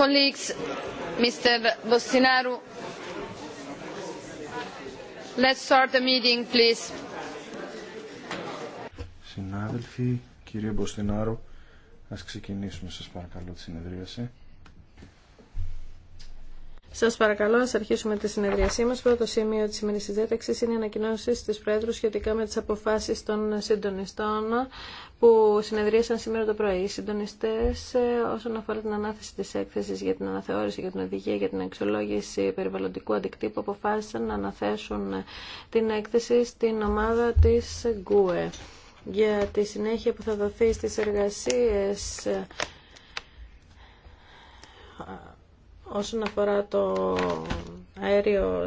Colleagues, Συνάδελφοι, κύριε Μποστινάρου, ας ξεκινήσουμε σας παρακαλώ τη συνεδρίαση. Σα παρακαλώ, α αρχίσουμε τη συνεδρίασή μα Πρώτο σημείο τη σημερινή συζήτηση είναι οι ανακοινώσει τη Πρόεδρου σχετικά με τι αποφάσει των συντονιστών που συνεδρίασαν σήμερα το πρωί. Οι συντονιστές ε, όσον αφορά την ανάθεση τη έκθεση για την αναθεώρηση για την οδηγία για την αξιολόγηση περιβαλλοντικού αντικτύπου αποφάσισαν να αναθέσουν την έκθεση στην ομάδα τη ΓΚΟΕ για τη συνέχεια που θα δοθεί στι εργασίε. Ε, όσον αφορά το αέριο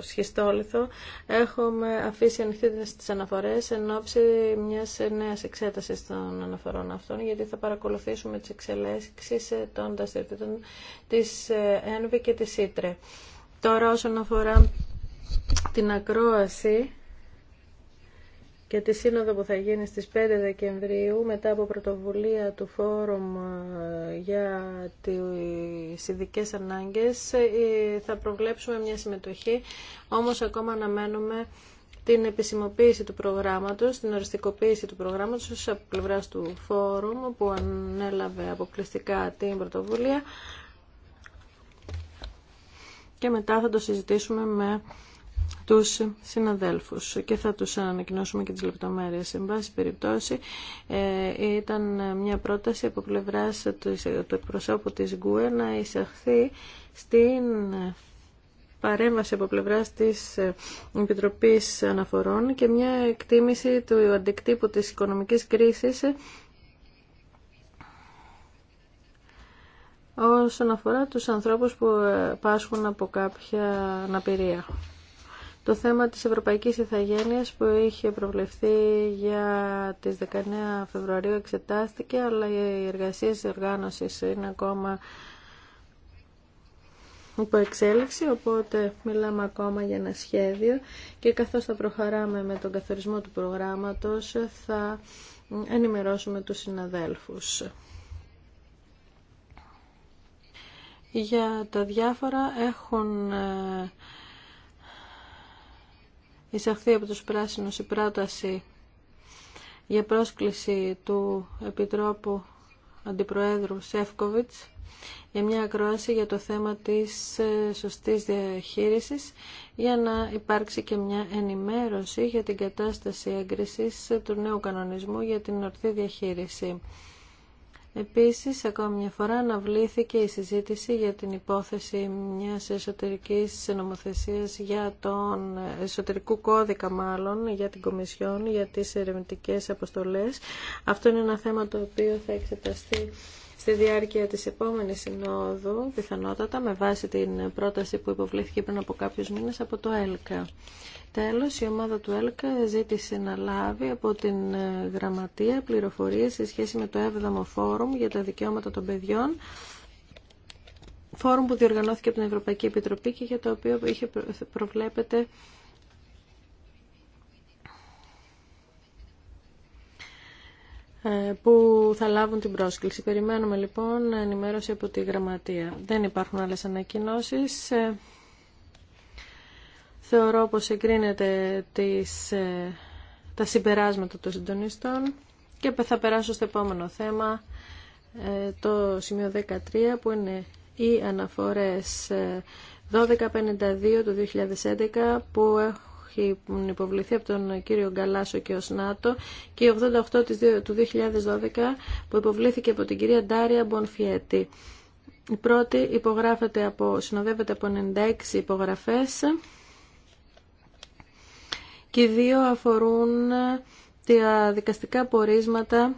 σχιστόλιθο έχουμε αφήσει ανοιχτή τις αναφορές εν ώψη μιας νέας εξέτασης των αναφορών αυτών γιατί θα παρακολουθήσουμε τις εξελέξεις των δραστηριοτήτων της ε, ΕΝΒΙ και της ΙΤΡΕ. Τώρα όσον αφορά την ακρόαση και τη σύνοδο που θα γίνει στις 5 Δεκεμβρίου μετά από πρωτοβουλία του Φόρουμ ε, για τις ειδικέ ανάγκες ε, θα προβλέψουμε μια συμμετοχή όμως ακόμα αναμένουμε την επισημοποίηση του προγράμματος, την οριστικοποίηση του προγράμματος από πλευρά του Φόρουμ που ανέλαβε αποκλειστικά την πρωτοβουλία και μετά θα το συζητήσουμε με τους συναδέλφους και θα τους ανακοινώσουμε και τις λεπτομέρειες. Εν πάση περιπτώσει ε, ήταν μια πρόταση από πλευράς του εκπροσώπου της ΓΚΟΕ να εισαχθεί στην παρέμβαση από πλευράς της Επιτροπής Αναφορών και μια εκτίμηση του αντικτύπου της οικονομικής κρίσης όσον αφορά τους ανθρώπους που ε, πάσχουν από κάποια αναπηρία το θέμα της Ευρωπαϊκής Ιθαγένειας που είχε προβλεφθεί για τις 19 Φεβρουαρίου εξετάστηκε, αλλά οι εργασίες της οργάνωσης είναι ακόμα υπό εξέλιξη, οπότε μιλάμε ακόμα για ένα σχέδιο και καθώς θα προχωράμε με τον καθορισμό του προγράμματος θα ενημερώσουμε τους συναδέλφους. Για τα διάφορα έχουν ε, εισαχθεί από τους πράσινους η πρόταση για πρόσκληση του Επιτρόπου Αντιπροέδρου Σεύκοβιτς για μια ακρόαση για το θέμα της ε, σωστής διαχείρισης για να υπάρξει και μια ενημέρωση για την κατάσταση έγκρισης του νέου κανονισμού για την ορθή διαχείριση. Επίσης, ακόμη μια φορά αναβλήθηκε η συζήτηση για την υπόθεση μιας εσωτερικής νομοθεσίας για τον εσωτερικού κώδικα μάλλον για την Κομισιόν για τις ερευνητικές αποστολές. Αυτό είναι ένα θέμα το οποίο θα εξεταστεί στη διάρκεια της επόμενης συνόδου, πιθανότατα με βάση την πρόταση που υποβλήθηκε πριν από κάποιους μήνες από το ΕΛΚΑ. Τέλος, η ομάδα του ΕΛΚΑ ζήτησε να λάβει από την ε, Γραμματεία πληροφορίες σε σχέση με το 7ο Φόρουμ για τα δικαιώματα των παιδιών, φόρουμ που διοργανώθηκε από την Ευρωπαϊκή Επιτροπή και για το οποίο είχε προβλέπεται Ε, που θα λάβουν την πρόσκληση. Περιμένουμε λοιπόν ενημέρωση από τη γραμματεία. Δεν υπάρχουν άλλες ανακοινώσεις. Ε, θεωρώ πως εγκρίνεται τις, ε, τα συμπεράσματα των συντονιστών και θα περάσω στο επόμενο θέμα, το σημείο 13 που είναι οι αναφορές 1252 του 2011 που έχουν έχουν υποβληθεί από τον κύριο Γκαλάσο και ο ΣΝΑΤΟ και η 88 του 2012 που υποβλήθηκε από την κυρία Ντάρια Μπονφιέτη. Η πρώτη υπογράφεται από, συνοδεύεται από 96 υπογραφές και οι δύο αφορούν τα δικαστικά πορίσματα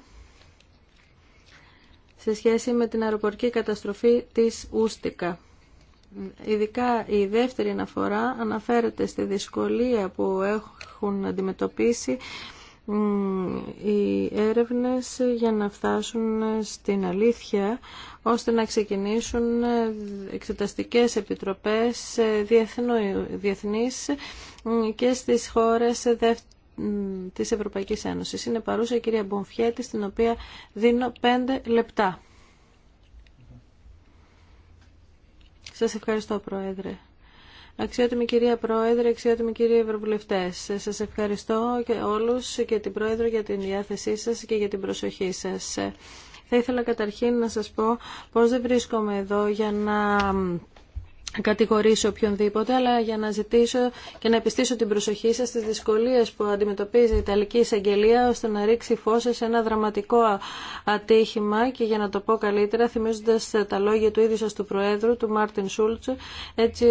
σε σχέση με την αεροπορική καταστροφή της Ούστικα. Ειδικά η δεύτερη αναφορά αναφέρεται στη δυσκολία που έχουν αντιμετωπίσει οι έρευνες για να φτάσουν στην αλήθεια ώστε να ξεκινήσουν εξεταστικές επιτροπές διεθνείς και στις χώρες της Ευρωπαϊκής Ένωσης. Είναι παρούσα η κυρία Μπομφιέτη, στην οποία δίνω πέντε λεπτά. Σας ευχαριστώ, Πρόεδρε. Αξιότιμη κυρία Πρόεδρε, αξιότιμη κυρία Ευρωβουλευτέ, σας ευχαριστώ και όλους και την Πρόεδρο για την διάθεσή σας και για την προσοχή σας. Θα ήθελα καταρχήν να σας πω πώς δεν βρίσκομαι εδώ για να κατηγορήσω οποιονδήποτε, αλλά για να ζητήσω και να επιστήσω την προσοχή σας στις δυσκολίες που αντιμετωπίζει η Ιταλική Εισαγγελία ώστε να ρίξει φως σε ένα δραματικό ατύχημα και για να το πω καλύτερα θυμίζοντας τα λόγια του ίδιου σας του Προέδρου, του Μάρτιν Σούλτς, έτσι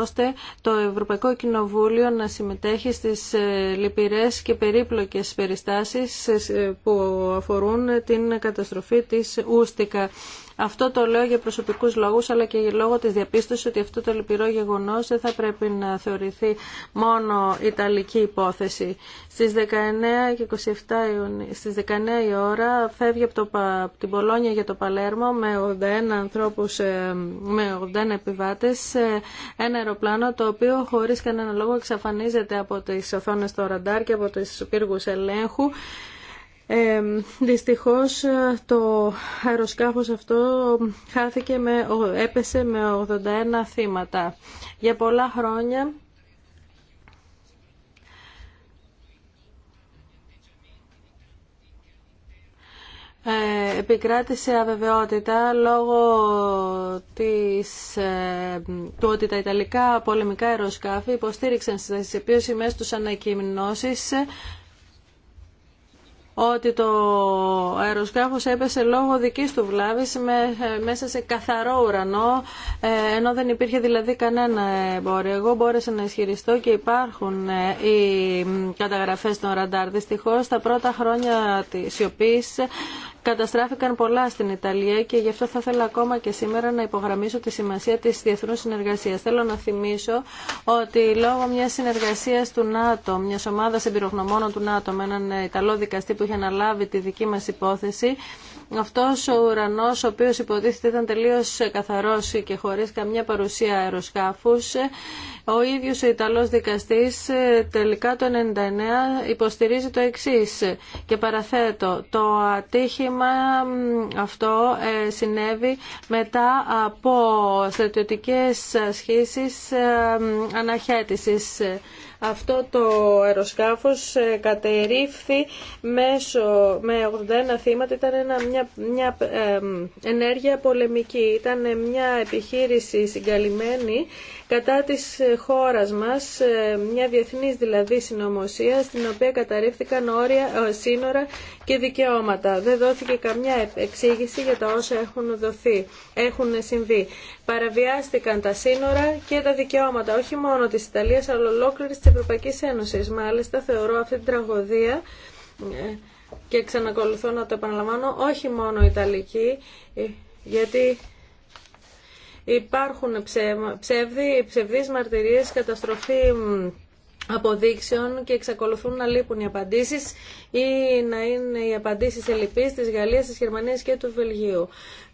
ώστε το Ευρωπαϊκό Κοινοβούλιο να συμμετέχει στις ε, λυπηρές και περίπλοκες περιστάσεις ε, που αφορούν την καταστροφή της Ούστικα. Αυτό το λέω για προσωπικούς λόγους αλλά και λόγω της διαπίστωσης ότι αυτό το λυπηρό γεγονός δεν θα πρέπει να θεωρηθεί μόνο Ιταλική υπόθεση. Στις 19 και 27 στις 19 η ώρα φεύγει από, την Πολόνια για το Παλέρμο με 81 ανθρώπους, ε, με 81 επιβάτες, ένα αεροπλάνο το οποίο χωρίς κανένα λόγο εξαφανίζεται από τις οθόνες του ραντάρ και από τις πύργους ελέγχου ε, δυστυχώς το αεροσκάφος αυτό χάθηκε με, έπεσε με 81 θύματα. Για πολλά χρόνια ε, επικράτησε αβεβαιότητα λόγω της, ε, του ότι τα Ιταλικά πολεμικά αεροσκάφη υποστήριξαν στις επίσημες τους ανακοινώσεις ότι το αεροσκάφος έπεσε λόγω δικής του βλάβης ε, μέσα σε καθαρό ουρανό, ε, ενώ δεν υπήρχε δηλαδή κανένα εμπόριο. Εγώ μπόρεσα να ισχυριστώ και υπάρχουν ε, οι καταγραφές των ραντάρ. Δυστυχώς, τα πρώτα χρόνια της σιωπής Καταστράφηκαν πολλά στην Ιταλία και γι' αυτό θα ήθελα ακόμα και σήμερα να υπογραμμίσω τη σημασία της διεθνούς συνεργασίας. Θέλω να θυμίσω ότι λόγω μιας συνεργασίας του ΝΑΤΟ, μιας ομάδας εμπειρογνωμόνων του ΝΑΤΟ με έναν Ιταλό δικαστή που είχε αναλάβει τη δική μας υπόθεση, αυτός ο ουρανός ο οποίος υποτίθεται ήταν τελείως καθαρός και χωρίς καμιά παρουσία αεροσκάφους ο ίδιος ο Ιταλός δικαστής τελικά το 1999 υποστηρίζει το εξής και παραθέτω το ατύχημα αυτό ε, συνέβη μετά από στρατιωτικές σχήσεις ε, αναχέτησης αυτό το αεροσκάφος ε, κατερρύφθη μέσω, με 81 θύματα. Ήταν ένα, μια, μια ε, ενέργεια πολεμική. Ήταν μια επιχείρηση συγκαλυμμένη κατά της ε, χώρας μας, ε, μια διεθνής δηλαδή συνωμοσία στην οποία καταρρίφθηκαν όρια, ε, σύνορα και δικαιώματα. Δεν δόθηκε καμιά εξήγηση για τα όσα έχουν δοθεί, έχουν συμβεί. Παραβιάστηκαν τα σύνορα και τα δικαιώματα, όχι μόνο της Ιταλίας, αλλά ολόκληρης της Ευρωπαϊκής Ένωσης. Μάλιστα θεωρώ αυτή την τραγωδία και ξανακολουθώ να το επαναλαμβάνω, όχι μόνο Ιταλική, γιατί Υπάρχουν ψεύδι, ψευδείς μαρτυρίες, καταστροφή αποδείξεων και εξακολουθούν να λείπουν οι απαντήσεις ή να είναι οι απαντήσεις ελλειπείς της Γαλλίας, της Γερμανίας και του Βελγίου.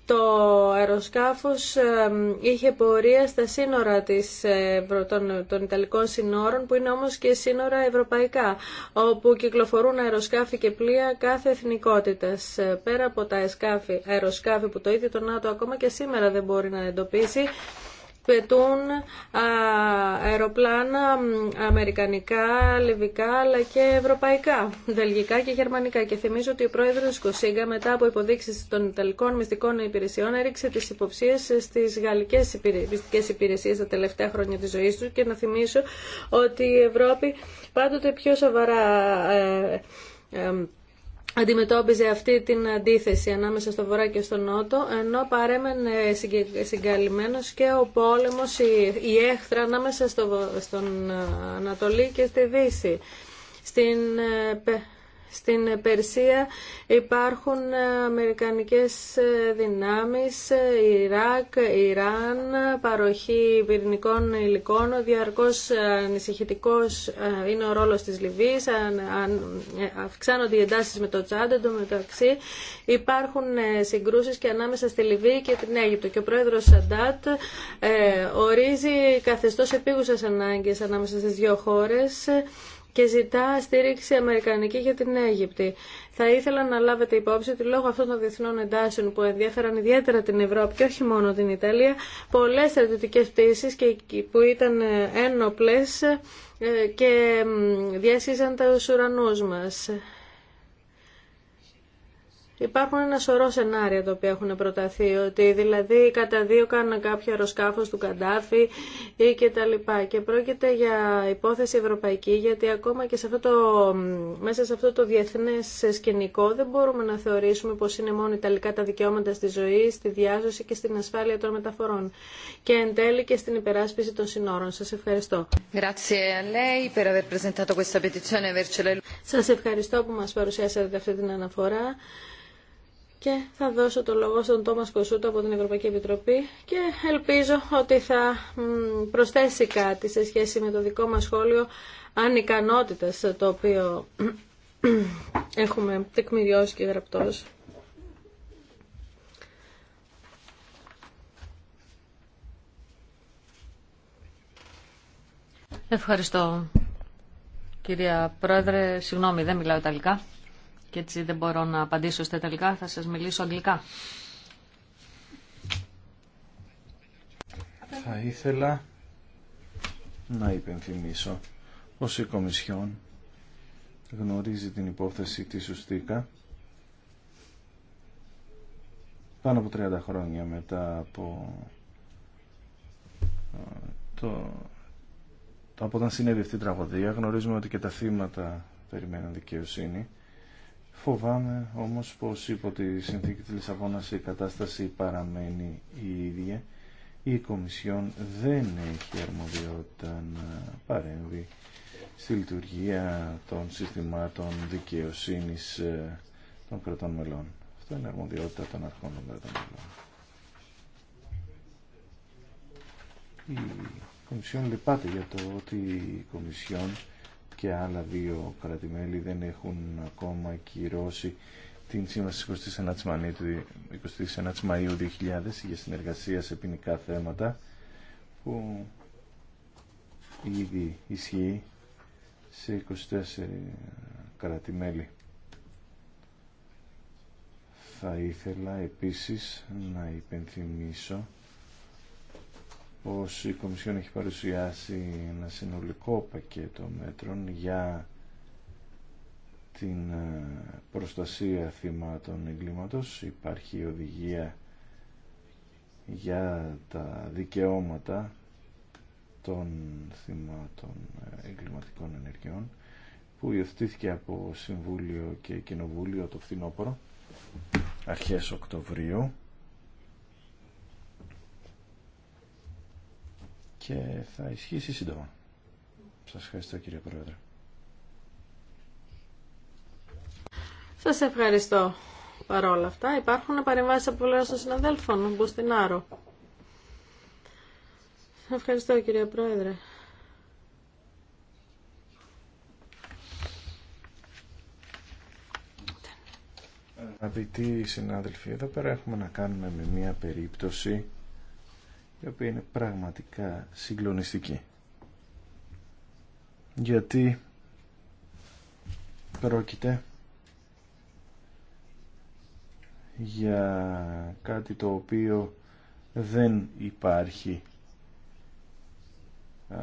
Το αεροσκάφος ε, είχε πορεία στα σύνορα της, ε, των, των Ιταλικών συνόρων που είναι όμως και σύνορα ευρωπαϊκά όπου κυκλοφορούν αεροσκάφη και πλοία κάθε εθνικότητας. Ε, πέρα από τα αεροσκάφη που το ίδιο το ΝΑΤΟ ακόμα και σήμερα δεν μπορεί να εντοπίσει πετούν αεροπλάνα αμερικανικά, λιβικά αλλά και ευρωπαϊκά, βελγικά και γερμανικά. Και θυμίζω ότι ο πρόεδρος Κωσίγκα μετά από υποδείξει των Ιταλικών μυστικών υπηρεσιών έριξε τις υποψίες στις γαλλικές μυστικέ υπηρεσίε τα τελευταία χρόνια της ζωής του και να θυμίσω ότι η Ευρώπη πάντοτε πιο σοβαρά ε, ε, αντιμετώπιζε αυτή την αντίθεση ανάμεσα στο βορρά και στο νότο, ενώ παρέμενε συγκαλυμμένος και ο πόλεμος, η, έχθρα ανάμεσα στο, στον ε, Ανατολή και στη Δύση. Στην ε, στην Περσία υπάρχουν αμερικανικές δυνάμεις, Ιράκ, Ιράν, παροχή πυρηνικών υλικών, διαρκώς ανησυχητικός ε, είναι ο ρόλος της Λιβύης, ε, αυξάνονται οι εντάσεις με το το μεταξύ υπάρχουν ε, συγκρούσεις και ανάμεσα στη Λιβύη και την Αίγυπτο και ο πρόεδρος Σαντάτ ορίζει καθεστώς επίγουσας ανάγκες ανάμεσα στις δύο χώρες και ζητά στήριξη αμερικανική για την Αίγυπτη. Θα ήθελα να λάβετε υπόψη ότι λόγω αυτών των διεθνών εντάσεων που ενδιαφέραν ιδιαίτερα την Ευρώπη και όχι μόνο την Ιταλία, πολλές στρατιωτικές πτήσεις που ήταν ένοπλες ε, και διέσχιζαν τα ουρανούς μας. Υπάρχουν ένα σωρό σενάρια τα οποία έχουν προταθεί, ότι δηλαδή καταδίωκαν κάποιο αεροσκάφος του Καντάφη ή και τα λοιπά. Και πρόκειται για υπόθεση ευρωπαϊκή, γιατί ακόμα και σε αυτό το, μέσα σε αυτό το διεθνές σκηνικό δεν μπορούμε να θεωρήσουμε πως είναι μόνο ιταλικά τα δικαιώματα στη ζωή, στη διάσωση και στην ασφάλεια των μεταφορών. Και εν τέλει και στην υπεράσπιση των συνόρων. Σας ευχαριστώ. Σας ευχαριστώ που μας παρουσιάσατε αυτή την αναφορά και θα δώσω το λόγο στον Τόμας Κοσούτο από την Ευρωπαϊκή Επιτροπή και ελπίζω ότι θα προσθέσει κάτι σε σχέση με το δικό μας σχόλιο ανικανότητας το οποίο έχουμε τεκμηριώσει και γραπτός. Ευχαριστώ κυρία Πρόεδρε. Συγγνώμη, δεν μιλάω Ιταλικά και έτσι δεν μπορώ να απαντήσω στα Ιταλικά, θα σας μιλήσω αγγλικά. Θα ήθελα να υπενθυμίσω πως η Κομισιόν γνωρίζει την υπόθεση της Ουστίκα πάνω από 30 χρόνια μετά από το, από όταν συνέβη αυτή η τραγωδία γνωρίζουμε ότι και τα θύματα περιμένουν δικαιοσύνη Φοβάμαι όμως πως υπό τη συνθήκη της Λισαβόνας η κατάσταση παραμένει η ίδια. Η Κομισιόν δεν έχει αρμοδιότητα να παρέμβει στη λειτουργία των συστημάτων δικαιοσύνης ε, των κρατών μελών. Αυτό είναι αρμοδιότητα των αρχών των κρατών μελών. Η Κομισιόν λυπάται για το ότι η Κομισιόν και άλλα δύο κρατημέλη δεν έχουν ακόμα κυρώσει την σύμβαση 29 Μαΐου, 2000 για συνεργασία σε ποινικά θέματα που ήδη ισχύει σε 24 κρατημέλη. Θα ήθελα επίσης να υπενθυμίσω πως η Κομισιόν έχει παρουσιάσει ένα συνολικό πακέτο μέτρων για την ε, προστασία θυμάτων εγκλήματος. Υπάρχει οδηγία για τα δικαιώματα των θυμάτων ε, εγκληματικών ενεργειών που υιοθετήθηκε από Συμβούλιο και Κοινοβούλιο το φθινόπωρο αρχές Οκτωβρίου και θα ισχύσει σύντομα. Σας ευχαριστώ κύριε Πρόεδρε. Σας ευχαριστώ παρόλα αυτά. Υπάρχουν παρεμβάσεις από πολλές των συναδέλφων. Μπουστινάρο. Ευχαριστώ κύριε Πρόεδρε. Αγαπητοί συνάδελφοι, εδώ πέρα έχουμε να κάνουμε με μια περίπτωση η οποία είναι πραγματικά συγκλονιστική. Γιατί πρόκειται για κάτι το οποίο δεν υπάρχει α,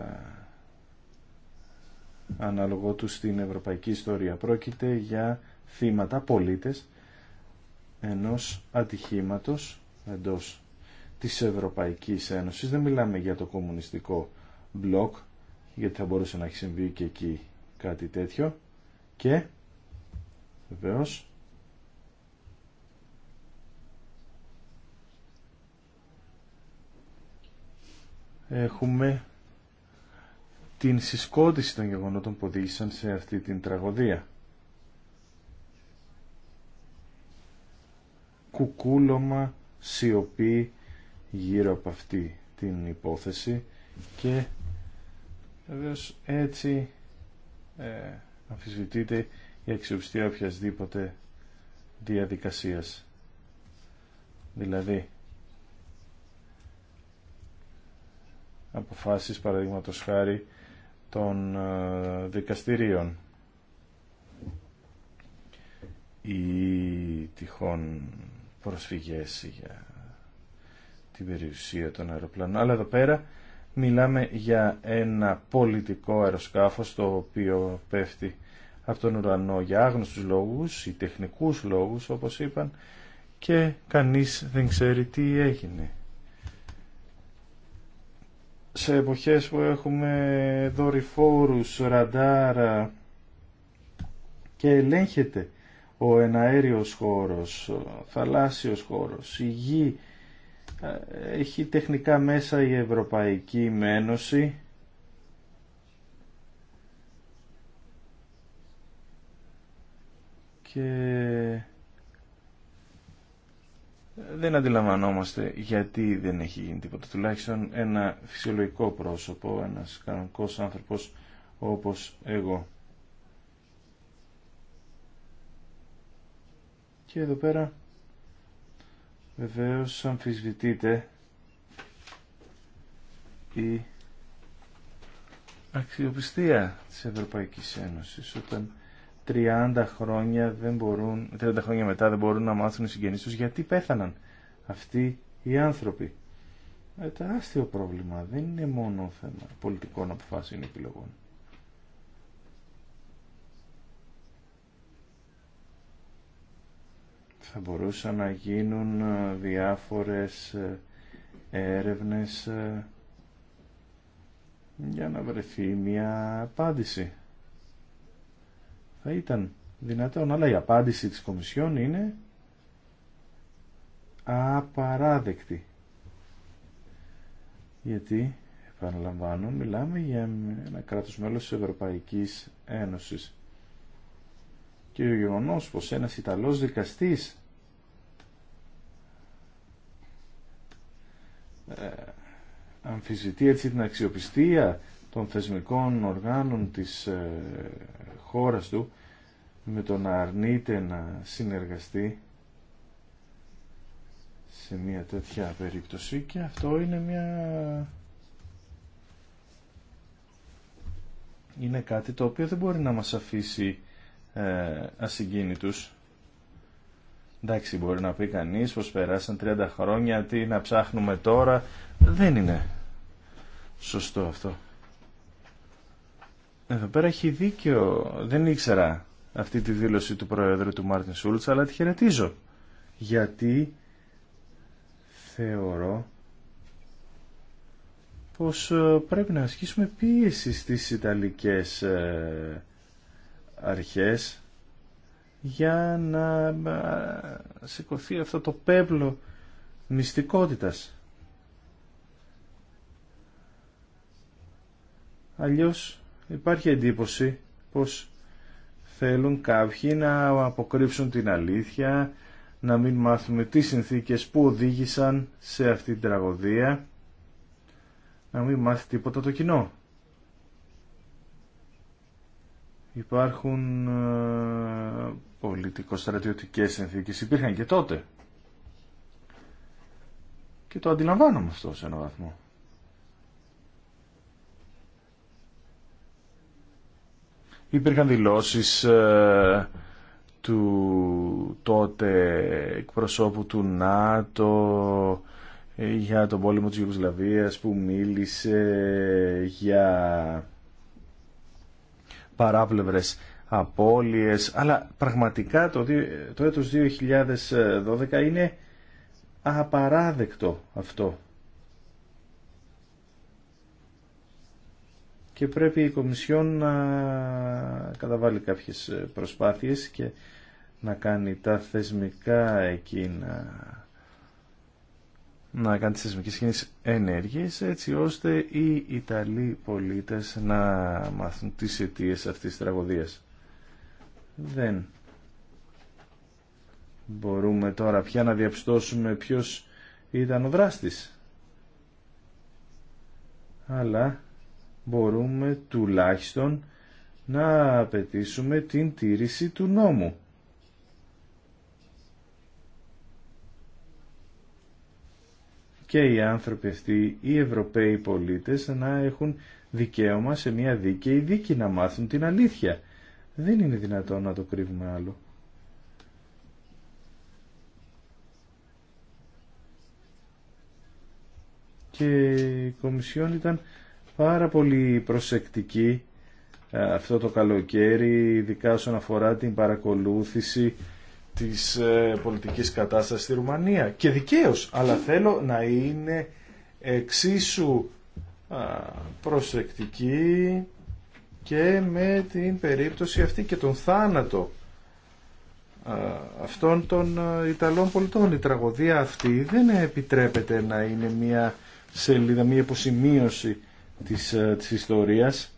αναλογό του στην ευρωπαϊκή ιστορία. Πρόκειται για θύματα, πολίτες, ενός ατυχήματος εντός της Ευρωπαϊκής Ένωσης. Δεν μιλάμε για το κομμουνιστικό μπλοκ, γιατί θα μπορούσε να έχει συμβεί και εκεί κάτι τέτοιο. Και, βεβαίω. έχουμε την συσκότηση των γεγονότων που οδήγησαν σε αυτή την τραγωδία. Κουκούλωμα, σιωπή, γύρω από αυτή την υπόθεση και βεβαίω έτσι ε, αμφισβητείται η αξιοπιστία οποιασδήποτε διαδικασίας. Δηλαδή, αποφάσεις παραδείγματο χάρη των ε, δικαστηρίων ή τυχόν προσφυγές για την περιουσία των αεροπλάνων. Αλλά εδώ πέρα μιλάμε για ένα πολιτικό αεροσκάφος το οποίο πέφτει από τον ουρανό για άγνωστους λόγους ή τεχνικούς λόγους όπως είπαν και κανείς δεν ξέρει τι έγινε. Σε εποχές που έχουμε δορυφόρους, ραντάρα και ελέγχεται ο εναέριος χώρος, ο θαλάσσιος χώρος, η γη έχει τεχνικά μέσα η Ευρωπαϊκή Ένωση και δεν αντιλαμβανόμαστε γιατί δεν έχει γίνει τίποτα. Τουλάχιστον ένα φυσιολογικό πρόσωπο, ένας κανονικός άνθρωπος όπως εγώ. Και εδώ πέρα Βεβαίως αμφισβητείται η αξιοπιστία της Ευρωπαϊκής Ένωσης όταν 30 χρόνια, δεν μπορούν, 30 χρόνια μετά δεν μπορούν να μάθουν οι συγγενείς τους γιατί πέθαναν αυτοί οι άνθρωποι. Ε, τεράστιο πρόβλημα. Δεν είναι μόνο θέμα πολιτικών αποφάσεων επιλογών. θα μπορούσαν να γίνουν ε, διάφορες ε, έρευνες ε, για να βρεθεί μια απάντηση. Θα ήταν δυνατόν, αλλά η απάντηση της Κομισιόν είναι απαράδεκτη. Γιατί, επαναλαμβάνω, μιλάμε για ένα κράτος μέλος της Ευρωπαϊκής Ένωσης. Και ο γεγονός πως ένας Ιταλός δικαστής Ε, αμφισβητεί έτσι την αξιοπιστία των θεσμικών οργάνων της ε, χώρας του με το να αρνείται να συνεργαστεί σε μια τέτοια περίπτωση και αυτό είναι μια είναι κάτι το οποίο δεν μπορεί να μας αφήσει ε, ασυγκίνητους Εντάξει, μπορεί να πει κανεί πω περάσαν 30 χρόνια, τι να ψάχνουμε τώρα. Δεν είναι σωστό αυτό. Εδώ πέρα έχει δίκιο. Δεν ήξερα αυτή τη δήλωση του Προέδρου του Μάρτιν Σούλτς, αλλά τη χαιρετίζω. Γιατί θεωρώ πως ε, πρέπει να ασκήσουμε πίεση στις Ιταλικές ε, αρχές για να ε, σηκωθεί αυτό το πέπλο μυστικότητας. Αλλιώς υπάρχει εντύπωση πως θέλουν κάποιοι να αποκρύψουν την αλήθεια, να μην μάθουμε τι συνθήκες που οδήγησαν σε αυτή την τραγωδία, να μην μάθει τίποτα το κοινό. υπάρχουν ε, πολιτικο-στρατιωτικές συνθήκες. Υπήρχαν και τότε. Και το αντιλαμβάνομαι αυτό σε έναν βαθμό. Υπήρχαν δηλώσεις ε, του τότε εκπροσώπου του ΝΑΤΟ ε, για τον πόλεμο της Ιουγκοσλαβίας που μίλησε για παράπλευρες απώλειες, αλλά πραγματικά το, το έτος 2012 είναι απαράδεκτο αυτό. Και πρέπει η Κομισιόν να καταβάλει κάποιες προσπάθειες και να κάνει τα θεσμικά εκείνα να κάνει τις σεισμικές κινήσεις ενέργειες έτσι ώστε οι Ιταλοί πολίτες να μάθουν τις αιτίε αυτής της τραγωδίας. Δεν μπορούμε τώρα πια να διαπιστώσουμε ποιος ήταν ο δράστης. Αλλά μπορούμε τουλάχιστον να απαιτήσουμε την τήρηση του νόμου. και οι άνθρωποι αυτοί, οι Ευρωπαίοι πολίτες, να έχουν δικαίωμα σε μια δίκαιη δίκη να μάθουν την αλήθεια. Δεν είναι δυνατόν να το κρύβουμε άλλο. Και η Κομισιόν ήταν πάρα πολύ προσεκτική ε, αυτό το καλοκαίρι, ειδικά όσον αφορά την παρακολούθηση της ε, πολιτικής κατάστασης στη Ρουμανία. Και δικαίως, αλλά θέλω να είναι εξίσου προσεκτική και με την περίπτωση αυτή και τον θάνατο αυτών των Ιταλών πολιτών. Η τραγωδία αυτή δεν επιτρέπεται να είναι μια σελίδα, μια υποσημείωση της, ε, της ιστορίας.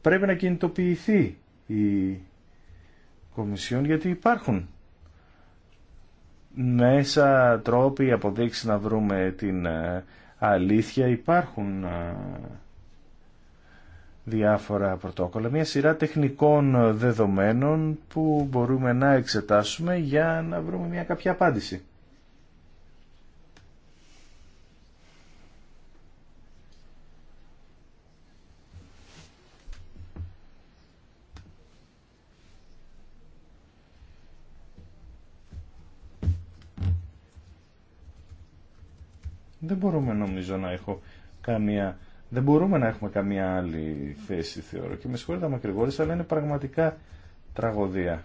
Πρέπει να κινητοποιηθεί η Κομισιόν γιατί υπάρχουν μέσα τρόποι, αποδείξεις να βρούμε την ε, αλήθεια, υπάρχουν ε, διάφορα πρωτόκολλα, μια σειρά τεχνικών δεδομένων που μπορούμε να εξετάσουμε για να βρούμε μια κάποια απάντηση. Δεν μπορούμε νομίζω να έχω καμία... Δεν μπορούμε να έχουμε καμία άλλη θέση, θεωρώ. Και με συγχωρείτε να ακριβώς αλλά είναι πραγματικά τραγωδία.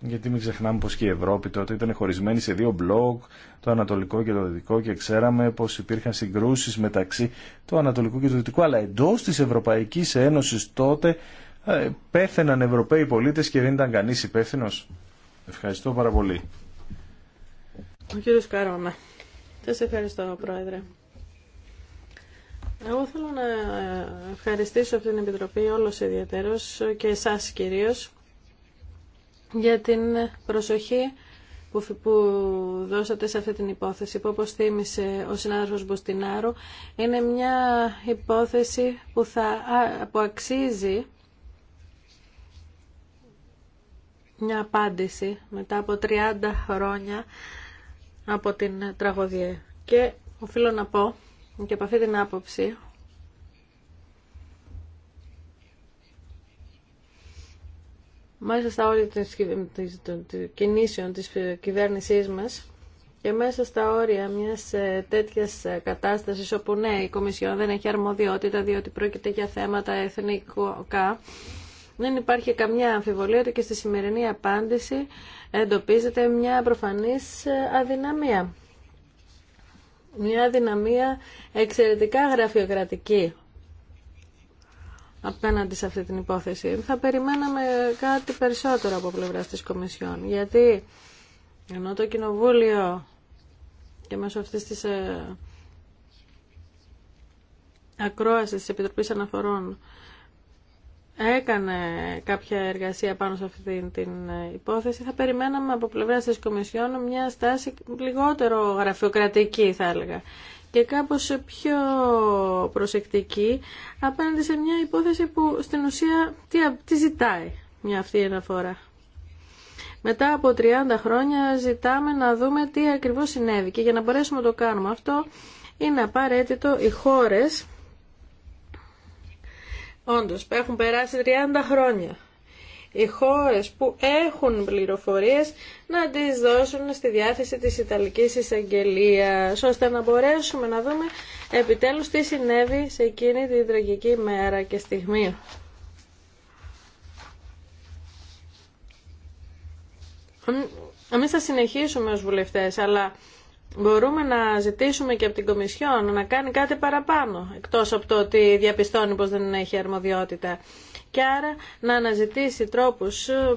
Γιατί μην ξεχνάμε πως και η Ευρώπη τότε ήταν χωρισμένη σε δύο μπλοκ, το ανατολικό και το δυτικό και ξέραμε πως υπήρχαν συγκρούσεις μεταξύ του ανατολικού και του δυτικού, αλλά εντός της Ευρωπαϊκής Ένωσης τότε ε, πέθαιναν Ευρωπαίοι πολίτες και δεν ήταν κανείς υπεύθυνος. Ευχαριστώ πάρα πολύ. Ο κύριος Καρόνα. σα ευχαριστώ, Πρόεδρε. Εγώ θέλω να ευχαριστήσω αυτήν την Επιτροπή όλος ιδιαίτερος και εσάς κυρίως για την προσοχή που, δώσατε σε αυτή την υπόθεση που όπως θύμισε ο συνάδελφος Μποστινάρου είναι μια υπόθεση που, θα, που αξίζει μια απάντηση μετά από 30 χρόνια από την τραγωδία. Και οφείλω να πω και από αυτή την άποψη μέσα στα όρια των κινήσεων της κυβέρνησής μας και μέσα στα όρια μιας ε, τέτοιας ε, κατάστασης όπου ναι η Κομισιόν δεν έχει αρμοδιότητα διότι πρόκειται για θέματα εθνικά δεν υπάρχει καμιά αμφιβολία ότι και στη σημερινή απάντηση εντοπίζεται μια προφανής αδυναμία. Μια αδυναμία εξαιρετικά γραφειοκρατική απέναντι σε αυτή την υπόθεση. Θα περιμέναμε κάτι περισσότερο από πλευρά της Κομισιόν, γιατί ενώ το Κοινοβούλιο και μέσω αυτής της ε, ακρόασης της Επιτροπής Αναφορών έκανε κάποια εργασία πάνω σε αυτή την ε, υπόθεση, θα περιμέναμε από πλευρά τη Κομισιόν μια στάση λιγότερο γραφειοκρατική, θα έλεγα και κάπως πιο προσεκτική απέναντι σε μια υπόθεση που στην ουσία τι, τι ζητάει μια αυτή η αναφορά. Μετά από 30 χρόνια ζητάμε να δούμε τι ακριβώς συνέβη και για να μπορέσουμε να το κάνουμε αυτό είναι απαραίτητο οι χώρες Όντως, έχουν περάσει 30 χρόνια. Οι χώρες που έχουν πληροφορίες να τις δώσουν στη διάθεση της Ιταλικής Εισαγγελίας, ώστε να μπορέσουμε να δούμε επιτέλους τι συνέβη σε εκείνη τη τραγική μέρα και στιγμή. Εμείς θα συνεχίσουμε ως βουλευτές, αλλά Μπορούμε να ζητήσουμε και από την Κομισιόν να κάνει κάτι παραπάνω, εκτός από το ότι διαπιστώνει πως δεν έχει αρμοδιότητα. Και άρα να αναζητήσει τρόπους ε,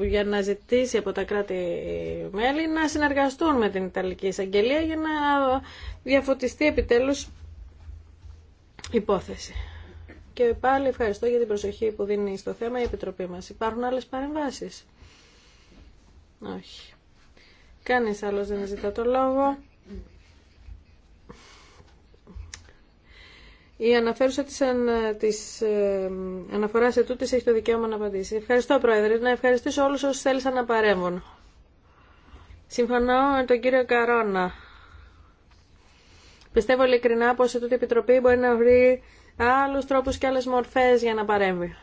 για να ζητήσει από τα κράτη-μέλη να συνεργαστούν με την Ιταλική Εισαγγελία για να διαφωτιστεί επιτέλους υπόθεση. Και πάλι ευχαριστώ για την προσοχή που δίνει στο θέμα η Επιτροπή μας. Υπάρχουν άλλες παρεμβάσεις. Όχι. Κανείς άλλος δεν ζητά το λόγο. Η αναφέρουσα της, της ε, αναφοράς τούτης έχει το δικαίωμα να απαντήσει. Ευχαριστώ, Πρόεδρε. Να ευχαριστήσω όλους όσους θέλησαν να παρέμβουν. Συμφωνώ με τον κύριο Καρόνα. Πιστεύω ειλικρινά πως σε τούτη η Επιτροπή μπορεί να βρει άλλους τρόπους και άλλες μορφές για να παρέμβει.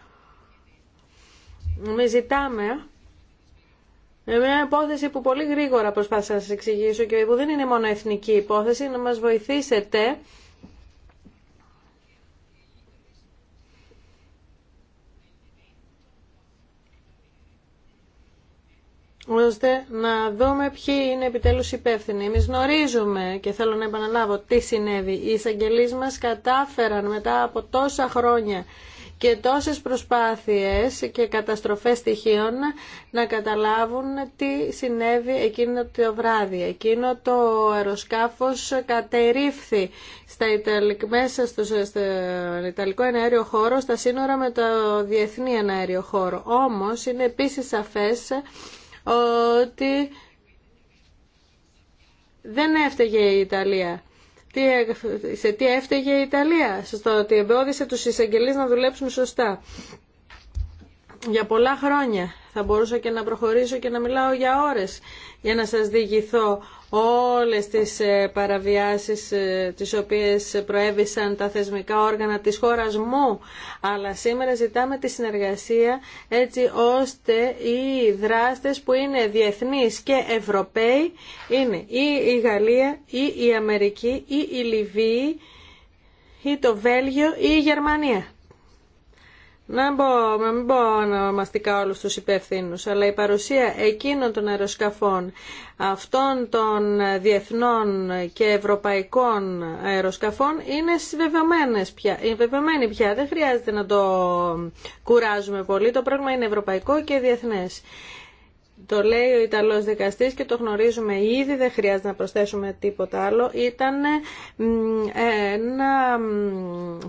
Μη ζητάμε με μια υπόθεση που πολύ γρήγορα προσπάθησα να σα εξηγήσω και που δεν είναι μόνο εθνική υπόθεση, να μας βοηθήσετε ώστε να δούμε ποιοι είναι επιτέλους υπεύθυνοι. Εμείς γνωρίζουμε και θέλω να επαναλάβω τι συνέβη. Οι εισαγγελείς μας κατάφεραν μετά από τόσα χρόνια και τόσες προσπάθειες και καταστροφές στοιχείων να καταλάβουν τι συνέβη εκείνο το βράδυ. Εκείνο το αεροσκάφος κατερρίφθη στα Ιταλικ, μέσα στο, Ιταλικό αεριοχώρο χώρο, στα σύνορα με το Διεθνή αεριοχώρο χώρο. Όμως είναι επίσης σαφές ότι δεν έφταιγε η Ιταλία. Ε, σε τι έφταιγε η Ιταλία, στο ότι εμπόδισε τους εισαγγελείς να δουλέψουν σωστά. Για πολλά χρόνια θα μπορούσα και να προχωρήσω και να μιλάω για ώρες για να σας διηγηθώ όλες τις ε, παραβιάσεις ε, τις οποίες προέβησαν τα θεσμικά όργανα της χώρας μου. Αλλά σήμερα ζητάμε τη συνεργασία έτσι ώστε οι δράστες που είναι διεθνείς και Ευρωπαίοι είναι ή η Γαλλία ή η Αμερική ή η Λιβύη ή το Βέλγιο ή η Γερμανία να, μπω, να μην πω ονομαστικά όλους τους υπευθύνου, αλλά η παρουσία εκείνων των αεροσκαφών, αυτών των διεθνών και ευρωπαϊκών αεροσκαφών είναι συμβεβαιωμένες πια, ε, βεβαιωμένη πια. Δεν χρειάζεται να το κουράζουμε πολύ. Το πράγμα είναι ευρωπαϊκό και διεθνές. Το λέει ο Ιταλός δικαστής και το γνωρίζουμε ήδη, δεν χρειάζεται να προσθέσουμε τίποτα άλλο. Ήταν ένα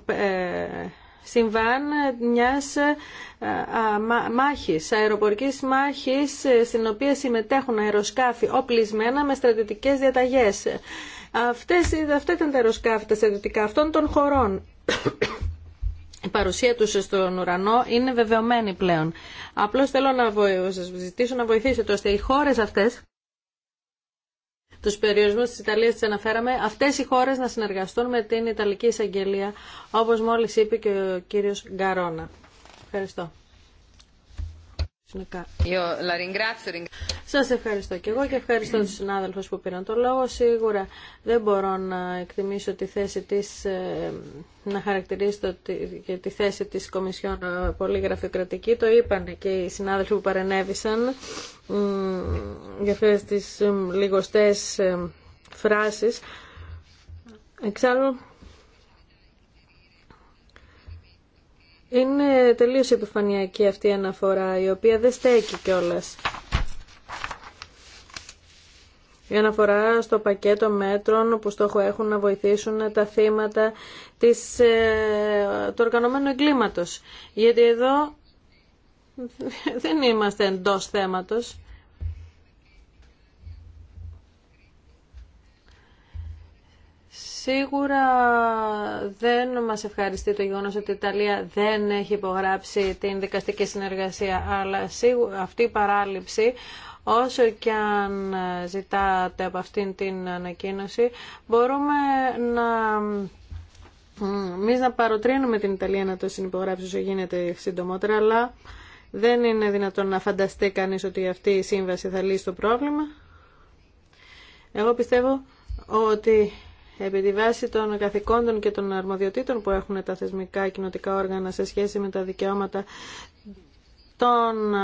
ε, συμβάν μιας ε, μάχης, αεροπορικής μάχης ε, στην οποία συμμετέχουν αεροσκάφη οπλισμένα με στρατιωτικές διαταγές. Αυτές, αυτά ήταν τα αεροσκάφη, τα στρατιωτικά αυτών των χωρών. Η παρουσία τους στον ουρανό είναι βεβαιωμένη πλέον. Απλώς θέλω να σας ζητήσω να βοηθήσετε ώστε οι χώρες αυτές του περιορισμού τη Ιταλία τι αναφέραμε, αυτέ οι χώρε να συνεργαστούν με την Ιταλική Εισαγγελία, όπω μόλι είπε και ο κύριο Γκαρόνα. Ευχαριστώ. Σα Σας ευχαριστώ και εγώ και ευχαριστώ του συνάδελφου που πήραν το λόγο. Σίγουρα δεν μπορώ να εκτιμήσω τη θέση της, ε, να χαρακτηρίσω και τη θέση της Κομισιόν ε, πολύ γραφειοκρατική. Το είπαν και οι συνάδελφοι που παρενέβησαν για αυτές τις λιγοστέ ε, φράσεις. Εξάλλου Είναι τελείως επιφανειακή αυτή η αναφορά, η οποία δεν στέκει κιόλα. Η αναφορά στο πακέτο μέτρων που στόχο έχουν να βοηθήσουν τα θύματα της, ε, του οργανωμένου εγκλήματος. Γιατί εδώ δεν είμαστε εντός θέματος. Σίγουρα δεν μας ευχαριστεί το γεγονός ότι η Ιταλία δεν έχει υπογράψει την δικαστική συνεργασία, αλλά σίγουρα αυτή η παράληψη όσο και αν ζητάτε από αυτήν την ανακοίνωση, μπορούμε να... Εμεί να παροτρύνουμε την Ιταλία να το συνυπογράψει όσο γίνεται συντομότερα, αλλά δεν είναι δυνατόν να φανταστεί κανείς ότι αυτή η σύμβαση θα λύσει το πρόβλημα. Εγώ πιστεύω ότι επί τη βάση των καθηκόντων και των αρμοδιοτήτων που έχουν τα θεσμικά κοινοτικά όργανα σε σχέση με τα δικαιώματα των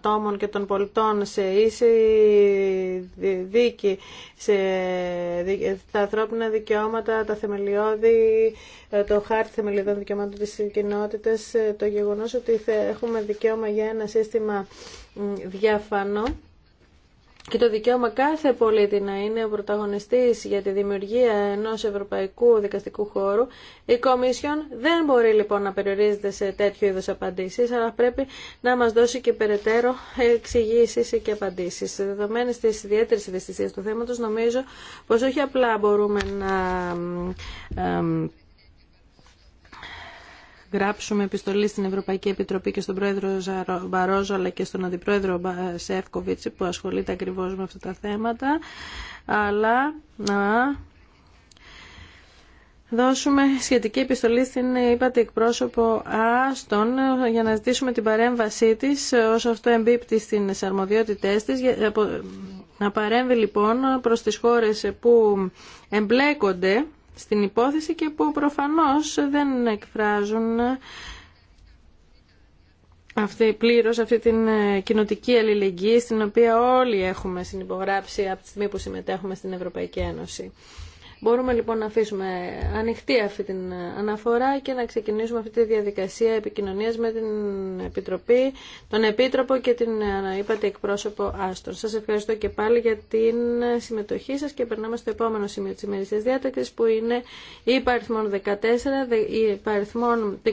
τόμων και των πολιτών σε ίση δίκη, σε τα ανθρώπινα δικαιώματα, τα θεμελιώδη, ε, το χάρτη θεμελιωδών δικαιωμάτων της κοινότητας, ε, το γεγονός ότι έχουμε δικαίωμα για ένα σύστημα διαφανό και το δικαίωμα κάθε πολίτη να είναι ο πρωταγωνιστής για τη δημιουργία ενός ευρωπαϊκού δικαστικού χώρου, η Κομίσιον δεν μπορεί λοιπόν να περιορίζεται σε τέτοιο είδους απαντήσεις, αλλά πρέπει να μας δώσει και περαιτέρω εξηγήσει και απαντήσεις. Δεδομένε τη ιδιαίτερη ευαισθησία του θέματος, νομίζω πως όχι απλά μπορούμε να ε, γράψουμε επιστολή στην Ευρωπαϊκή Επιτροπή και στον πρόεδρο Μπαρόζο αλλά και στον αντιπρόεδρο Σεύκοβιτς που ασχολείται ακριβώς με αυτά τα θέματα αλλά να δώσουμε σχετική επιστολή στην είπατε εκπρόσωπο Άστον για να ζητήσουμε την παρέμβασή της όσο αυτό εμπίπτει στην αρμοδιότητές της να παρέμβει λοιπόν προς τις χώρες που εμπλέκονται στην υπόθεση και που προφανώς δεν εκφράζουν αυτή, πλήρως αυτή την ε, κοινοτική αλληλεγγύη στην οποία όλοι έχουμε συνυπογράψει από τη στιγμή που συμμετέχουμε στην Ευρωπαϊκή Ένωση. Μπορούμε λοιπόν να αφήσουμε ανοιχτή αυτή την αναφορά και να ξεκινήσουμε αυτή τη διαδικασία επικοινωνίας με την Επιτροπή, τον Επίτροπο και την ε, είπατε εκπρόσωπο Άστρο. Σας ευχαριστώ και πάλι για την συμμετοχή σας και περνάμε στο επόμενο σημείο της ημερησίας διάταξης που είναι η παριθμόν 14, η παριθμόν 1347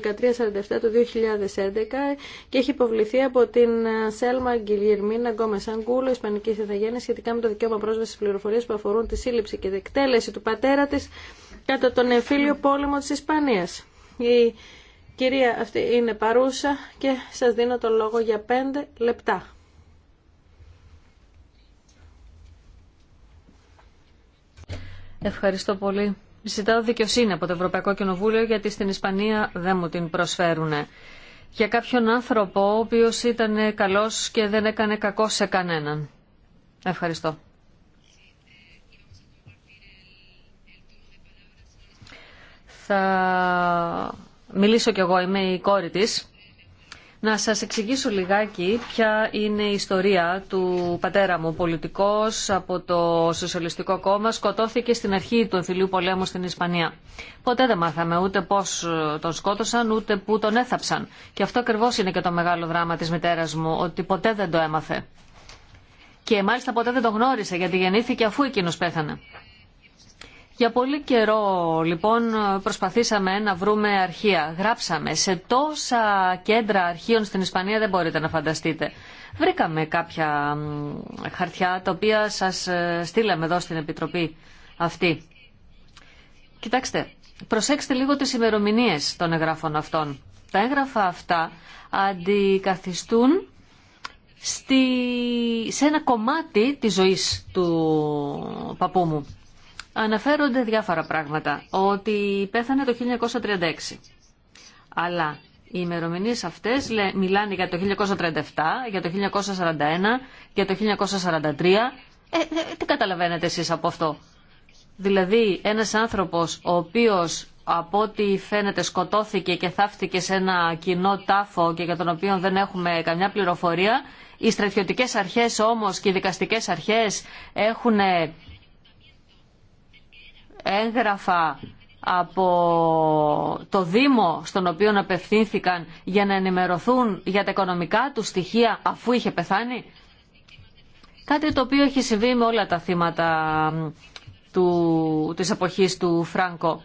του 2011 και έχει υποβληθεί από την ε, Σέλμα Γκυλιερμίνα Γκόμες Αγκούλο, Ισπανική Ιθαγένεια, σχετικά με το δικαίωμα πρόσβαση που αφορούν τη σύλληψη και εκτέλεση του πατέρα της κατά τον εμφύλιο πόλεμο της Ισπανίας. Η κυρία αυτή είναι παρούσα και σας δίνω το λόγο για πέντε λεπτά. Ευχαριστώ πολύ. Ζητάω δικαιοσύνη από το Ευρωπαϊκό Κοινοβούλιο γιατί στην Ισπανία δεν μου την προσφέρουν. Για κάποιον άνθρωπο ο οποίος ήταν καλός και δεν έκανε κακό σε κανέναν. Ευχαριστώ. θα μιλήσω κι εγώ, είμαι η κόρη της. Να σας εξηγήσω λιγάκι ποια είναι η ιστορία του πατέρα μου. Πολιτικός από το Σοσιαλιστικό Κόμμα σκοτώθηκε στην αρχή του εμφυλίου πολέμου στην Ισπανία. Ποτέ δεν μάθαμε ούτε πώς τον σκότωσαν ούτε που τον έθαψαν. Και αυτό ακριβώ είναι και το μεγάλο δράμα της μητέρας μου, ότι ποτέ δεν το έμαθε. Και μάλιστα ποτέ δεν τον γνώρισε γιατί γεννήθηκε αφού εκείνος πέθανε. Για πολύ καιρό λοιπόν προσπαθήσαμε να βρούμε αρχεία. Γράψαμε σε τόσα κέντρα αρχείων στην Ισπανία δεν μπορείτε να φανταστείτε. Βρήκαμε κάποια χαρτιά τα οποία σας ε, στείλαμε εδώ στην Επιτροπή αυτή. Κοιτάξτε, προσέξτε λίγο τις ημερομηνίε των εγγράφων αυτών. Τα έγγραφα αυτά αντικαθιστούν στη... σε ένα κομμάτι της ζωής του παππού μου αναφέρονται διάφορα πράγματα. Ότι πέθανε το 1936. Αλλά οι ημερομηνίες αυτές μιλάνε για το 1937, για το 1941, για το 1943. Ε, ε, τι καταλαβαίνετε εσείς από αυτό. Δηλαδή ένας άνθρωπος ο οποίος από ό,τι φαίνεται σκοτώθηκε και θάφτηκε σε ένα κοινό τάφο και για τον οποίο δεν έχουμε καμιά πληροφορία. Οι στρατιωτικές αρχές όμως και οι δικαστικές αρχές έχουν έγγραφα από το Δήμο στον οποίο απευθύνθηκαν για να ενημερωθούν για τα οικονομικά του στοιχεία αφού είχε πεθάνει. Κάτι το οποίο έχει συμβεί με όλα τα θύματα του, της εποχής του Φράνκο.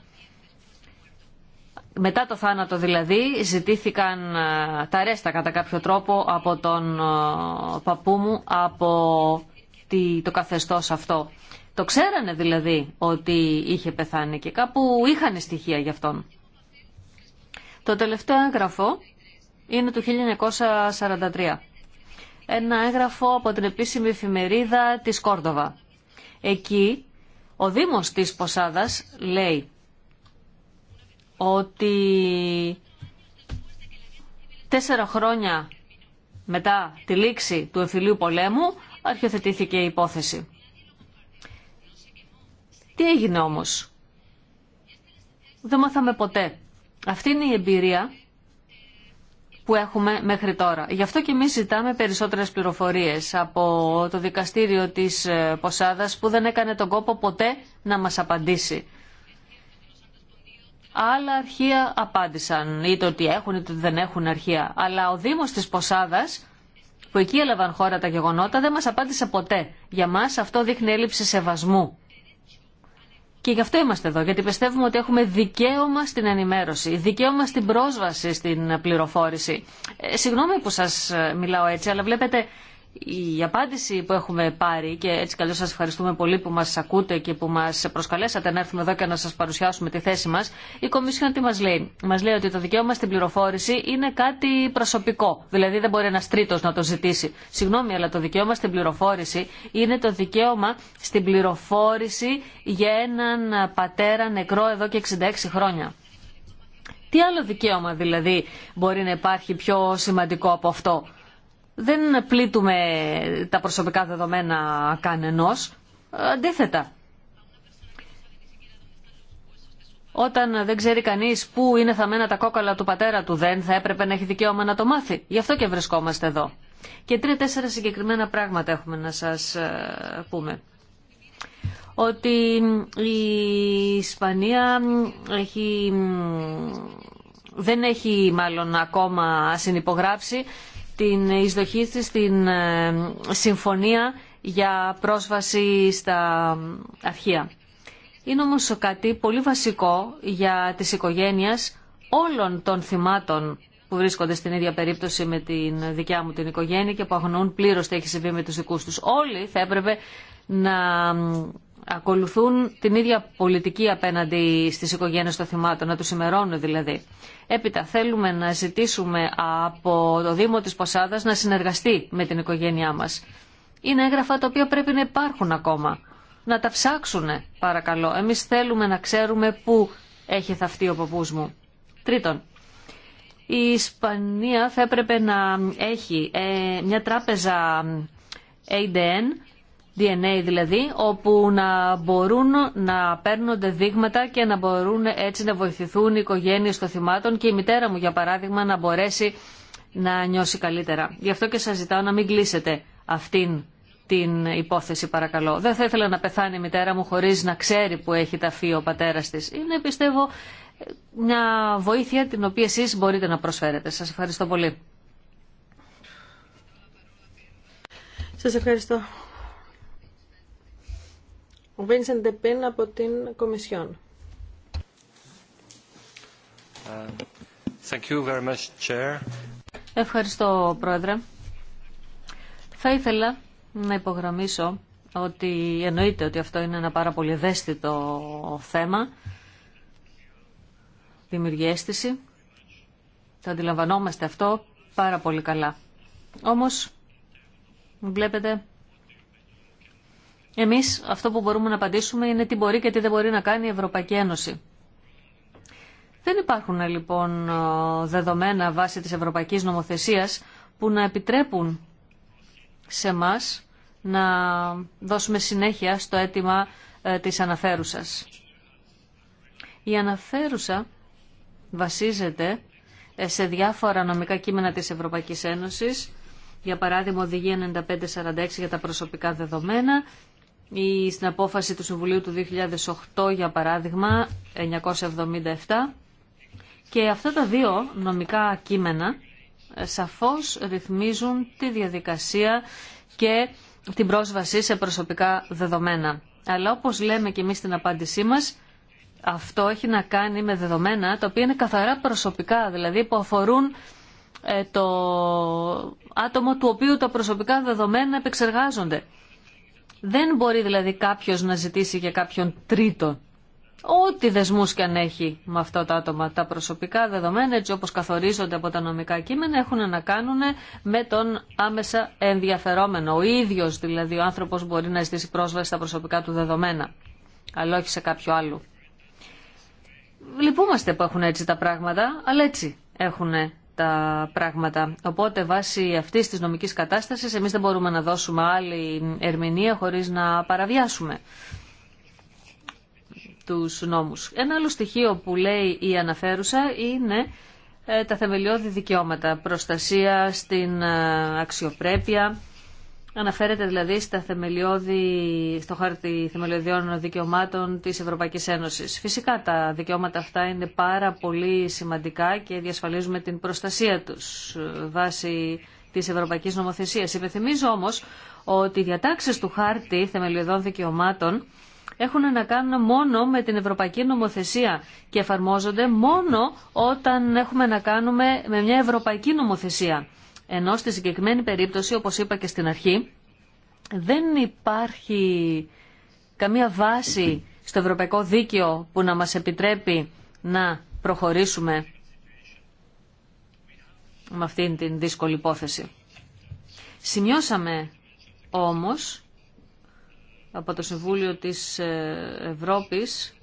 Μετά το θάνατο δηλαδή ζητήθηκαν ε, τα ρέστα κατά κάποιο τρόπο από τον ε, παππού μου από το καθεστώς αυτό. Το ξέρανε δηλαδή ότι είχε πεθάνει και κάπου είχαν στοιχεία γι' αυτόν. Το τελευταίο έγγραφο είναι του 1943. Ένα έγγραφο από την επίσημη εφημερίδα της Κόρδοβα. Εκεί ο Δήμος της Ποσάδας λέει ότι τέσσερα χρόνια μετά τη λήξη του εμφυλίου πολέμου αρχιοθετήθηκε η υπόθεση. Τι έγινε όμως. Δεν μάθαμε ποτέ. Αυτή είναι η εμπειρία που έχουμε μέχρι τώρα. Γι' αυτό και εμείς ζητάμε περισσότερες πληροφορίες από το δικαστήριο της ε, Ποσάδας που δεν έκανε τον κόπο ποτέ να μας απαντήσει. Άλλα αρχεία απάντησαν, είτε ότι έχουν είτε ότι δεν έχουν αρχεία. Αλλά ο Δήμος της Ποσάδας, που εκεί έλαβαν χώρα τα γεγονότα, δεν μας απάντησε ποτέ. Για μας αυτό δείχνει έλλειψη σεβασμού και γι' αυτό είμαστε εδώ, γιατί πιστεύουμε ότι έχουμε δικαίωμα στην ενημέρωση, δικαίωμα στην πρόσβαση στην πληροφόρηση. Ε, συγγνώμη που σας ε, μιλάω έτσι, αλλά βλέπετε η απάντηση που έχουμε πάρει και έτσι καλώς σας ευχαριστούμε πολύ που μας ακούτε και που μας προσκαλέσατε να έρθουμε εδώ και να σας παρουσιάσουμε τη θέση μας η Κομισιόν τι μας λέει μας λέει ότι το δικαίωμα στην πληροφόρηση είναι κάτι προσωπικό δηλαδή δεν μπορεί ένας τρίτος να το ζητήσει συγγνώμη αλλά το δικαίωμα στην πληροφόρηση είναι το δικαίωμα στην πληροφόρηση για έναν πατέρα νεκρό εδώ και 66 χρόνια τι άλλο δικαίωμα δηλαδή μπορεί να υπάρχει πιο σημαντικό από αυτό δεν πλήττουμε τα προσωπικά δεδομένα κανενός, αντίθετα. Όταν δεν ξέρει κανεί πού είναι θαμμένα τα κόκαλα του πατέρα του, δεν θα έπρεπε να έχει δικαίωμα να το μάθει. Γι' αυτό και βρισκόμαστε εδώ. Και τρία-τέσσερα συγκεκριμένα πράγματα έχουμε να σα ε, πούμε. Ότι η Ισπανία δεν έχει μάλλον ακόμα συνυπογράψει την εισδοχή της στην ε, συμφωνία για πρόσβαση στα αρχεία. Είναι όμως κάτι πολύ βασικό για τις οικογένειες όλων των θυμάτων που βρίσκονται στην ίδια περίπτωση με την δικιά μου την οικογένεια και που αγνοούν πλήρως τι έχει συμβεί με τους δικούς τους. Όλοι θα έπρεπε να ακολουθούν την ίδια πολιτική απέναντι στις οικογένειες των θυμάτων, να τους ημερώνουν δηλαδή. Έπειτα θέλουμε να ζητήσουμε από το Δήμο της Ποσάδας να συνεργαστεί με την οικογένειά μας. Είναι έγγραφα τα οποία πρέπει να υπάρχουν ακόμα. Να τα ψάξουν παρακαλώ. Εμείς θέλουμε να ξέρουμε πού έχει θαυτεί ο παππούς μου. Τρίτον, η Ισπανία θα έπρεπε να έχει ε, μια τράπεζα ε, ADN DNA δηλαδή, όπου να μπορούν να παίρνονται δείγματα και να μπορούν έτσι να βοηθηθούν οι οικογένειες των θυμάτων και η μητέρα μου για παράδειγμα να μπορέσει να νιώσει καλύτερα. Γι' αυτό και σας ζητάω να μην κλείσετε αυτήν την υπόθεση παρακαλώ. Δεν θα ήθελα να πεθάνει η μητέρα μου χωρίς να ξέρει που έχει ταφεί ο πατέρας της. Είναι πιστεύω μια βοήθεια την οποία εσείς μπορείτε να προσφέρετε. Σας ευχαριστώ πολύ. Σας ευχαριστώ ο Βίνσεντ Ντεπίν από την Κομισιόν. Thank you very Ευχαριστώ, Πρόεδρε. Θα ήθελα να υπογραμμίσω ότι εννοείται ότι αυτό είναι ένα πάρα πολύ ευαίσθητο θέμα. Δημιουργεί αίσθηση. Το αντιλαμβανόμαστε αυτό πάρα πολύ καλά. Όμως, βλέπετε, εμείς αυτό που μπορούμε να απαντήσουμε είναι τι μπορεί και τι δεν μπορεί να κάνει η Ευρωπαϊκή Ένωση. Δεν υπάρχουν λοιπόν ε, δεδομένα βάσει της Ευρωπαϊκής Νομοθεσίας που να επιτρέπουν σε μας να δώσουμε συνέχεια στο αίτημα ε, της αναφέρουσας. Η αναφέρουσα βασίζεται ε, σε διάφορα νομικά κείμενα της Ευρωπαϊκής Ένωσης, για παράδειγμα οδηγία 9546 για τα προσωπικά δεδομένα ή στην απόφαση του Συμβουλίου του 2008 για παράδειγμα 977 και αυτά τα δύο νομικά κείμενα ε, σαφώς ρυθμίζουν τη διαδικασία και την πρόσβαση σε προσωπικά δεδομένα. Αλλά όπως λέμε και εμείς στην απάντησή μας, αυτό έχει να κάνει με δεδομένα τα οποία είναι καθαρά προσωπικά, δηλαδή που αφορούν ε, το άτομο του οποίου τα προσωπικά δεδομένα επεξεργάζονται. Δεν μπορεί δηλαδή κάποιο να ζητήσει για κάποιον τρίτο. Ό,τι δεσμούς και αν έχει με αυτά τα άτομα, τα προσωπικά δεδομένα, έτσι όπως καθορίζονται από τα νομικά κείμενα, έχουν να κάνουν με τον άμεσα ενδιαφερόμενο. Ο ίδιος δηλαδή ο άνθρωπος μπορεί να ζητήσει πρόσβαση στα προσωπικά του δεδομένα, αλλά όχι σε κάποιο άλλο. Λυπούμαστε που έχουν έτσι τα πράγματα, αλλά έτσι έχουν τα πράγματα. Οπότε βάσει αυτής της νομικής κατάστασης εμείς δεν μπορούμε να δώσουμε άλλη ερμηνεία χωρίς να παραβιάσουμε τους νόμους. Ένα άλλο στοιχείο που λέει η αναφέρουσα είναι ε, τα θεμελιώδη δικαιώματα, προστασία στην ε, αξιοπρέπεια, Αναφέρεται δηλαδή στα θεμελιώδη, στο χάρτη θεμελιωδιών δικαιωμάτων της Ευρωπαϊκής Ένωσης. Φυσικά τα δικαιώματα αυτά είναι πάρα πολύ σημαντικά και διασφαλίζουμε την προστασία τους βάσει της Ευρωπαϊκής Νομοθεσίας. Υπενθυμίζω όμως ότι οι διατάξεις του χάρτη θεμελιωδών δικαιωμάτων έχουν να κάνουν μόνο με την Ευρωπαϊκή Νομοθεσία και εφαρμόζονται μόνο όταν έχουμε να κάνουμε με μια Ευρωπαϊκή Νομοθεσία. Ενώ στη συγκεκριμένη περίπτωση, όπως είπα και στην αρχή, δεν υπάρχει καμία βάση στο ευρωπαϊκό δίκαιο που να μας επιτρέπει να προχωρήσουμε με αυτήν την δύσκολη υπόθεση. Σημειώσαμε όμως από το Συμβούλιο της Ευρώπης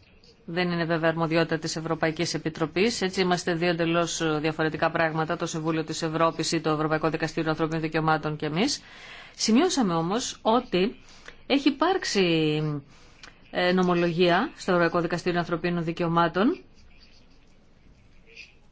δεν είναι βέβαια αρμοδιότητα της Ευρωπαϊκής Επιτροπής. Έτσι είμαστε δύο εντελώ ε, διαφορετικά πράγματα, το Συμβούλιο της Ευρώπης ή το Ευρωπαϊκό Δικαστήριο Ανθρωπίνων Δικαιωμάτων και εμείς. Σημειώσαμε όμως ότι έχει υπάρξει ε, νομολογία στο Ευρωπαϊκό Δικαστήριο Ανθρωπίνων Δικαιωμάτων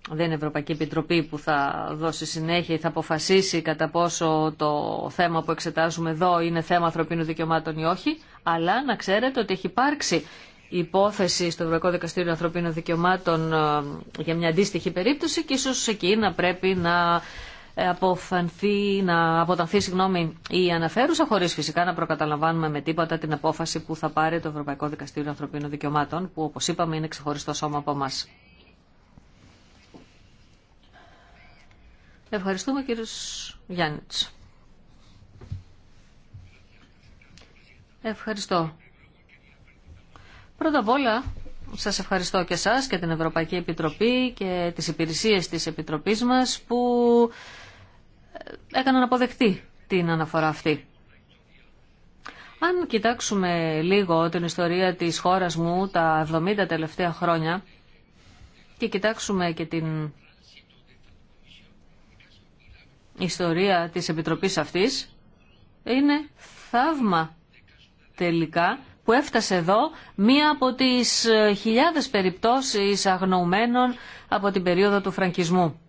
δεν είναι Ευρωπαϊκή Επιτροπή που θα δώσει συνέχεια ή θα αποφασίσει κατά πόσο το θέμα που εξετάζουμε εδώ είναι θέμα ανθρωπίνων δικαιωμάτων ή όχι, αλλά να ξέρετε ότι έχει υπάρξει υπόθεση στο Ευρωπαϊκό Δικαστήριο Ανθρωπίνων Δικαιωμάτων ε, για μια αντίστοιχη περίπτωση και ίσως εκεί να πρέπει να ε, αποφανθεί, να αποτανθεί συγγνώμη, η αναφέρουσα χωρίς φυσικά να προκαταλαμβάνουμε με τίποτα την απόφαση που θα πάρει το Ευρωπαϊκό Δικαστήριο Ανθρωπίνων Δικαιωμάτων που όπως είπαμε είναι ξεχωριστό σώμα από εμά. Ευχαριστούμε κύριος Γιάννητς. Ευχαριστώ Πρώτα απ' όλα, σας ευχαριστώ και σας και την Ευρωπαϊκή Επιτροπή και τις υπηρεσίες της Επιτροπής μας που έκαναν αποδεκτή την αναφορά αυτή. Αν κοιτάξουμε λίγο την ιστορία της χώρας μου τα 70 τελευταία χρόνια και κοιτάξουμε και την ιστορία της Επιτροπής αυτής, είναι θαύμα τελικά που έφτασε εδώ μία από τις ε, χιλιάδες περιπτώσεις αγνοωμένων από την περίοδο του φραγκισμού.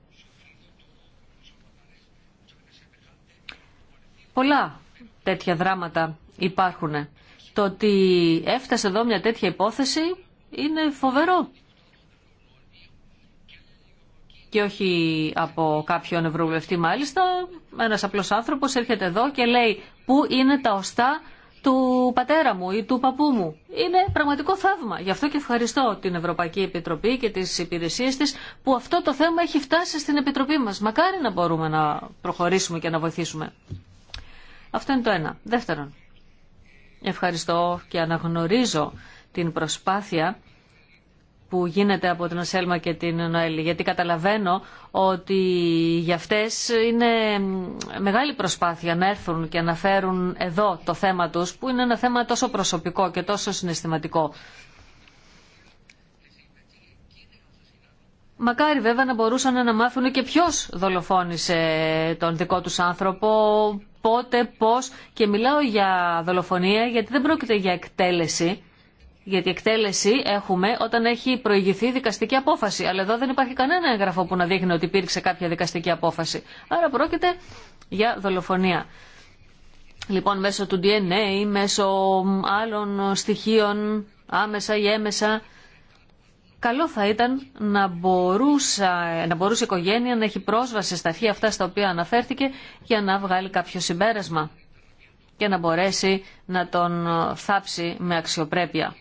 Πολλά τέτοια δράματα υπάρχουν. Το ότι έφτασε εδώ μια απο τις χιλιαδες περιπτωσεις αγνοουμενων απο υπόθεση είναι φοβερό. Και όχι από κάποιον ευρωβουλευτή μάλιστα, ένας απλός άνθρωπος έρχεται εδώ και λέει πού είναι τα οστά του πατέρα μου ή του παππού μου. Είναι πραγματικό θαύμα. Γι' αυτό και ευχαριστώ την Ευρωπαϊκή Επιτροπή και τις υπηρεσίε τη που αυτό το θέμα έχει φτάσει στην Επιτροπή μας. Μακάρι να μπορούμε να προχωρήσουμε και να βοηθήσουμε. Αυτό είναι το ένα. Δεύτερον, ευχαριστώ και αναγνωρίζω την προσπάθεια που γίνεται από την Σέλμα και την Νοέλη, γιατί καταλαβαίνω ότι για αυτές είναι μεγάλη προσπάθεια να έρθουν και να φέρουν εδώ το θέμα τους, που είναι ένα θέμα τόσο προσωπικό και τόσο συναισθηματικό. Μακάρι βέβαια να μπορούσαν να μάθουν και ποιος δολοφόνησε τον δικό τους άνθρωπο, πότε, πώς και μιλάω για δολοφονία γιατί δεν πρόκειται για εκτέλεση. Γιατί εκτέλεση έχουμε όταν έχει προηγηθεί δικαστική απόφαση. Αλλά εδώ δεν υπάρχει κανένα έγγραφο που να δείχνει ότι υπήρξε κάποια δικαστική απόφαση. Άρα πρόκειται για δολοφονία. Λοιπόν, μέσω του DNA, μέσω άλλων στοιχείων, άμεσα ή έμεσα, καλό θα ήταν να, μπορούσα, να μπορούσε η οικογένεια να έχει πρόσβαση στα αρχεία αυτά στα οποία αναφέρθηκε για να βγάλει κάποιο συμπέρασμα και να μπορέσει να τον θάψει με αξιοπρέπεια.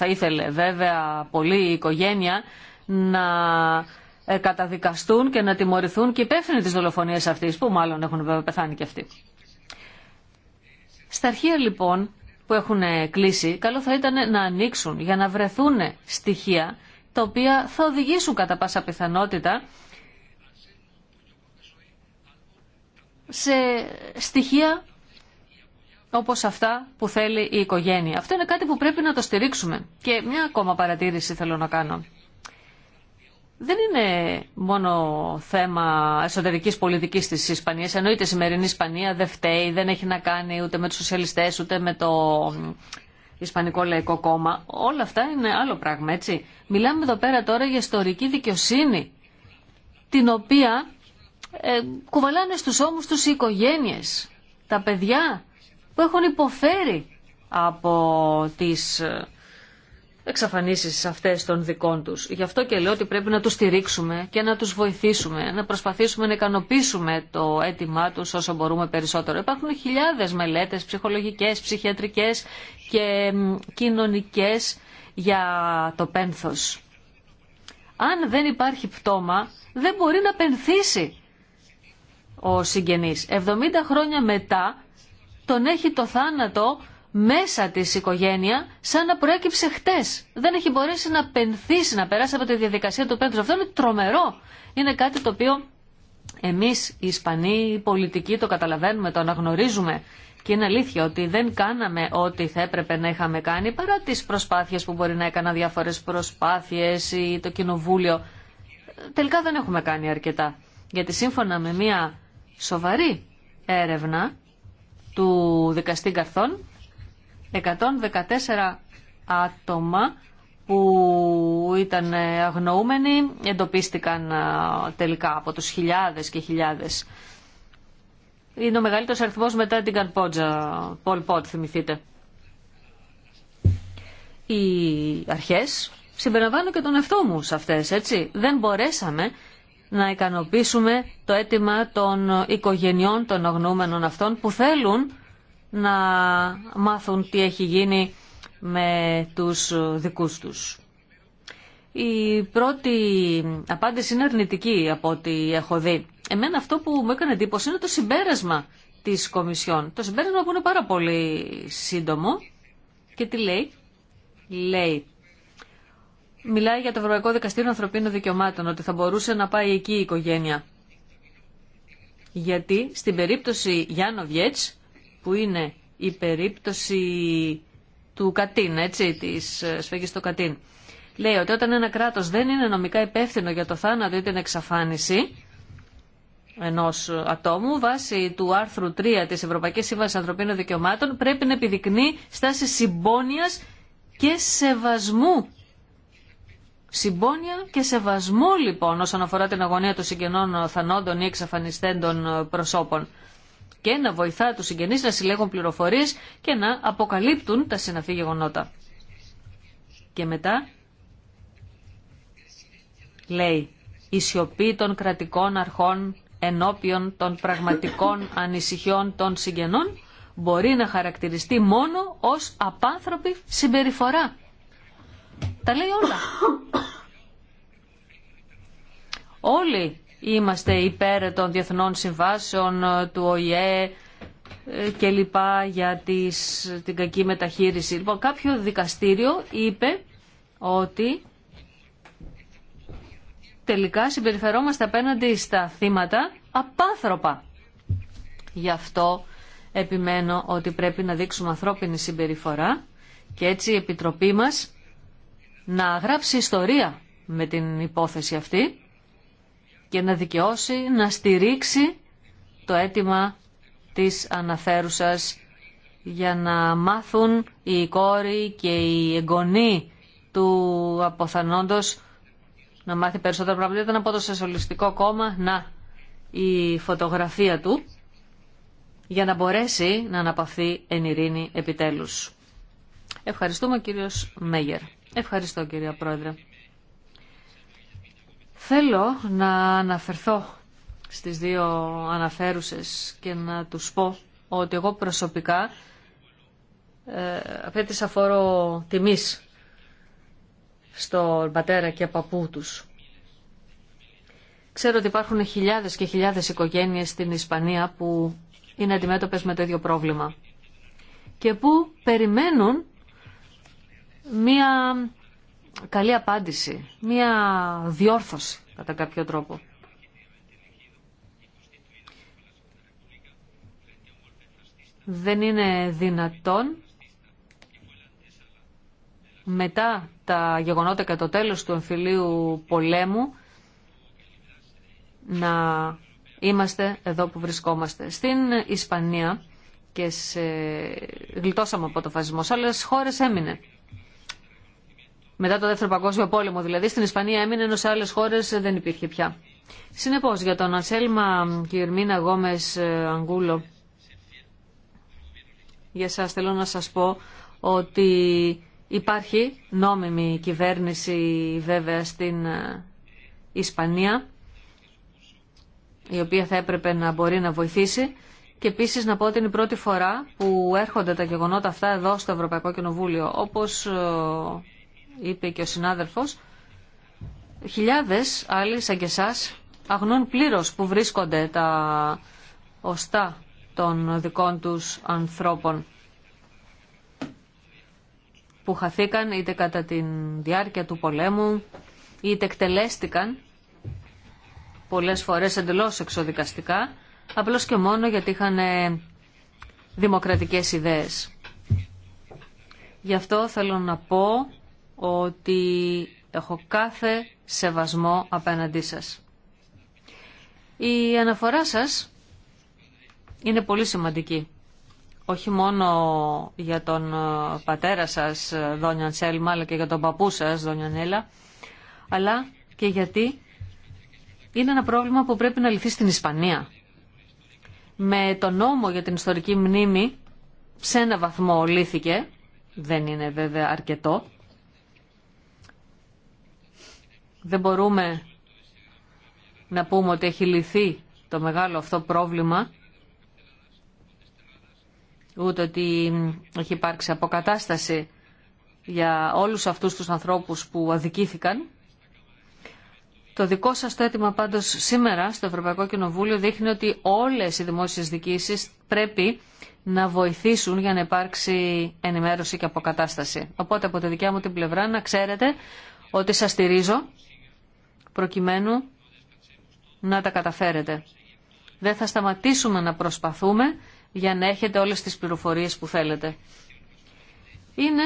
Θα ήθελε βέβαια πολύ η οικογένεια να ε, καταδικαστούν και να τιμωρηθούν και υπεύθυνοι της δολοφονίας αυτής, που μάλλον έχουν βέβαια πεθάνει και αυτοί. Στα αρχεία λοιπόν που έχουν κλείσει, καλό θα ήταν να ανοίξουν για να βρεθούν στοιχεία τα οποία θα οδηγήσουν κατά πάσα πιθανότητα σε στοιχεία όπως αυτά που θέλει η οικογένεια. Αυτό είναι κάτι που πρέπει να το στηρίξουμε. Και μια ακόμα παρατήρηση θέλω να κάνω. Δεν είναι μόνο θέμα εσωτερικής πολιτικής της Ισπανίας. Εννοείται η σημερινή Ισπανία δεν φταίει, δεν έχει να κάνει ούτε με τους σοσιαλιστές, ούτε με το Ισπανικό Λαϊκό Κόμμα. Όλα αυτά είναι άλλο πράγμα, έτσι. Μιλάμε εδώ πέρα τώρα για ιστορική δικαιοσύνη, την οποία ε, κουβαλάνε στους ώμους τους οι οικογένειες, τα παιδιά, που έχουν υποφέρει από τις ε, εξαφανίσεις αυτές των δικών τους. Γι' αυτό και λέω ότι πρέπει να τους στηρίξουμε και να τους βοηθήσουμε, να προσπαθήσουμε να ικανοποιήσουμε το αίτημά τους όσο μπορούμε περισσότερο. Υπάρχουν χιλιάδες μελέτες ψυχολογικές, ψυχιατρικές και κοινωνικές για το πένθος. Αν δεν υπάρχει πτώμα, δεν μπορεί να πενθήσει ο συγγενής. 70 χρόνια μετά τον έχει το θάνατο μέσα τη οικογένεια σαν να προέκυψε χτες. Δεν έχει μπορέσει να πενθήσει, να περάσει από τη διαδικασία του πέντρου. Αυτό είναι τρομερό. Είναι κάτι το οποίο εμείς οι Ισπανοί, οι πολιτικοί το καταλαβαίνουμε, το αναγνωρίζουμε. Και είναι αλήθεια ότι δεν κάναμε ό,τι θα έπρεπε να είχαμε κάνει παρά τις προσπάθειες που μπορεί να έκανα διάφορες προσπάθειες ή το κοινοβούλιο. Τελικά δεν έχουμε κάνει αρκετά. Γιατί σύμφωνα με μια σοβαρή έρευνα του δικαστή Καρθών 114 άτομα που ήταν αγνοούμενοι εντοπίστηκαν τελικά από τους χιλιάδες και χιλιάδες. Είναι ο μεγαλύτερος αριθμός μετά την Καρπότζα, Πολ Πότ θυμηθείτε. Οι αρχές συμπεριλαμβάνουν και τον εαυτό μου σε αυτές, έτσι. Δεν μπορέσαμε να ικανοποιήσουμε το αίτημα των οικογενειών των αγνοούμενων αυτών που θέλουν να μάθουν τι έχει γίνει με τους δικούς τους. Η πρώτη απάντηση είναι αρνητική από ό,τι έχω δει. Εμένα αυτό που μου έκανε εντύπωση είναι το συμπέρασμα της Κομισιόν. Το συμπέρασμα που είναι πάρα πολύ σύντομο και τι λέει. Λέει Μιλάει για το Ευρωπαϊκό Δικαστήριο Ανθρωπίνων Δικαιωμάτων, ότι θα μπορούσε να πάει εκεί η οικογένεια. Γιατί στην περίπτωση Γιάννο Βιέτς, που είναι η περίπτωση του Κατίν, έτσι, της ε, του Κατίν, λέει ότι όταν ένα κράτος δεν είναι νομικά υπεύθυνο για το θάνατο ή την εξαφάνιση ενός ατόμου, βάσει του άρθρου 3 της Ευρωπαϊκής Σύμβασης Ανθρωπίνων Δικαιωμάτων, πρέπει να επιδεικνύει στάση συμπόνιας και σεβασμού Συμπόνια και σεβασμό λοιπόν όσον αφορά την αγωνία των συγγενών θανόντων ή εξαφανιστέντων προσώπων και να βοηθά τους συγγενείς να συλλέγουν πληροφορίες και να αποκαλύπτουν τα συναφή γεγονότα. Και μετά λέει η σιωπή των κρατικών αρχών ενώπιον των πραγματικών ανησυχιών των συγγενών μπορεί να χαρακτηριστεί μόνο ως απάνθρωπη συμπεριφορά τα λέει όλα. Όλοι είμαστε υπέρ των διεθνών συμβάσεων ε, του ΟΗΕ ε, και λοιπά για τις, την κακή μεταχείριση. Λοιπόν, κάποιο δικαστήριο είπε ότι τελικά συμπεριφερόμαστε απέναντι στα θύματα απάνθρωπα. Γι' αυτό επιμένω ότι πρέπει να δείξουμε ανθρώπινη συμπεριφορά και έτσι η Επιτροπή μας να γράψει ιστορία με την υπόθεση αυτή και να δικαιώσει, να στηρίξει το αίτημα της αναφέρουσας για να μάθουν οι κόροι και οι εγγονοί του αποθανόντος να μάθει περισσότερα πράγματα. Ήταν από το σεσολιστικό κόμμα, να, η φωτογραφία του για να μπορέσει να αναπαυθεί εν ειρήνη επιτέλους. Ευχαριστούμε κύριος Μέγερ. Ευχαριστώ κυρία Πρόεδρε. Θέλω να αναφερθώ στις δύο αναφέρουσες και να τους πω ότι εγώ προσωπικά ε, φόρο τιμής στον πατέρα και παππού τους. Ξέρω ότι υπάρχουν χιλιάδες και χιλιάδες οικογένειες στην Ισπανία που είναι αντιμέτωπες με το ίδιο πρόβλημα και που περιμένουν μία καλή απάντηση, μία διόρθωση κατά κάποιο τρόπο. Δεν είναι δυνατόν μετά τα γεγονότα και το τέλος του εμφυλίου πολέμου να είμαστε εδώ που βρισκόμαστε. Στην Ισπανία και σε... γλιτώσαμε από το φασισμό, σε άλλες χώρες έμεινε μετά το Δεύτερο Παγκόσμιο Πόλεμο δηλαδή, στην Ισπανία έμεινε, ενώ σε άλλε χώρε δεν υπήρχε πια. Συνεπώ, για τον Ανσέλμα Κυρμίνα Γόμε ε, Αγγούλο, για σας θέλω να σας πω ότι υπάρχει νόμιμη κυβέρνηση βέβαια στην ε, Ισπανία, η οποία θα έπρεπε να μπορεί να βοηθήσει. Και επίση να πω ότι είναι η πρώτη φορά που έρχονται τα γεγονότα αυτά εδώ στο Ευρωπαϊκό Κοινοβούλιο. Όπω ε, είπε και ο συνάδελφος, χιλιάδες άλλοι σαν και εσάς αγνούν πλήρως που βρίσκονται τα οστά των δικών τους ανθρώπων που χαθήκαν είτε κατά τη διάρκεια του πολέμου είτε εκτελέστηκαν πολλές φορές εντελώς εξοδικαστικά απλώς και μόνο γιατί είχαν δημοκρατικές ιδέες. Γι' αυτό θέλω να πω ότι έχω κάθε σεβασμό απέναντί σας. Η αναφορά σας είναι πολύ σημαντική. Όχι μόνο για τον ε, πατέρα σας, ε, Δόνιαν Σέλμα, αλλά και για τον παππού σας, Δόνιαν Έλα, αλλά και γιατί είναι ένα πρόβλημα που πρέπει να λυθεί στην Ισπανία. Με τον νόμο για την ιστορική μνήμη, σε ένα βαθμό λύθηκε, δεν είναι βέβαια αρκετό, δεν μπορούμε να πούμε ότι έχει λυθεί το μεγάλο αυτό πρόβλημα, ούτε ότι έχει υπάρξει αποκατάσταση για όλους αυτούς τους ανθρώπους που αδικήθηκαν. Το δικό σας το αίτημα πάντως σήμερα στο Ευρωπαϊκό Κοινοβούλιο δείχνει ότι όλες οι δημόσιες δικήσεις πρέπει να βοηθήσουν για να υπάρξει ενημέρωση και αποκατάσταση. Οπότε από τη δικιά μου την πλευρά να ξέρετε ότι σας στηρίζω προκειμένου να τα καταφέρετε. Δεν θα σταματήσουμε να προσπαθούμε για να έχετε όλες τις πληροφορίες που θέλετε. Είναι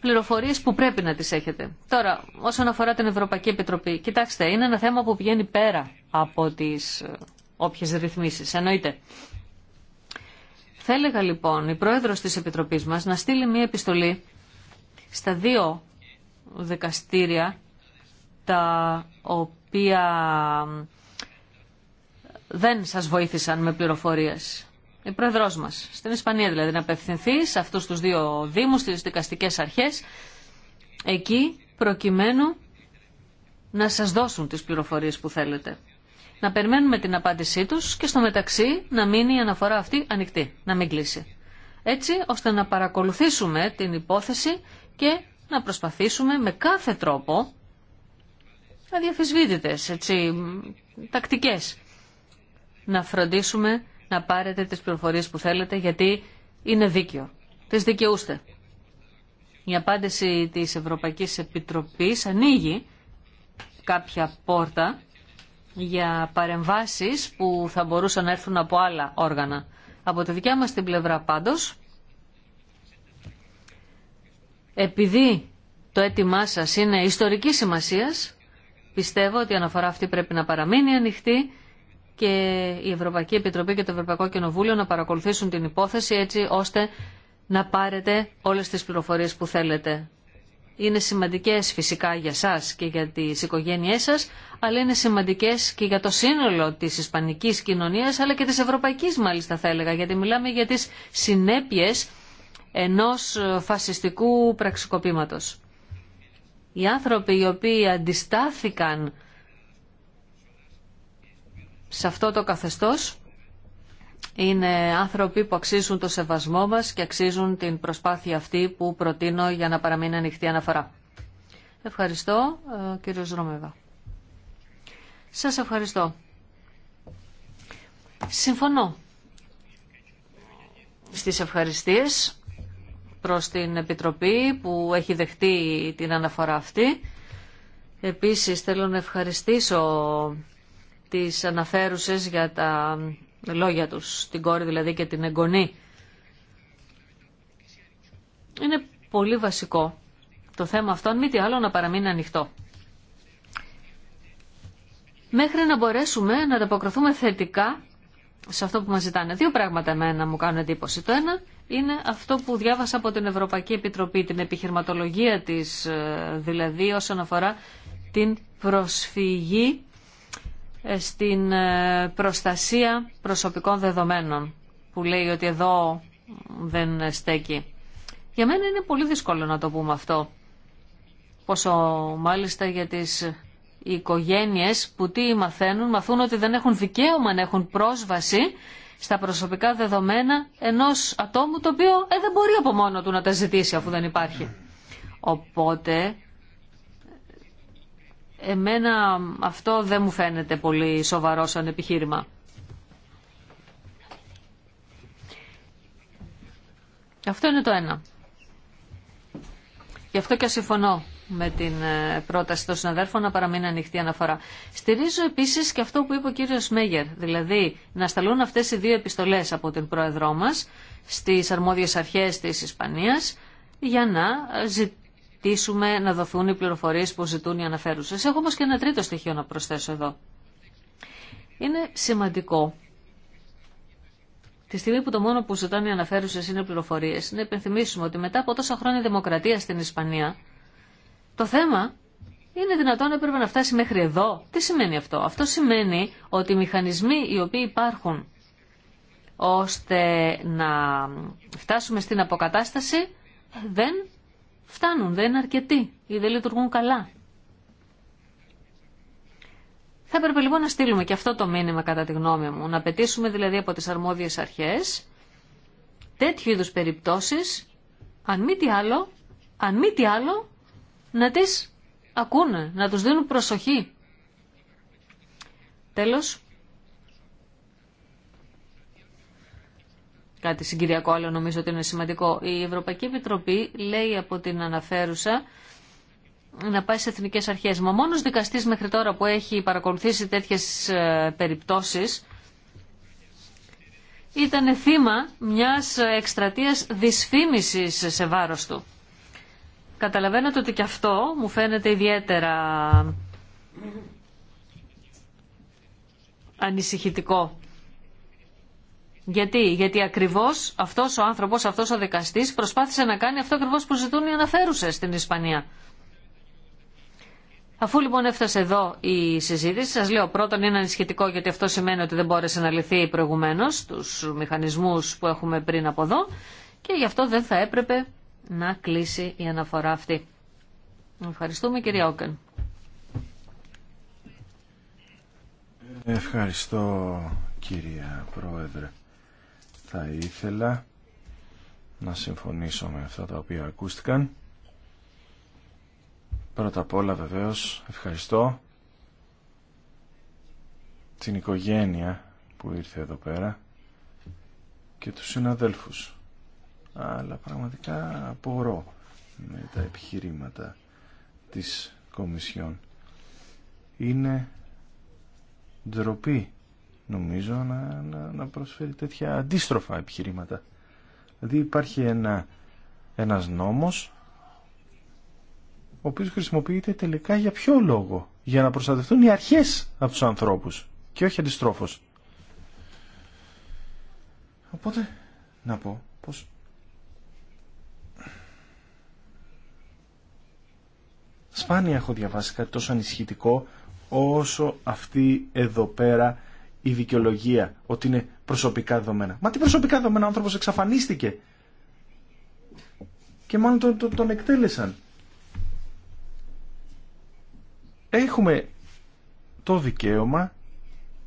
πληροφορίες που πρέπει να τις έχετε. Τώρα, όσον αφορά την Ευρωπαϊκή Επιτροπή, κοιτάξτε, είναι ένα θέμα που πηγαίνει πέρα από τις ε, όποιες ρυθμίσεις, εννοείται. Θέλεγα, λοιπόν η πρόεδρος της Επιτροπής μας να στείλει μια επιστολή στα δύο δικαστήρια τα οποία δεν σας βοήθησαν με πληροφορίες. Η πρόεδρός μας, στην Ισπανία δηλαδή, να απευθυνθεί σε αυτούς τους δύο δήμους, στις δικαστικές αρχές, εκεί προκειμένου να σας δώσουν τις πληροφορίες που θέλετε. Να περιμένουμε την απάντησή τους και στο μεταξύ να μείνει η αναφορά αυτή ανοιχτή, να μην κλείσει. Έτσι ώστε να παρακολουθήσουμε την υπόθεση και να προσπαθήσουμε με κάθε τρόπο αδιαφυσβήτητες, έτσι, τακτικές. Να φροντίσουμε να πάρετε τις πληροφορίες που θέλετε, γιατί είναι δίκαιο. Τις δικαιούστε. Η απάντηση της Ευρωπαϊκής Επιτροπής ανοίγει κάποια πόρτα για παρεμβάσεις που θα μπορούσαν να έρθουν από άλλα όργανα. Από τη δικιά μας την πλευρά πάντως, επειδή το αίτημά σας είναι ιστορική σημασίας, Πιστεύω ότι η αναφορά αυτή πρέπει να παραμείνει ανοιχτή και η Ευρωπαϊκή Επιτροπή και το Ευρωπαϊκό Κοινοβούλιο να παρακολουθήσουν την υπόθεση έτσι ώστε να πάρετε όλες τις πληροφορίες που θέλετε. Είναι σημαντικές φυσικά για σας και για τις οικογένειές σας, αλλά είναι σημαντικές και για το σύνολο της ισπανικής κοινωνίας, αλλά και της ευρωπαϊκής μάλιστα θα έλεγα, γιατί μιλάμε για τις συνέπειες ενός φασιστικού πραξικοπήματος. Οι άνθρωποι οι οποίοι αντιστάθηκαν σε αυτό το καθεστώς είναι άνθρωποι που αξίζουν το σεβασμό μας και αξίζουν την προσπάθεια αυτή που προτείνω για να παραμείνει ανοιχτή αναφορά. Ευχαριστώ, ε, κύριος Ρωμεβά. Σας ευχαριστώ. Συμφωνώ στις ευχαριστίες προς την Επιτροπή που έχει δεχτεί την αναφορά αυτή. Επίσης θέλω να ευχαριστήσω τις αναφέρουσες για τα λόγια τους, την κόρη δηλαδή και την εγγονή. Είναι πολύ βασικό το θέμα αυτό, αν μη τι άλλο, να παραμείνει ανοιχτό. Μέχρι να μπορέσουμε να ανταποκριθούμε θετικά σε αυτό που μας ζητάνε. Δύο πράγματα εμένα μου κάνουν εντύπωση. Το ένα είναι αυτό που διάβασα από την Ευρωπαϊκή Επιτροπή, την επιχειρηματολογία της ε, δηλαδή όσον αφορά την προσφυγή ε, στην ε, προστασία προσωπικών δεδομένων που λέει ότι εδώ δεν στέκει. Για μένα είναι πολύ δύσκολο να το πούμε αυτό. Πόσο μάλιστα για τις οι οικογένειες που τι μαθαίνουν, μαθούν ότι δεν έχουν δικαίωμα να έχουν πρόσβαση στα προσωπικά δεδομένα ενός ατόμου το οποίο ε, δεν μπορεί από μόνο του να τα ζητήσει αφού δεν υπάρχει. Οπότε, εμένα αυτό δεν μου φαίνεται πολύ σοβαρό σαν επιχείρημα. Αυτό είναι το ένα. Γι' αυτό και συμφωνώ με την ε, πρόταση των συναδέρφων να παραμείνει ανοιχτή αναφορά. Στηρίζω επίση και αυτό που είπε ο κύριο Μέγερ, δηλαδή να σταλούν αυτέ οι δύο επιστολέ από την Πρόεδρό μα στι αρμόδιε αρχέ τη Ισπανία για να ζητήσουμε να δοθούν οι πληροφορίε που ζητούν οι αναφέρουσε. Έχω όμω και ένα τρίτο στοιχείο να προσθέσω εδώ. Είναι σημαντικό Τη στιγμή που το μόνο που ζητάνε οι αναφέρουσε είναι πληροφορίε, να υπενθυμίσουμε ότι μετά από τόσα χρόνια δημοκρατία στην Ισπανία, το θέμα είναι δυνατόν έπρεπε να φτάσει μέχρι εδώ. Τι σημαίνει αυτό. Αυτό σημαίνει ότι οι μηχανισμοί οι οποίοι υπάρχουν ώστε να φτάσουμε στην αποκατάσταση δεν φτάνουν, δεν είναι αρκετοί ή δεν λειτουργούν καλά. Θα έπρεπε λοιπόν να στείλουμε και αυτό το μήνυμα κατά τη γνώμη μου, να πετήσουμε δηλαδή από τις αρμόδιες αρχές τέτοιου είδους περιπτώσεις, αν μη τι άλλο, αν μη τι άλλο, να τις ακούνε, να τους δίνουν προσοχή. Τέλος, κάτι συγκυριακό άλλο νομίζω ότι είναι σημαντικό. Η Ευρωπαϊκή Επιτροπή λέει από την αναφέρουσα να πάει σε εθνικές αρχές. Μα μόνος δικαστής μέχρι τώρα που έχει παρακολουθήσει τέτοιες ε, περιπτώσεις ήταν θύμα μιας ε, εκστρατείας δυσφήμισης σε βάρος του. Καταλαβαίνετε ότι και αυτό μου φαίνεται ιδιαίτερα ανησυχητικό. Γιατί, γιατί ακριβώς αυτός ο άνθρωπος, αυτός ο δικαστής προσπάθησε να κάνει αυτό ακριβώς που ζητούν οι αναφέρουσες στην Ισπανία. Αφού λοιπόν έφτασε εδώ η συζήτηση, σας λέω πρώτον είναι ανησυχητικό γιατί αυτό σημαίνει ότι δεν μπόρεσε να λυθεί προηγουμένως τους μηχανισμούς που έχουμε πριν από εδώ και γι' αυτό δεν θα έπρεπε να κλείσει η αναφορά αυτή. Ευχαριστούμε κυρία Όκεν. Ευχαριστώ κυρία Πρόεδρε. Θα ήθελα να συμφωνήσω με αυτά τα οποία ακούστηκαν. Πρώτα απ' όλα βεβαίως ευχαριστώ την οικογένεια που ήρθε εδώ πέρα και τους συναδέλφους αλλά πραγματικά απορώ με τα επιχειρήματα της Κομισιόν. Είναι ντροπή νομίζω να, να, να προσφέρει τέτοια αντίστροφα επιχειρήματα. Δηλαδή υπάρχει ένα, ένας νόμος ο οποίος χρησιμοποιείται τελικά για ποιο λόγο. Για να προστατευτούν οι αρχές από τους ανθρώπους και όχι αντιστρόφως. Οπότε να πω πως Σπάνια έχω διαβάσει κάτι τόσο ανησυχητικό όσο αυτή εδώ πέρα η δικαιολογία ότι είναι προσωπικά δεδομένα. Μα τι προσωπικά δεδομένα, ο άνθρωπος εξαφανίστηκε. Και μάλλον τον, τον εκτέλεσαν. Έχουμε το δικαίωμα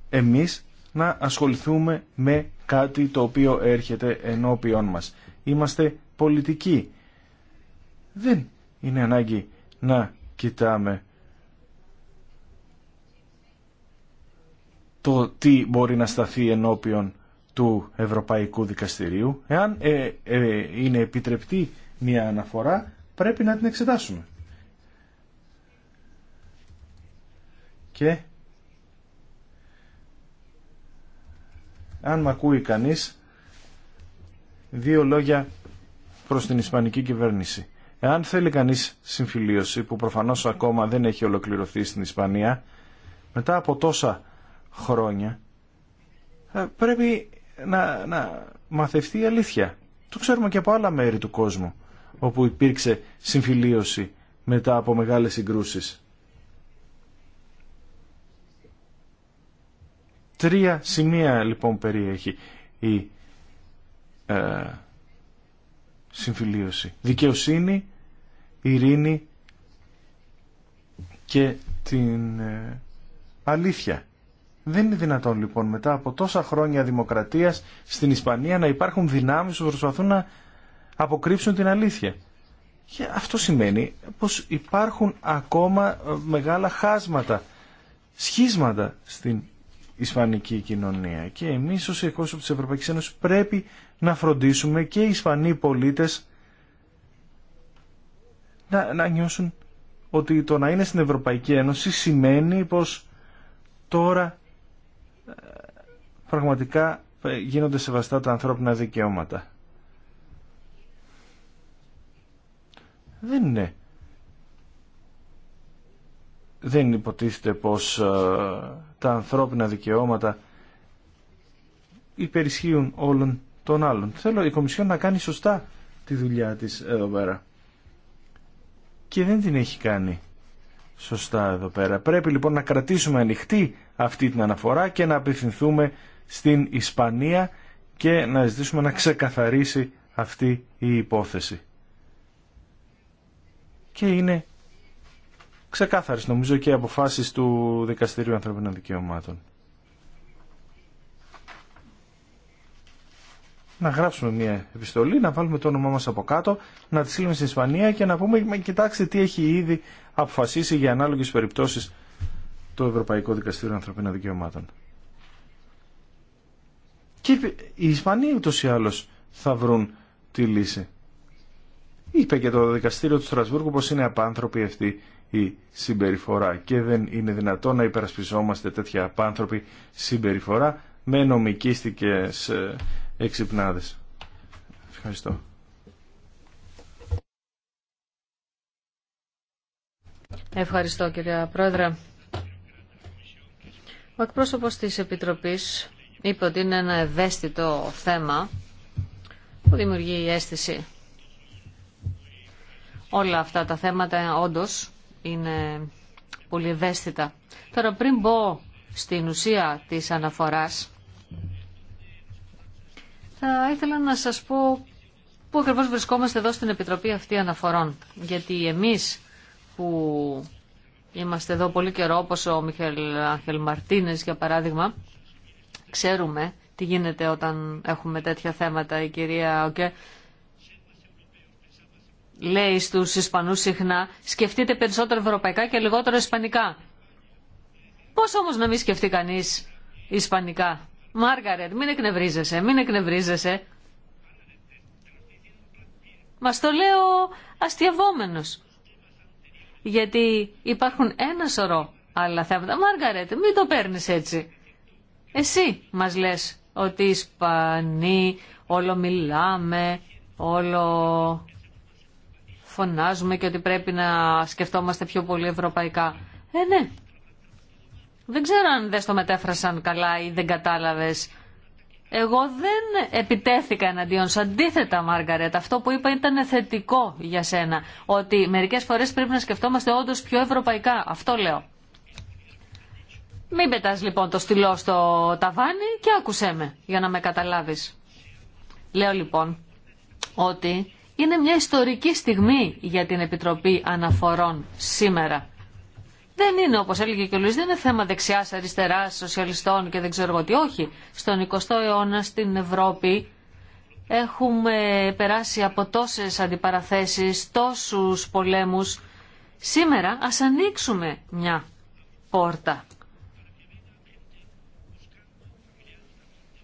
εμείς να ασχοληθούμε με κάτι το οποίο έρχεται ενώπιον μας. Είμαστε πολιτικοί. Δεν είναι ανάγκη να κοιτάμε το τι μπορεί να σταθεί ενώπιον του Ευρωπαϊκού Δικαστηρίου. Εάν ε, ε, είναι επιτρεπτή μια αναφορά, πρέπει να την εξετάσουμε. Και αν μ' ακούει κανείς, δύο λόγια προς την Ισπανική κυβέρνηση. Εάν θέλει κανείς συμφιλίωση, που προφανώς ακόμα δεν έχει ολοκληρωθεί στην Ισπανία, μετά από τόσα χρόνια, ε, πρέπει να, να μαθευτεί η αλήθεια. Το ξέρουμε και από άλλα μέρη του κόσμου, όπου υπήρξε συμφιλίωση μετά από μεγάλες συγκρούσεις. Τρία σημεία λοιπόν περιέχει η ε, συμφιλίωση. Δικαιοσύνη, ειρήνη και την ε, αλήθεια. Δεν είναι δυνατόν λοιπόν μετά από τόσα χρόνια δημοκρατίας στην Ισπανία να υπάρχουν δυνάμεις που προσπαθούν να αποκρύψουν την αλήθεια. Και αυτό σημαίνει πως υπάρχουν ακόμα ε, μεγάλα χάσματα, σχίσματα στην ισπανική κοινωνία. Και εμείς ως εκπρόσωποι της Ευρωπαϊκής Ένωσης πρέπει να φροντίσουμε και οι Ισπανοί πολίτες να, να νιώσουν ότι το να είναι στην Ευρωπαϊκή Ένωση σημαίνει πως τώρα ε, πραγματικά ε, γίνονται σεβαστά τα ανθρώπινα δικαιώματα. Δεν είναι. Δεν υποτίθεται πως ε, τα ανθρώπινα δικαιώματα υπερισχύουν όλων των άλλων. Θέλω η Κομισιόν να κάνει σωστά τη δουλειά της εδώ πέρα και δεν την έχει κάνει σωστά εδώ πέρα. Πρέπει λοιπόν να κρατήσουμε ανοιχτή αυτή την αναφορά και να απευθυνθούμε στην Ισπανία και να ζητήσουμε να ξεκαθαρίσει αυτή η υπόθεση. Και είναι ξεκάθαρες νομίζω και οι αποφάσεις του Δικαστηρίου Ανθρωπίνων Δικαιωμάτων. να γράψουμε μια επιστολή, να βάλουμε το όνομά μας από κάτω, να τη στείλουμε στην Ισπανία και να πούμε κοιτάξτε τι έχει ήδη αποφασίσει για ανάλογες περιπτώσεις το Ευρωπαϊκό Δικαστήριο Ανθρωπίνων Δικαιωμάτων. Και οι Ισπανοί ούτως ή άλλως θα βρουν τη λύση. Είπε και το δικαστήριο του Στρασβούργου πως είναι απάνθρωποι αυτή η συμπεριφορά και δεν είναι δυνατό να υπερασπιζόμαστε τέτοια απάνθρωπη συμπεριφορά με νομικίστικες ε, εξυπνάδες. Ευχαριστώ. Ευχαριστώ κυρία Πρόεδρε. Ο εκπρόσωπος της Επιτροπής είπε ότι είναι ένα ευαίσθητο θέμα που δημιουργεί η αίσθηση. Όλα αυτά τα θέματα όντως είναι πολύ ευαίσθητα. Τώρα πριν μπω στην ουσία της αναφοράς, θα ήθελα να σας πω πού ακριβώς βρισκόμαστε εδώ στην Επιτροπή αυτή αναφορών. Γιατί εμείς που είμαστε εδώ πολύ καιρό, όπως ο Μιχαήλ Άγχελ Μαρτίνες για παράδειγμα, ξέρουμε τι γίνεται όταν έχουμε τέτοια θέματα. Η κυρία Οκέ λέει στους Ισπανούς συχνά «Σκεφτείτε περισσότερο ευρωπαϊκά και λιγότερο ισπανικά». Πώς όμως να μην σκεφτεί κανείς ισπανικά Μάργαρετ, μην εκνευρίζεσαι, μην εκνευρίζεσαι. Μα το λέω αστιαβόμενος. Γιατί υπάρχουν ένα σωρό άλλα θέματα. Μάργαρετ, μην το παίρνει έτσι. Εσύ μας λες ότι οι Ισπανοί όλο μιλάμε, όλο φωνάζουμε και ότι πρέπει να σκεφτόμαστε πιο πολύ ευρωπαϊκά. Ε, ναι, δεν ξέρω αν δεν στο μετέφρασαν καλά ή δεν κατάλαβες. Εγώ δεν επιτέθηκα εναντίον σου. Αντίθετα, Μάργαρετ, αυτό που είπα ήταν θετικό για σένα. Ότι μερικές φορές πρέπει να σκεφτόμαστε όντω πιο ευρωπαϊκά. Αυτό λέω. Μην πετάς λοιπόν το στυλό στο ταβάνι και άκουσέ με για να με καταλάβεις. Λέω λοιπόν ότι είναι μια ιστορική στιγμή για την Επιτροπή Αναφορών σήμερα δεν είναι όπως έλεγε και ο Λουίς, δεν είναι θέμα δεξιάς, αριστεράς, σοσιαλιστών και δεν ξέρω εγώ τι. Όχι. Στον 20ο αιώνα στην Ευρώπη έχουμε περάσει από τόσες αντιπαραθέσεις, τόσους πολέμους. Σήμερα ας ανοίξουμε μια πόρτα.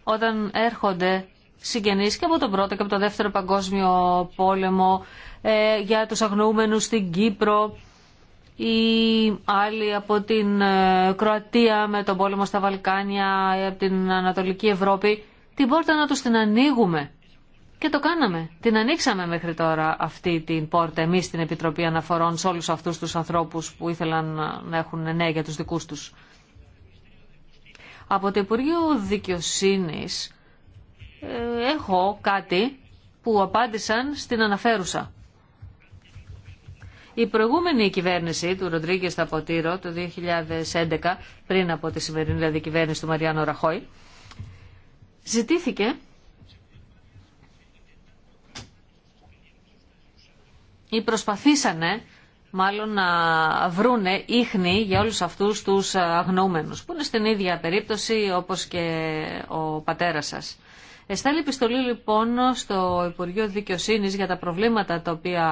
Όταν έρχονται συγγενείς και από τον πρώτο και από τον δεύτερο παγκόσμιο πόλεμο, ε, για τους αγνοούμενους στην Κύπρο, ή άλλοι από την ε, Κροατία με τον πόλεμο στα Βαλκάνια ή από την Ανατολική Ευρώπη, την πόρτα να τους την ανοίγουμε. Και το κάναμε. Την ανοίξαμε μέχρι τώρα αυτή την πόρτα εμείς στην Επιτροπή Αναφορών σε όλους αυτούς τους ανθρώπους που ήθελαν να έχουν νέα για τους δικούς τους. Από το Υπουργείο Δικαιοσύνης ε, έχω κάτι που απάντησαν στην αναφέρουσα. Η προηγούμενη κυβέρνηση του Ροντρίγκε Σταποτήρο το 2011, πριν από τη σημερινή δηλαδή κυβέρνηση του Μαριάνο Ραχόη, ζητήθηκε ή προσπαθήσανε μάλλον να βρούνε ίχνη για όλους αυτούς τους αγνοούμενους, που είναι στην ίδια περίπτωση όπως και ο πατέρας σας. Εστάλει επιστολή λοιπόν στο Υπουργείο Δικαιοσύνης για τα προβλήματα τα οποία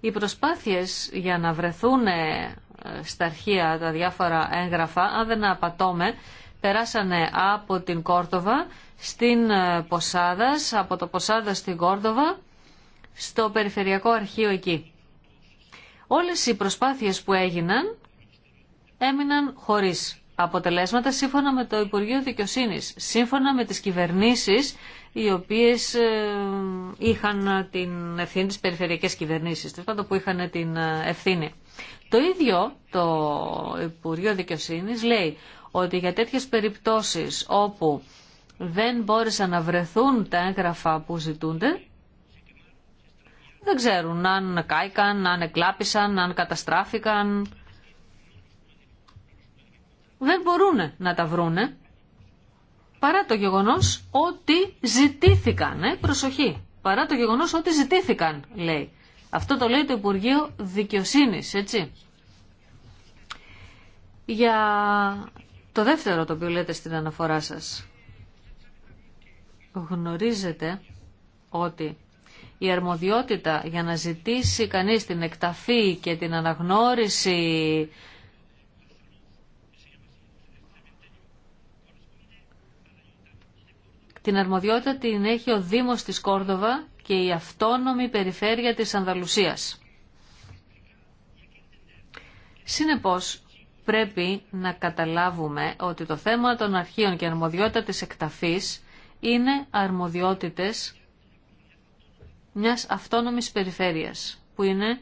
οι προσπάθειες για να βρεθούν ε, στα αρχεία τα διάφορα έγγραφα, αν δεν απατώμε, περάσανε από την Κόρτοβα στην ε, Ποσάδας, από το Ποσάδα στην Κόρτοβα, στο Περιφερειακό Αρχείο εκεί. Όλες οι προσπάθειες που έγιναν έμειναν χωρίς αποτελέσματα σύμφωνα με το Υπουργείο Δικαιοσύνης, σύμφωνα με τις κυβερνήσεις οι οποίες ε, είχαν την ευθύνη της περιφερειακές κυβερνήσεις, τέλος πάντα που είχαν την ε, ευθύνη. Το ίδιο το Υπουργείο Δικαιοσύνης λέει ότι για τέτοιες περιπτώσεις όπου δεν μπόρεσαν να βρεθούν τα έγγραφα που ζητούνται, δεν ξέρουν αν κάηκαν, αν εκλάπησαν, αν καταστράφηκαν δεν μπορούν να τα βρούνε παρά το γεγονός ότι ζητήθηκαν, ε, προσοχή, παρά το γεγονός ότι ζητήθηκαν, λέει. Αυτό το λέει το Υπουργείο Δικαιοσύνης, έτσι. Για το δεύτερο το οποίο λέτε στην αναφορά σας. Γνωρίζετε ότι η αρμοδιότητα για να ζητήσει κανείς την εκταφή και την αναγνώριση Την αρμοδιότητα την έχει ο Δήμος της Κόρδοβα και η αυτόνομη περιφέρεια της Ανδαλουσίας. Συνεπώς, πρέπει να καταλάβουμε ότι το θέμα των αρχείων και αρμοδιότητα της εκταφής είναι αρμοδιότητες μιας αυτόνομης περιφέρειας, που είναι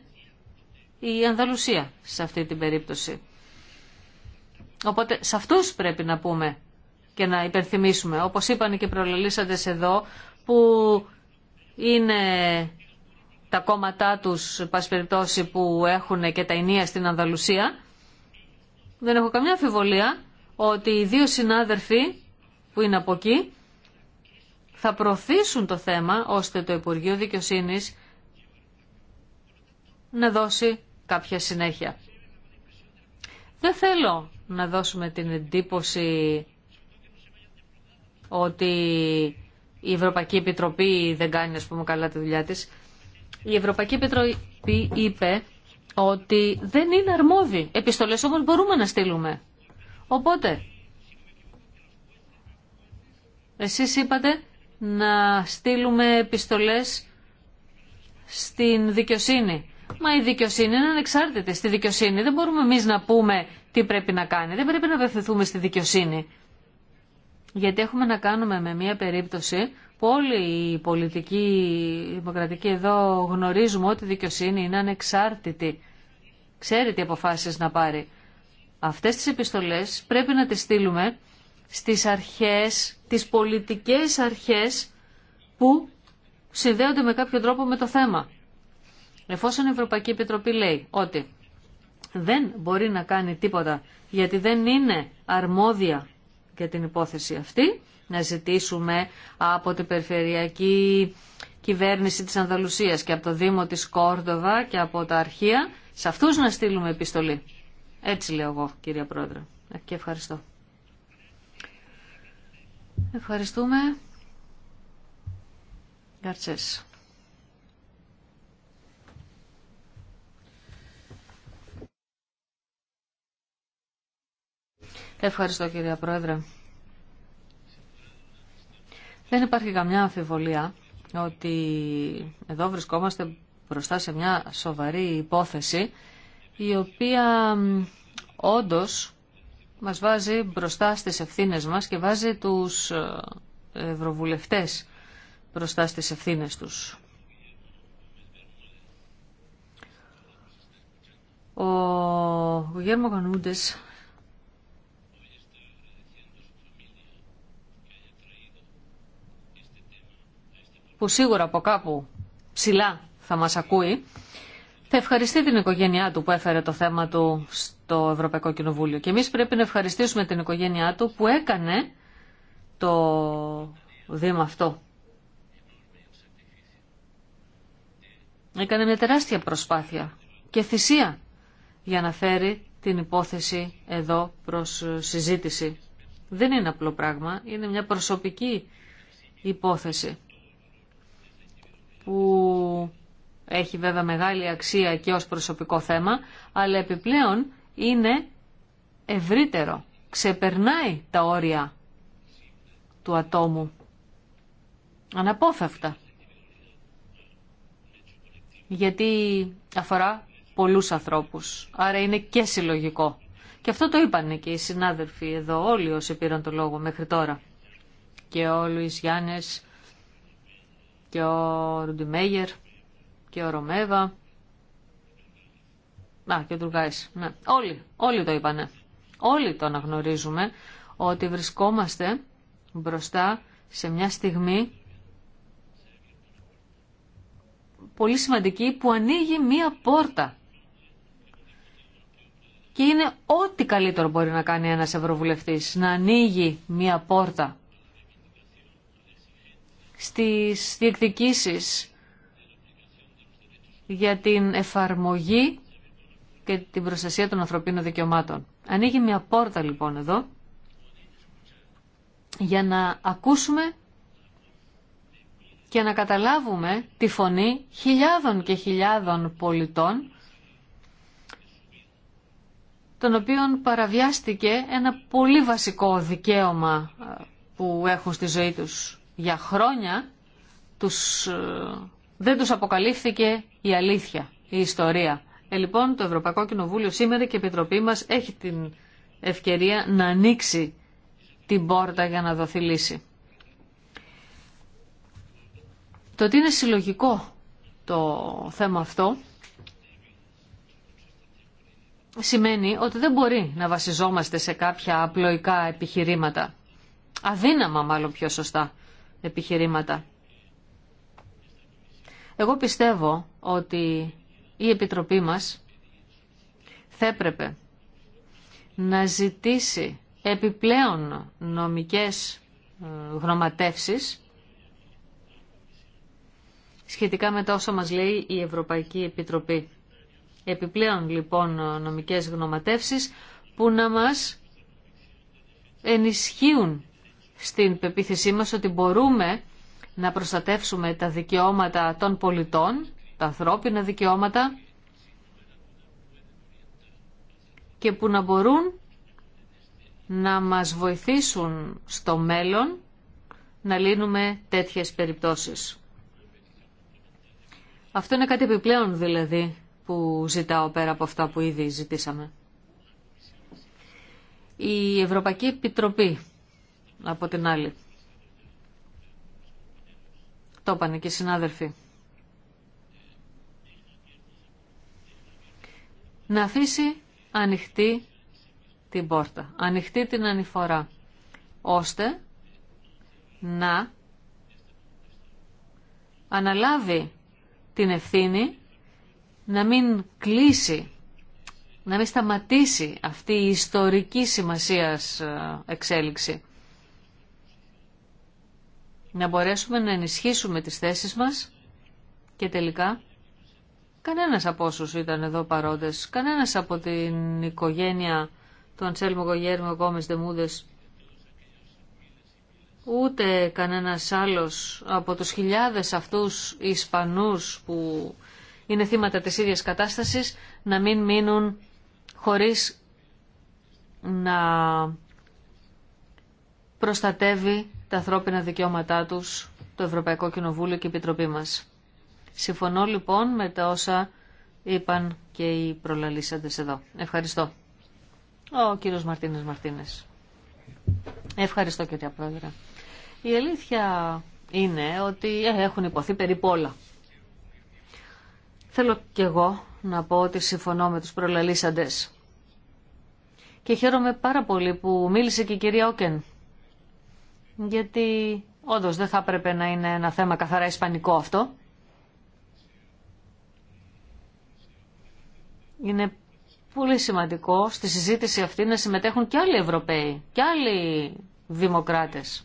η Ανδαλουσία σε αυτή την περίπτωση. Οπότε σε αυτούς πρέπει να πούμε και να υπενθυμίσουμε. Όπως είπαν και προλαλήσαντες εδώ που είναι τα κόμματά τους, πας που έχουν και τα ενία στην Ανδαλουσία. Δεν έχω καμιά αμφιβολία ότι οι δύο συνάδελφοι που είναι από εκεί θα προωθήσουν το θέμα ώστε το Υπουργείο Δικαιοσύνης να δώσει κάποια συνέχεια. Δεν θέλω να δώσουμε την εντύπωση ότι η Ευρωπαϊκή Επιτροπή δεν κάνει ας πούμε, καλά τη δουλειά της. Η Ευρωπαϊκή Επιτροπή είπε ότι δεν είναι αρμόδιοι. Επιστολές όμως μπορούμε να στείλουμε. Οπότε, εσείς είπατε να στείλουμε επιστολές στην δικαιοσύνη. Μα η δικαιοσύνη είναι ανεξάρτητη. Στη δικαιοσύνη δεν μπορούμε εμείς να πούμε τι πρέπει να κάνει. Δεν πρέπει να απευθυνθούμε στη δικαιοσύνη γιατί έχουμε να κάνουμε με μια περίπτωση που όλοι οι πολιτικοί οι δημοκρατικοί εδώ γνωρίζουμε ότι η δικαιοσύνη είναι ανεξάρτητη. Ξέρει τι αποφάσεις να πάρει. Αυτές τις επιστολές πρέπει να τις στείλουμε στις αρχές, τις πολιτικές αρχές που συνδέονται με κάποιο τρόπο με το θέμα. Εφόσον η Ευρωπαϊκή Επιτροπή λέει ότι δεν μπορεί να κάνει τίποτα γιατί δεν είναι αρμόδια για την υπόθεση αυτή, να ζητήσουμε από την Περιφερειακή Κυβέρνηση της Ανδαλουσίας και από το Δήμο της Κόρδοβα και από τα αρχεία, σε αυτούς να στείλουμε επιστολή. Έτσι λέω εγώ, κυρία Πρόεδρε. Και ευχαριστώ. Ευχαριστούμε. Ευχαριστώ κυρία Πρόεδρε. Δεν υπάρχει καμιά αμφιβολία ότι εδώ βρισκόμαστε μπροστά σε μια σοβαρή υπόθεση η οποία όντως μας βάζει μπροστά στις ευθύνες μας και βάζει τους ε, ευρωβουλευτές μπροστά στις ευθύνες τους. Ο Γέρμο Κανούντες που σίγουρα από κάπου ψηλά θα μας ακούει, θα ευχαριστεί την οικογένειά του που έφερε το θέμα του στο Ευρωπαϊκό Κοινοβούλιο. Και εμείς πρέπει να ευχαριστήσουμε την οικογένειά του που έκανε το βήμα αυτό. Έκανε μια τεράστια προσπάθεια και θυσία για να φέρει την υπόθεση εδώ προς συζήτηση. Δεν είναι απλό πράγμα, είναι μια προσωπική υπόθεση που έχει βέβαια μεγάλη αξία και ως προσωπικό θέμα, αλλά επιπλέον είναι ευρύτερο, ξεπερνάει τα όρια του ατόμου. Αναπόφευκτα. Γιατί αφορά πολλούς ανθρώπους, άρα είναι και συλλογικό. Και αυτό το είπαν και οι συνάδελφοι εδώ όλοι όσοι πήραν το λόγο μέχρι τώρα. Και όλοι οι Γιάννης και ο Ρουντιμέγερ και ο Ρωμέβα. Α, και ο Τουρκάης. Ναι. Όλοι, όλοι το είπανε. Όλοι το αναγνωρίζουμε ότι βρισκόμαστε μπροστά σε μια στιγμή πολύ σημαντική που ανοίγει μία πόρτα. Και είναι ό,τι καλύτερο μπορεί να κάνει ένας ευρωβουλευτής, να ανοίγει μία πόρτα στις διεκδικήσεις για την εφαρμογή και την προστασία των ανθρωπίνων δικαιωμάτων. Ανοίγει μια πόρτα λοιπόν εδώ για να ακούσουμε και να καταλάβουμε τη φωνή χιλιάδων και χιλιάδων πολιτών των οποίων παραβιάστηκε ένα πολύ βασικό δικαίωμα ε, που έχουν στη ζωή τους για χρόνια τους, ε, δεν τους αποκαλύφθηκε η αλήθεια, η ιστορία. Ε, λοιπόν, το Ευρωπαϊκό Κοινοβούλιο σήμερα και η Επιτροπή μας έχει την ευκαιρία να ανοίξει την πόρτα για να δοθεί λύση. Το ότι είναι συλλογικό το θέμα αυτό σημαίνει ότι δεν μπορεί να βασιζόμαστε σε κάποια απλοϊκά επιχειρήματα. Αδύναμα μάλλον πιο σωστά επιχειρήματα. Εγώ πιστεύω ότι η Επιτροπή μας θα έπρεπε να ζητήσει επιπλέον νομικές ε, γνωματεύσεις σχετικά με το όσα μας λέει η Ευρωπαϊκή Επιτροπή. Επιπλέον λοιπόν νομικές γνωματεύσεις που να μας ενισχύουν στην πεποίθησή μας ότι μπορούμε να προστατεύσουμε τα δικαιώματα των πολιτών, τα ανθρώπινα δικαιώματα και που να μπορούν να μας βοηθήσουν στο μέλλον να λύνουμε τέτοιες περιπτώσεις. Αυτό είναι κάτι επιπλέον δηλαδή που ζητάω πέρα από αυτά που ήδη ζητήσαμε. Η Ευρωπαϊκή Επιτροπή από την άλλη. Το είπαν και οι συνάδελφοι. Να αφήσει ανοιχτή την πόρτα, ανοιχτή την ανηφορά, ώστε να αναλάβει την ευθύνη να μην κλείσει, να μην σταματήσει αυτή η ιστορική σημασίας ε, εξέλιξη να μπορέσουμε να ενισχύσουμε τις θέσεις μας και τελικά κανένας από όσους ήταν εδώ παρόντες, κανένας από την οικογένεια του Αντσέλμου Κογέρμου Κόμες Δεμούδες, ούτε κανένας άλλος από τους χιλιάδες αυτούς Ισπανούς που είναι θύματα της ίδιας κατάστασης να μην μείνουν χωρίς να προστατεύει τα ανθρώπινα δικαιώματά τους το Ευρωπαϊκό Κοινοβούλιο και η Επιτροπή μας. Συμφωνώ λοιπόν με τα όσα είπαν και οι προλαλήσαντες εδώ. Ευχαριστώ. Ο κύριος Μαρτίνες Μαρτίνες. Ευχαριστώ κυρία Πρόεδρε. Η αλήθεια είναι ότι ε, έχουν υποθεί περίπου όλα. Θέλω κι εγώ να πω ότι συμφωνώ με τους προλαλήσαντες. Και χαίρομαι πάρα πολύ που μίλησε και η κυρία Όκεν γιατί όντως δεν θα έπρεπε να είναι ένα θέμα καθαρά ισπανικό αυτό. Είναι πολύ σημαντικό στη συζήτηση αυτή να συμμετέχουν και άλλοι Ευρωπαίοι και άλλοι δημοκράτες.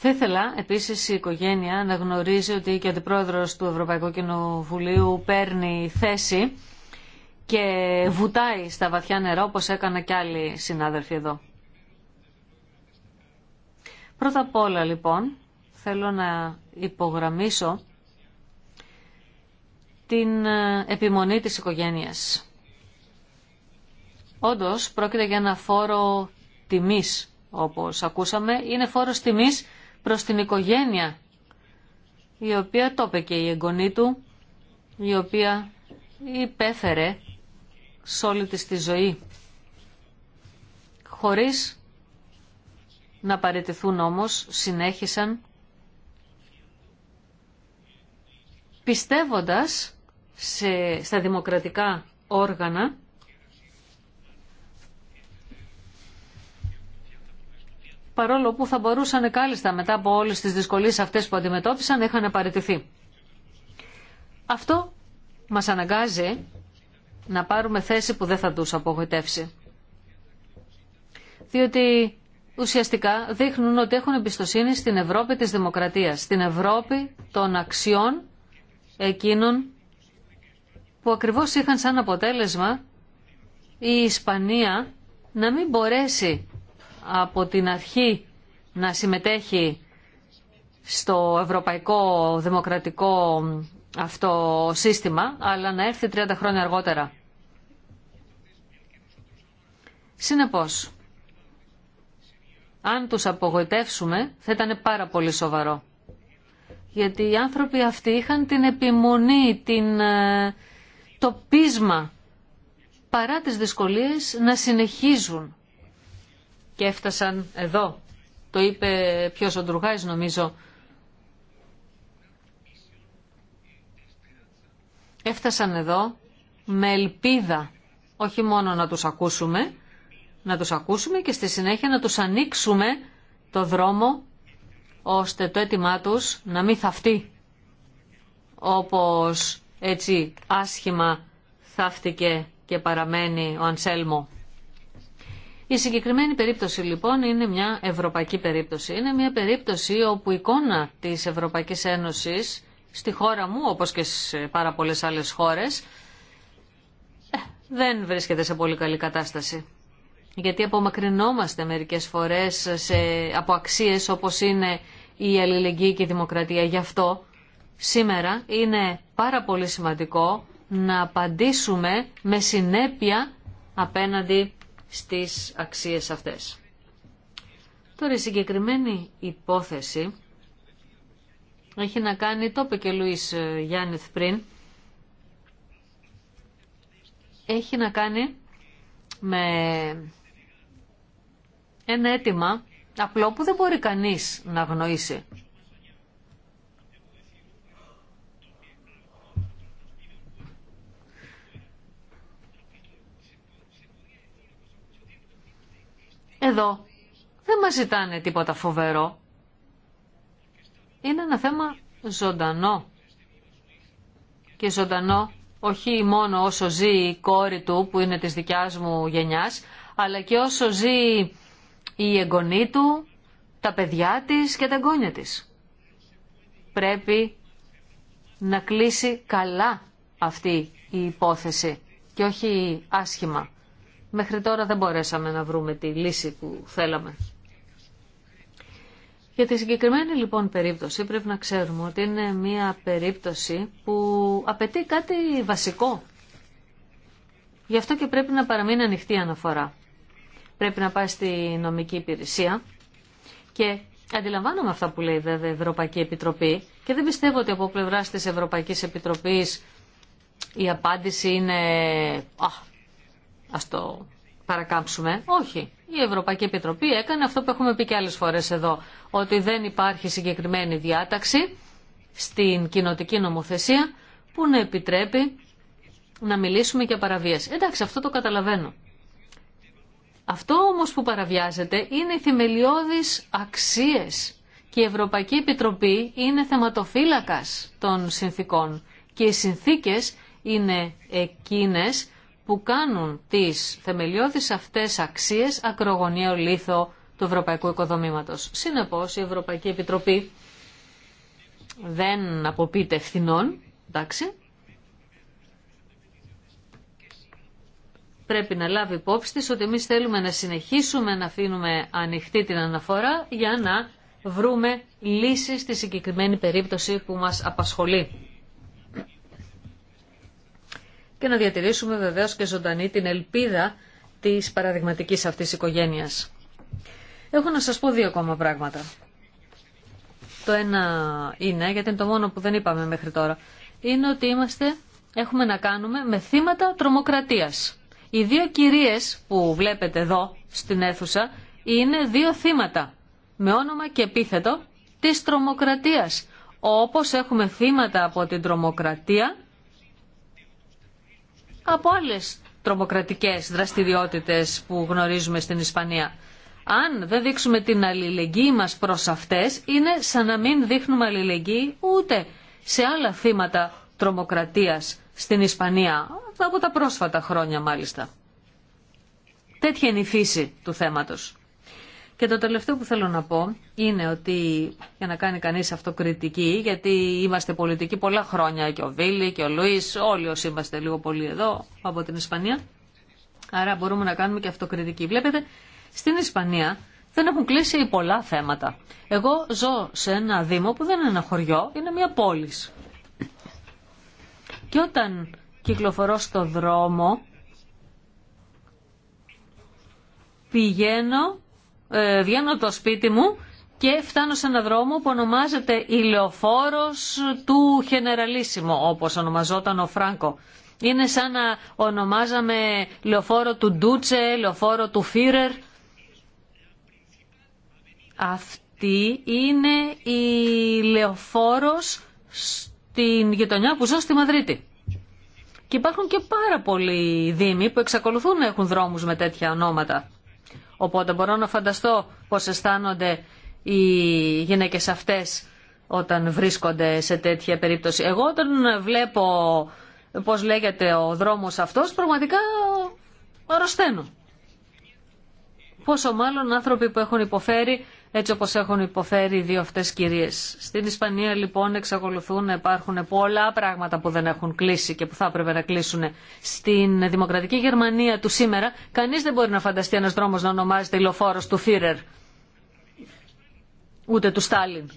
Θα ήθελα επίσης η οικογένεια να γνωρίζει ότι και ο αντιπρόεδρος του Ευρωπαϊκού Κοινοβουλίου παίρνει θέση και βουτάει στα βαθιά νερά όπως έκανα κι άλλοι συνάδελφοι εδώ. Πρώτα απ' όλα λοιπόν θέλω να υπογραμμίσω την ε, επιμονή της οικογένειας. Όντως πρόκειται για ένα φόρο τιμής όπως ακούσαμε. Είναι φόρος τιμής προς την οικογένεια η οποία το και η εγγονή του η οποία υπέφερε σε όλη της τη ζωή. Χωρίς να παραιτηθούν όμως, συνέχισαν πιστεύοντας σε, στα δημοκρατικά όργανα παρόλο που θα μπορούσαν κάλλιστα μετά από όλες τις δυσκολίες αυτές που αντιμετώπισαν είχαν παραιτηθεί. Αυτό μας αναγκάζει να πάρουμε θέση που δεν θα τους απογοητεύσει. Διότι ουσιαστικά δείχνουν ότι έχουν εμπιστοσύνη στην Ευρώπη της δημοκρατίας, στην Ευρώπη των αξιών εκείνων που ακριβώς είχαν σαν αποτέλεσμα η Ισπανία να μην μπορέσει από την αρχή να συμμετέχει στο ευρωπαϊκό δημοκρατικό αυτό σύστημα, αλλά να έρθει 30 χρόνια αργότερα. Συνεπώς, αν τους απογοητεύσουμε θα ήταν πάρα πολύ σοβαρό. Γιατί οι άνθρωποι αυτοί είχαν την επιμονή, την, ε, το πείσμα, παρά τις δυσκολίες, να συνεχίζουν. Και έφτασαν εδώ. Το είπε ποιος ο Ντρουγάης νομίζω. Έφτασαν εδώ με ελπίδα, όχι μόνο να τους ακούσουμε, να τους ακούσουμε και στη συνέχεια να τους ανοίξουμε το δρόμο ώστε το αίτημά τους να μην θαυτεί όπως έτσι άσχημα θαύτηκε και παραμένει ο Ανσέλμο. Η συγκεκριμένη περίπτωση λοιπόν είναι μια ευρωπαϊκή περίπτωση. Είναι μια περίπτωση όπου η εικόνα της Ευρωπαϊκής Ένωσης στη χώρα μου, όπως και σε πάρα πολλές άλλες χώρες, ε, δεν βρίσκεται σε πολύ καλή κατάσταση γιατί απομακρυνόμαστε μερικές φορές σε, από αξίες όπως είναι η αλληλεγγύη και η δημοκρατία. Γι' αυτό σήμερα είναι πάρα πολύ σημαντικό να απαντήσουμε με συνέπεια απέναντι στις αξίες αυτές. Τώρα η συγκεκριμένη υπόθεση έχει να κάνει, το είπε και Λουίς ε, Γιάννηθ πριν, έχει να κάνει με ένα αίτημα απλό που δεν μπορεί κανείς να γνωρίσει. Εδώ δεν μας ζητάνε τίποτα φοβερό. Είναι ένα θέμα ζωντανό. Και ζωντανό όχι μόνο όσο ζει η κόρη του που είναι της δικιάς μου γενιάς, αλλά και όσο ζει η εγγονή του, τα παιδιά της και τα εγγόνια της. Πρέπει να κλείσει καλά αυτή η υπόθεση και όχι άσχημα. Μέχρι τώρα δεν μπορέσαμε να βρούμε τη λύση που θέλαμε. Για τη συγκεκριμένη λοιπόν περίπτωση πρέπει να ξέρουμε ότι είναι μια περίπτωση που απαιτεί κάτι βασικό. Γι' αυτό και πρέπει να παραμείνει ανοιχτή η αναφορά πρέπει να πάει στη νομική υπηρεσία. Και αντιλαμβάνομαι αυτά που λέει βέβαια η Ευρωπαϊκή Επιτροπή και δεν πιστεύω ότι από πλευρά της Ευρωπαϊκής Επιτροπής η απάντηση είναι «Α, ας το παρακάμψουμε». Όχι. Η Ευρωπαϊκή Επιτροπή έκανε αυτό που έχουμε πει και άλλες φορές εδώ, ότι δεν υπάρχει συγκεκριμένη διάταξη στην κοινοτική νομοθεσία που να επιτρέπει να μιλήσουμε για παραβίαση. Εντάξει, αυτό το καταλαβαίνω. Αυτό όμως που παραβιάζεται είναι οι θεμελιώδεις αξίες και η Ευρωπαϊκή Επιτροπή είναι θεματοφύλακας των συνθήκων και οι συνθήκες είναι εκείνες που κάνουν τις θεμελιώδεις αυτές αξίες ακρογωνιαίο λίθο του Ευρωπαϊκού Οικοδομήματος. Συνεπώς η Ευρωπαϊκή Επιτροπή δεν αποπείται ευθυνών, εντάξει, πρέπει να λάβει υπόψη της ότι εμείς θέλουμε να συνεχίσουμε να αφήνουμε ανοιχτή την αναφορά για να βρούμε λύσεις στη συγκεκριμένη περίπτωση που μας απασχολεί. Και να διατηρήσουμε βεβαίως και ζωντανή την ελπίδα της παραδειγματικής αυτής οικογένειας. Έχω να σας πω δύο ακόμα πράγματα. Το ένα είναι, γιατί είναι το μόνο που δεν είπαμε μέχρι τώρα, είναι ότι είμαστε, έχουμε να κάνουμε με θύματα τρομοκρατίας. Οι δύο κυρίες που βλέπετε εδώ στην αίθουσα είναι δύο θύματα με όνομα και επίθετο της τρομοκρατίας. Όπως έχουμε θύματα από την τρομοκρατία, από άλλες τρομοκρατικές δραστηριότητες που γνωρίζουμε στην Ισπανία. Αν δεν δείξουμε την αλληλεγγύη μας προς αυτές, είναι σαν να μην δείχνουμε αλληλεγγύη ούτε σε άλλα θύματα τρομοκρατίας στην Ισπανία από τα πρόσφατα χρόνια μάλιστα. Τέτοια είναι η φύση του θέματος. Και το τελευταίο που θέλω να πω είναι ότι για να κάνει κανείς αυτοκριτική, γιατί είμαστε πολιτικοί πολλά χρόνια και ο Βίλη και ο Λουίς, όλοι όσοι είμαστε λίγο πολύ εδώ από την Ισπανία, άρα μπορούμε να κάνουμε και αυτοκριτική. Βλέπετε, στην Ισπανία δεν έχουν κλείσει πολλά θέματα. Εγώ ζω σε ένα δήμο που δεν είναι ένα χωριό, είναι μια πόλη. Και όταν κυκλοφορώ στο δρόμο, πηγαίνω, ε, βγαίνω το σπίτι μου και φτάνω σε ένα δρόμο που ονομάζεται ηλεοφόρος του Χενεραλίσιμο, όπως ονομαζόταν ο Φράνκο. Είναι σαν να ονομάζαμε λεωφόρο του Ντούτσε, λεωφόρο του Φίρερ. Αυτή είναι η λεωφόρος στην γειτονιά που ζω στη Μαδρίτη. Και υπάρχουν και πάρα πολλοί δήμοι που εξακολουθούν να έχουν δρόμους με τέτοια ονόματα. Οπότε μπορώ να φανταστώ πώς αισθάνονται οι γυναίκες αυτές όταν βρίσκονται σε τέτοια περίπτωση. Εγώ όταν βλέπω πώς λέγεται ο δρόμος αυτός, πραγματικά αρρωσταίνω. Πόσο μάλλον άνθρωποι που έχουν υποφέρει έτσι όπως έχουν υποφέρει οι δύο αυτές κυρίες. Στην Ισπανία λοιπόν εξακολουθούν να υπάρχουν πολλά πράγματα που δεν έχουν κλείσει και που θα έπρεπε να κλείσουν. Στην Δημοκρατική Γερμανία του σήμερα κανείς δεν μπορεί να φανταστεί ένας δρόμος να ονομάζεται ηλοφόρος του Φίρερ ούτε του Στάλιν.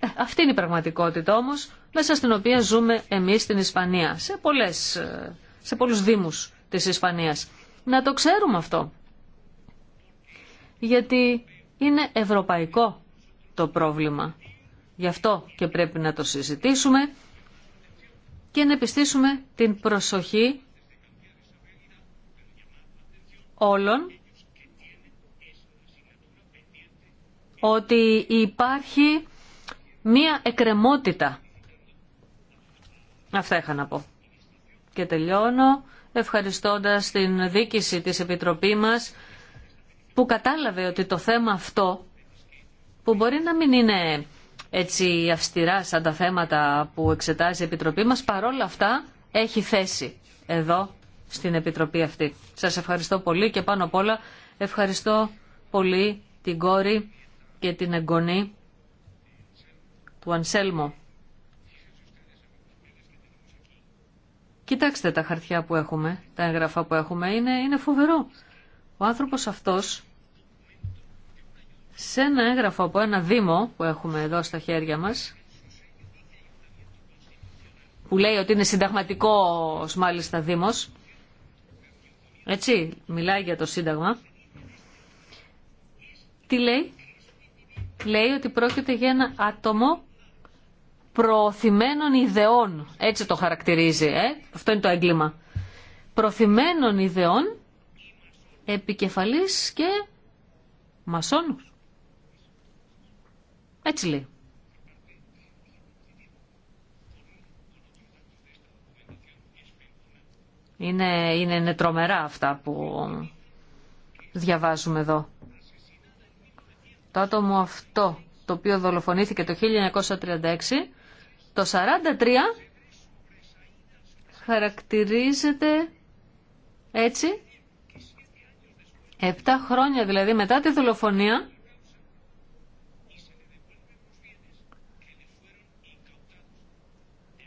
Ε, αυτή είναι η πραγματικότητα όμως μέσα στην οποία ζούμε εμείς στην Ισπανία, σε, πολλές, ε, σε πολλούς δήμους της Ισπανίας. Να το ξέρουμε αυτό γιατί είναι ευρωπαϊκό το πρόβλημα. Γι' αυτό και πρέπει να το συζητήσουμε και να επιστήσουμε την προσοχή όλων ότι υπάρχει μία εκκρεμότητα. Αυτά είχα να πω. Και τελειώνω ευχαριστώντας την δίκηση της Επιτροπής μας που κατάλαβε ότι το θέμα αυτό, που μπορεί να μην είναι έτσι αυστηρά σαν τα θέματα που εξετάζει η Επιτροπή μας, παρόλα αυτά έχει θέση εδώ στην Επιτροπή αυτή. Σας ευχαριστώ πολύ και πάνω απ' όλα ευχαριστώ πολύ την κόρη και την εγγονή του Ανσέλμο. Κοιτάξτε τα χαρτιά που έχουμε, τα έγγραφα που έχουμε, είναι, είναι φοβερό. Ο άνθρωπος αυτός σε ένα έγγραφο από ένα Δήμο που έχουμε εδώ στα χέρια μας, που λέει ότι είναι σύνταγματικό μάλιστα Δήμος, έτσι, μιλάει για το Σύνταγμα, τι λέει, λέει ότι πρόκειται για ένα άτομο προωθημένων ιδεών, έτσι το χαρακτηρίζει, ε? αυτό είναι το έγκλημα, προωθημένων ιδεών, επικεφαλής και μασόνου. Έτσι λέει. Είναι, είναι, τρομερά αυτά που διαβάζουμε εδώ. Το άτομο αυτό το οποίο δολοφονήθηκε το 1936, το 43 χαρακτηρίζεται έτσι, Έπτα χρόνια δηλαδή μετά τη δολοφονία,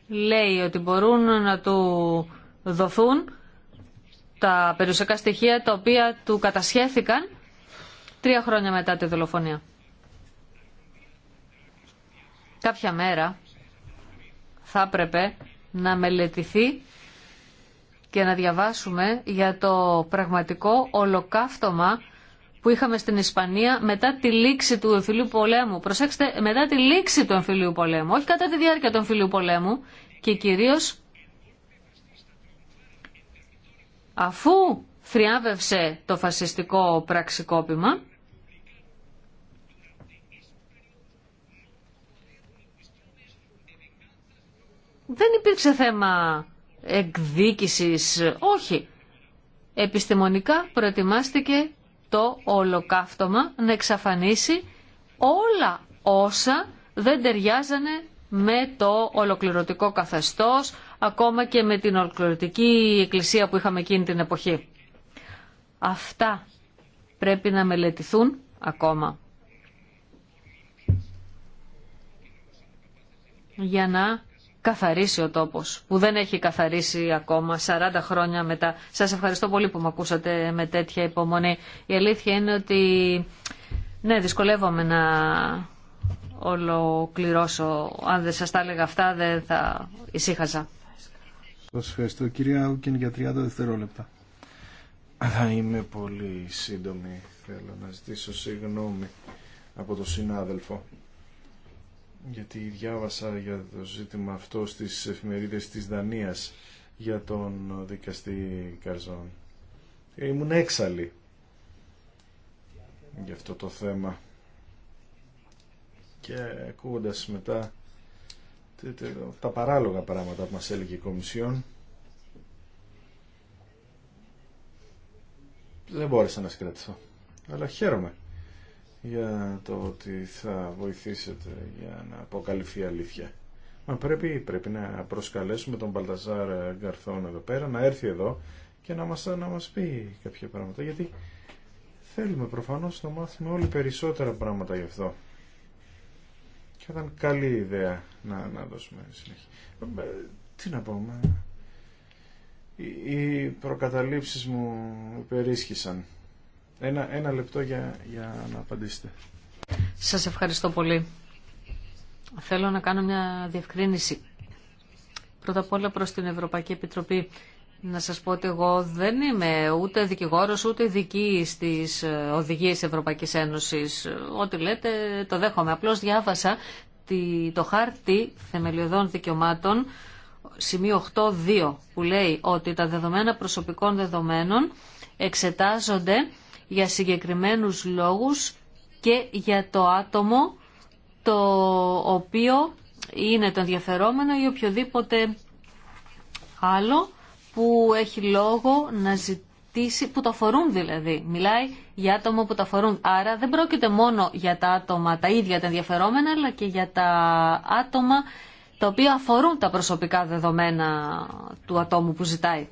λέει ότι μπορούν να του δοθούν τα περιουσιακά στοιχεία τα οποία του κατασχέθηκαν τρία χρόνια μετά τη δολοφονία. Κάποια μέρα θα έπρεπε να μελετηθεί και να διαβάσουμε για το πραγματικό ολοκαύτωμα που είχαμε στην Ισπανία μετά τη λήξη του εμφυλίου πολέμου. Προσέξτε, μετά τη λήξη του εμφυλίου πολέμου, όχι κατά τη διάρκεια του εμφυλίου πολέμου και κυρίως αφού θριάβευσε το φασιστικό πραξικόπημα, δεν υπήρξε θέμα εκδίκησης, όχι. Επιστημονικά προετοιμάστηκε το ολοκαύτωμα να εξαφανίσει όλα όσα δεν ταιριάζανε με το ολοκληρωτικό καθεστώς, ακόμα και με την ολοκληρωτική εκκλησία που είχαμε εκείνη την εποχή. Αυτά πρέπει να μελετηθούν ακόμα για να καθαρίσει ο τόπος, που δεν έχει καθαρίσει ακόμα 40 χρόνια μετά. Σας ευχαριστώ πολύ που με ακούσατε με τέτοια υπομονή. Η αλήθεια είναι ότι ναι, δυσκολεύομαι να ολοκληρώσω. Αν δεν σας τα έλεγα αυτά δεν θα ησύχαζα. Σας ευχαριστώ κυρία Ούκεν για 30 δευτερόλεπτα. Θα είμαι πολύ σύντομη. Θέλω να ζητήσω συγγνώμη από τον συνάδελφο γιατί διάβασα για το ζήτημα αυτό στις εφημερίδες της Δανίας για τον δικαστή Καρζόν. Ήμουν έξαλλη για αυτό το θέμα. Και ακούγοντα μετά τα παράλογα πράγματα που μας έλεγε η Κομισιόν, δεν μπόρεσα να συγκρατηθώ. Αλλά χαίρομαι για το ότι θα βοηθήσετε για να αποκαλυφθεί η αλήθεια. πρέπει, πρέπει να προσκαλέσουμε τον Παλταζάρ Γκαρθόν εδώ πέρα, να έρθει εδώ και να μας, να μας πει κάποια πράγματα. Γιατί θέλουμε προφανώς να μάθουμε όλοι περισσότερα πράγματα γι' αυτό. Και ήταν καλή ιδέα να, να δώσουμε συνέχεια. Ε, τι να πω, οι προκαταλήψεις μου υπερίσχυσαν. Ένα, ένα λεπτό για, να απαντήσετε. Σας ευχαριστώ πολύ. Θέλω να κάνω μια διευκρίνηση. Πρώτα απ' όλα προς την Ευρωπαϊκή Επιτροπή. Να σας πω ότι εγώ δεν είμαι ούτε δικηγόρος ούτε δική στις ε, οδηγίες Ευρωπαϊκής Ένωσης. Ό,τι λέτε το δέχομαι. Απλώς διάβασα το χάρτη θεμελιωδών δικαιωμάτων σημείο 8.2 που λέει ότι τα δεδομένα προσωπικών δεδομένων εξετάζονται για συγκεκριμένους λόγους και για το άτομο το οποίο είναι το ενδιαφερόμενο ή οποιοδήποτε άλλο που έχει λόγο να ζητήσει, που το αφορούν δηλαδή. Μιλάει για άτομα που τα αφορούν. Άρα δεν πρόκειται μόνο για τα άτομα τα ίδια τα ενδιαφερόμενα, αλλά και για τα άτομα τα οποία αφορούν τα προσωπικά δεδομένα του ατόμου που ζητάει.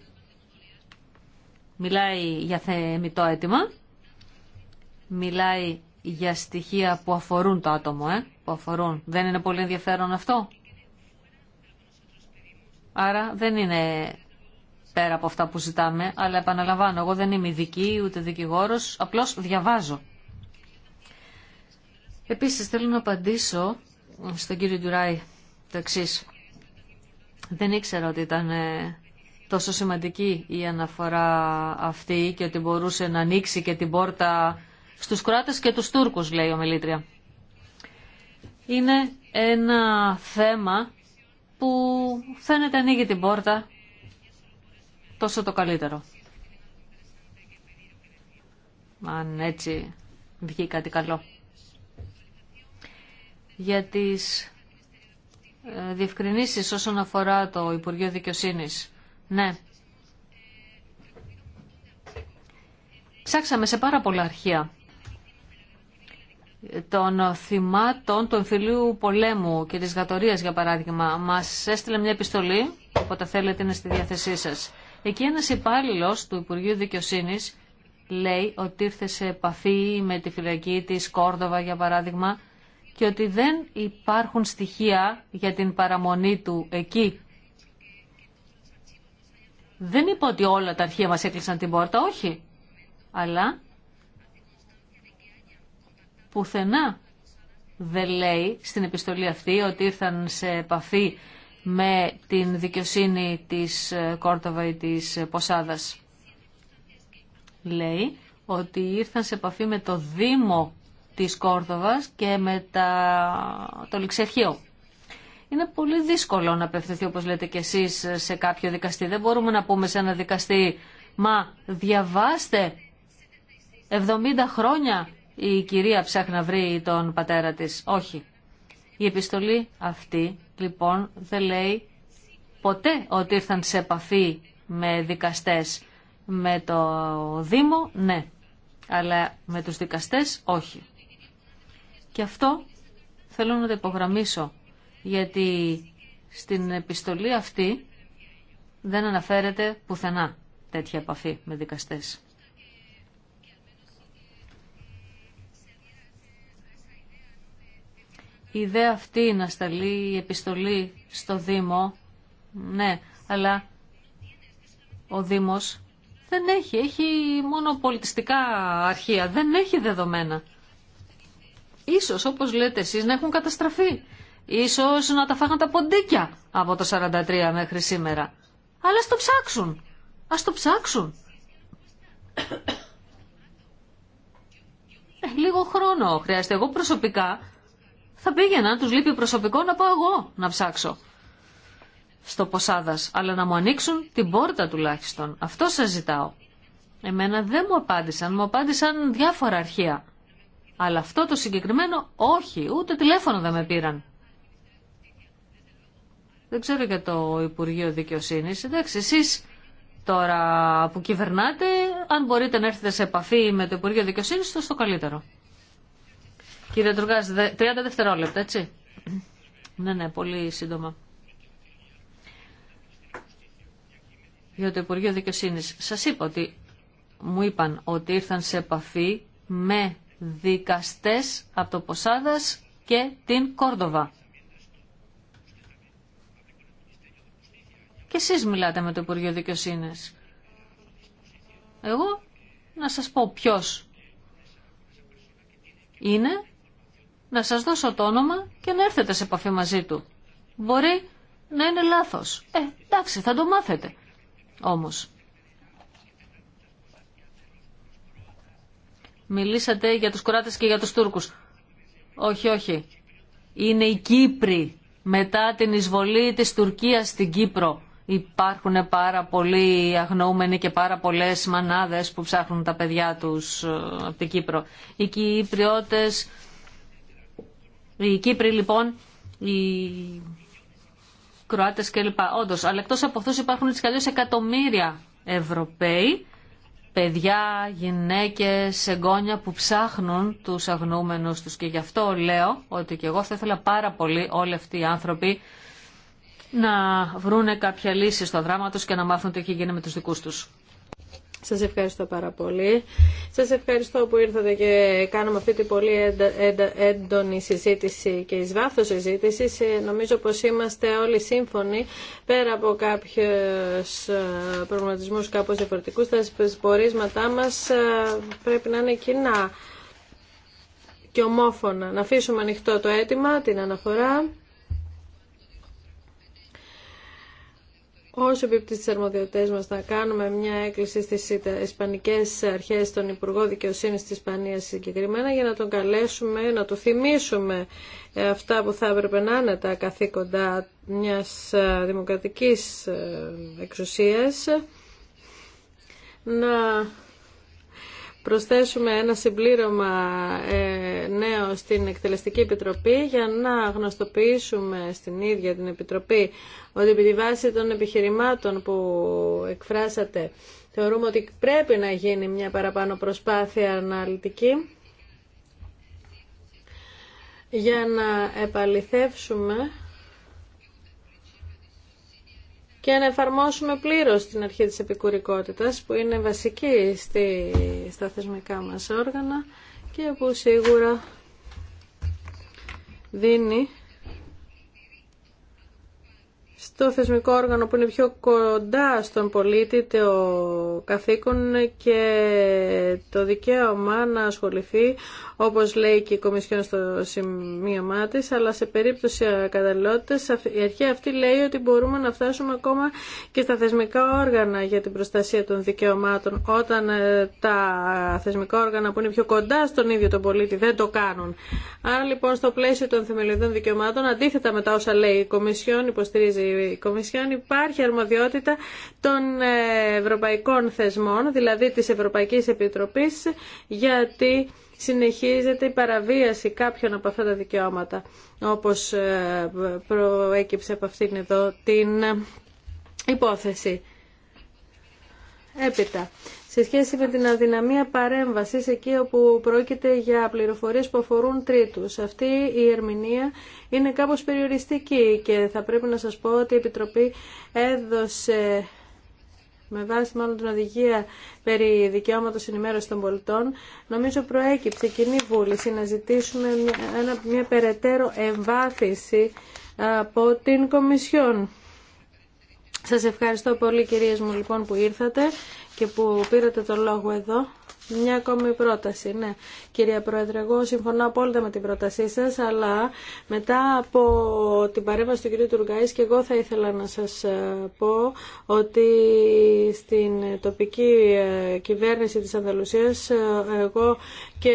Μιλάει για θεμητό αίτημα μιλάει για στοιχεία που αφορούν το άτομο, ε? που αφορούν. Δεν είναι πολύ ενδιαφέρον αυτό. Άρα δεν είναι πέρα από αυτά που ζητάμε, αλλά επαναλαμβάνω, εγώ δεν είμαι ειδική ούτε δικηγόρος, απλώς διαβάζω. Επίσης θέλω να απαντήσω στον κύριο Ντουράη το εξή. Δεν ήξερα ότι ήταν ε, τόσο σημαντική η αναφορά αυτή και ότι μπορούσε να ανοίξει και την πόρτα στους κράτες και τους Τούρκους, λέει η ομιλήτρια. Είναι ένα θέμα που φαίνεται ανοίγει την πόρτα τόσο το καλύτερο. Αν έτσι βγει κάτι καλό. Για τις ε, διευκρινήσεις όσον αφορά το Υπουργείο Δικαιοσύνης. Ναι. Ψάξαμε σε πάρα πολλά αρχεία των θυμάτων του εμφυλίου πολέμου και της γατορίας για παράδειγμα μας έστειλε μια επιστολή οπότε θέλετε είναι στη διάθεσή σας εκεί ένας υπάλληλο του Υπουργείου Δικαιοσύνης λέει ότι ήρθε σε επαφή με τη φυλακή της Κόρδοβα για παράδειγμα και ότι δεν υπάρχουν στοιχεία για την παραμονή του εκεί δεν είπα ότι όλα τα αρχεία μας έκλεισαν την πόρτα, όχι αλλά πουθενά δεν λέει στην επιστολή αυτή ότι ήρθαν σε επαφή με την δικαιοσύνη της ε, Κόρτοβα ή της ε, Ποσάδας. Λέει ότι ήρθαν σε επαφή με το Δήμο της Κόρδοβας και με τα... το Λιξερχείο. Είναι πολύ δύσκολο να απευθυνθεί, όπως λέτε και εσείς, σε κάποιο δικαστή. Δεν μπορούμε να πούμε σε ένα δικαστή, μα διαβάστε 70 χρόνια η κυρία ψάχνει να βρει τον πατέρα της. Όχι. Η επιστολή αυτή λοιπόν δεν λέει ποτέ ότι ήρθαν σε επαφή με δικαστές. Με το Δήμο ναι, αλλά με τους δικαστές όχι. Και αυτό θέλω να το υπογραμμίσω, γιατί στην επιστολή αυτή δεν αναφέρεται πουθενά τέτοια επαφή με δικαστές. Η ιδέα αυτή να σταλεί η επιστολή στο Δήμο, ναι, αλλά ο Δήμος δεν έχει, έχει μόνο πολιτιστικά αρχεία, δεν έχει δεδομένα. Ίσως, όπως λέτε εσείς, να έχουν καταστραφεί. Ίσως να τα φάγαν τα ποντίκια από το 43 μέχρι σήμερα. Αλλά στο το ψάξουν. Ας το ψάξουν. Ε, λίγο χρόνο χρειάζεται. Εγώ προσωπικά θα πήγαινα, τους λείπει προσωπικό, να πάω εγώ να ψάξω στο Ποσάδας, αλλά να μου ανοίξουν την πόρτα τουλάχιστον. Αυτό σας ζητάω. Εμένα δεν μου απάντησαν, μου απάντησαν διάφορα αρχεία. Αλλά αυτό το συγκεκριμένο όχι, ούτε τηλέφωνο δεν με πήραν. Δεν ξέρω για το Υπουργείο Δικαιοσύνης. Εντάξει, εσεί. τώρα που κυβερνάτε, αν μπορείτε να έρθετε σε επαφή με το Υπουργείο Δικαιοσύνης, το καλύτερο. Κύριε Τουργάς, 30 δευτερόλεπτα, έτσι. Ναι, ναι, πολύ σύντομα. Για το Υπουργείο Δικαιοσύνη. Σα είπα ότι μου είπαν ότι ήρθαν σε επαφή με δικαστέ από το Ποσάδας και την Κόρδοβα. Και εσείς μιλάτε με το Υπουργείο Δικαιοσύνη. Εγώ να σας πω ποιος είναι να σας δώσω το όνομα και να έρθετε σε επαφή μαζί του. Μπορεί να είναι λάθος. Ε, εντάξει, θα το μάθετε. Όμως, μιλήσατε για τους Κουράτες και για τους Τούρκους. Όχι, όχι. Είναι οι Κύπροι μετά την εισβολή της Τουρκίας στην Κύπρο. Υπάρχουν πάρα πολλοί αγνοούμενοι και πάρα πολλές μανάδες που ψάχνουν τα παιδιά τους ε, από την Κύπρο. Οι Κύπριώτες οι Κύπροι λοιπόν, οι Κροάτες κλπ. Όντως, αλλά εκτό από αυτού υπάρχουν τις κι εκατομμύρια Ευρωπαίοι, παιδιά, γυναίκες, εγγόνια που ψάχνουν τους αγνούμενου τους. Και γι' αυτό λέω ότι και εγώ θα ήθελα πάρα πολύ όλοι αυτοί οι άνθρωποι να βρούνε κάποια λύση στο δράμα τους και να μάθουν τι έχει γίνει με τους δικούς τους. Σας ευχαριστώ πάρα πολύ. Σας ευχαριστώ που ήρθατε και κάναμε αυτή την πολύ έντονη συζήτηση και εις βάθος συζήτηση. Νομίζω πως είμαστε όλοι σύμφωνοι πέρα από κάποιους ε, προγραμματισμούς κάπως διαφορετικού. Τα πορίσματά μας ε, πρέπει να είναι κοινά και ομόφωνα. Να αφήσουμε ανοιχτό το αίτημα, την αναφορά. ως επίπτωση της αρμοδιότητας μας να κάνουμε μια έκκληση στις Ισπανικές Αρχές, στον Υπουργό Δικαιοσύνης της Ισπανίας συγκεκριμένα, για να τον καλέσουμε, να του θυμίσουμε ε, αυτά που θα έπρεπε να είναι τα καθήκοντα μιας ε, δημοκρατικής ε, εξουσίας, να προσθέσουμε ένα συμπλήρωμα νέο στην Εκτελεστική Επιτροπή για να γνωστοποιήσουμε στην ίδια την Επιτροπή ότι επί τη βάση των επιχειρημάτων που εκφράσατε θεωρούμε ότι πρέπει να γίνει μια παραπάνω προσπάθεια αναλυτική για να επαληθεύσουμε και να εφαρμόσουμε πλήρως την αρχή της επικουρικότητας που είναι βασική στη, στα θεσμικά μας όργανα και που σίγουρα δίνει στο θεσμικό όργανο που είναι πιο κοντά στον πολίτη το καθήκον και το δικαίωμα να ασχοληθεί όπως λέει και η Κομισιόν στο σημείο τη, αλλά σε περίπτωση καταλληλότητας η αρχή αυτή λέει ότι μπορούμε να φτάσουμε ακόμα και στα θεσμικά όργανα για την προστασία των δικαιωμάτων όταν ε, τα θεσμικά όργανα που είναι πιο κοντά στον ίδιο τον πολίτη δεν το κάνουν. Άρα λοιπόν στο πλαίσιο των θεμελιωδών δικαιωμάτων αντίθετα με τα όσα λέει η Κομισιόν υποστηρίζει Κομισιόν υπάρχει αρμοδιότητα των ε, ευρωπαϊκών θεσμών, δηλαδή της Ευρωπαϊκής Επιτροπής, γιατί συνεχίζεται η παραβίαση κάποιων από αυτά τα δικαιώματα, όπως ε, προέκυψε από αυτήν εδώ την υπόθεση. Έπειτα, σε σχέση με την αδυναμία παρέμβασης εκεί όπου πρόκειται για πληροφορίες που αφορούν τρίτους. Αυτή η ερμηνεία είναι κάπως περιοριστική και θα πρέπει να σας πω ότι η Επιτροπή έδωσε με βάση μάλλον την οδηγία περί δικαιώματος ενημέρωσης των πολιτών, νομίζω προέκυψε κοινή βούληση να ζητήσουμε μια, ένα, μια περαιτέρω εμβάθυνση από την Κομισιόν. Σας ευχαριστώ πολύ κυρίες μου λοιπόν που ήρθατε και που πήρατε το λόγο εδώ. Μια ακόμη πρόταση, ναι. Κυρία Πρόεδρε, εγώ συμφωνώ απόλυτα με την πρότασή σας, αλλά μετά από την παρέμβαση του κυρίου Τουργκάης και εγώ θα ήθελα να σας ε, πω ότι στην τοπική ε, κυβέρνηση της Ανδαλουσίας ε, εγώ και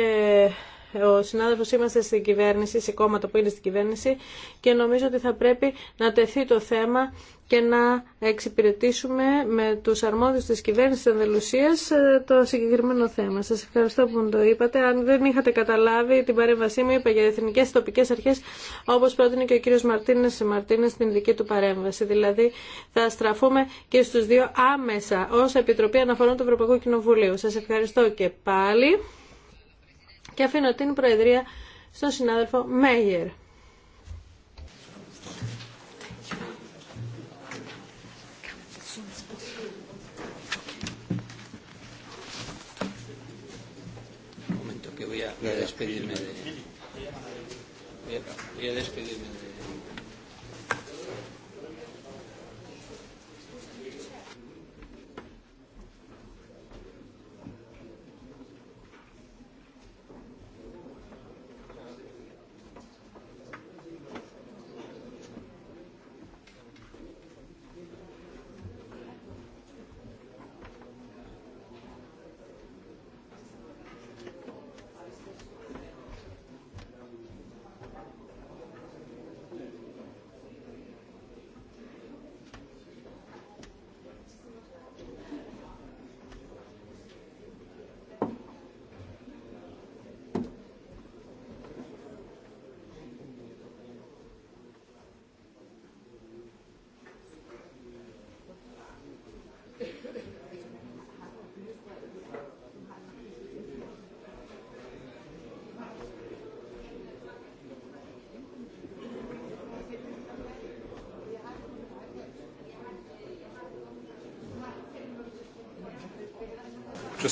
ο συνάδελφος είμαστε στην κυβέρνηση, σε κόμματα που είναι στην κυβέρνηση και νομίζω ότι θα πρέπει να τεθεί το θέμα και να εξυπηρετήσουμε με τους αρμόδιους της κυβέρνησης της Ανδελουσίας ε, το συγκεκριμένο θέμα. Σας ευχαριστώ που μου το είπατε. Αν δεν είχατε καταλάβει την παρέμβασή μου, είπα για εθνικές τοπικές αρχές, όπως πρότεινε και ο κύριος Μαρτίνες Μαρτίνες στην δική του παρέμβαση. Δηλαδή θα στραφούμε και στους δύο άμεσα ως Επιτροπή Αναφορών του Ευρωπαϊκού Κοινοβουλίου. Σας ευχαριστώ και πάλι και αφήνω την Προεδρία στον συνάδελφο Μέγερ. voy a despedirme de voy a, voy a despedirme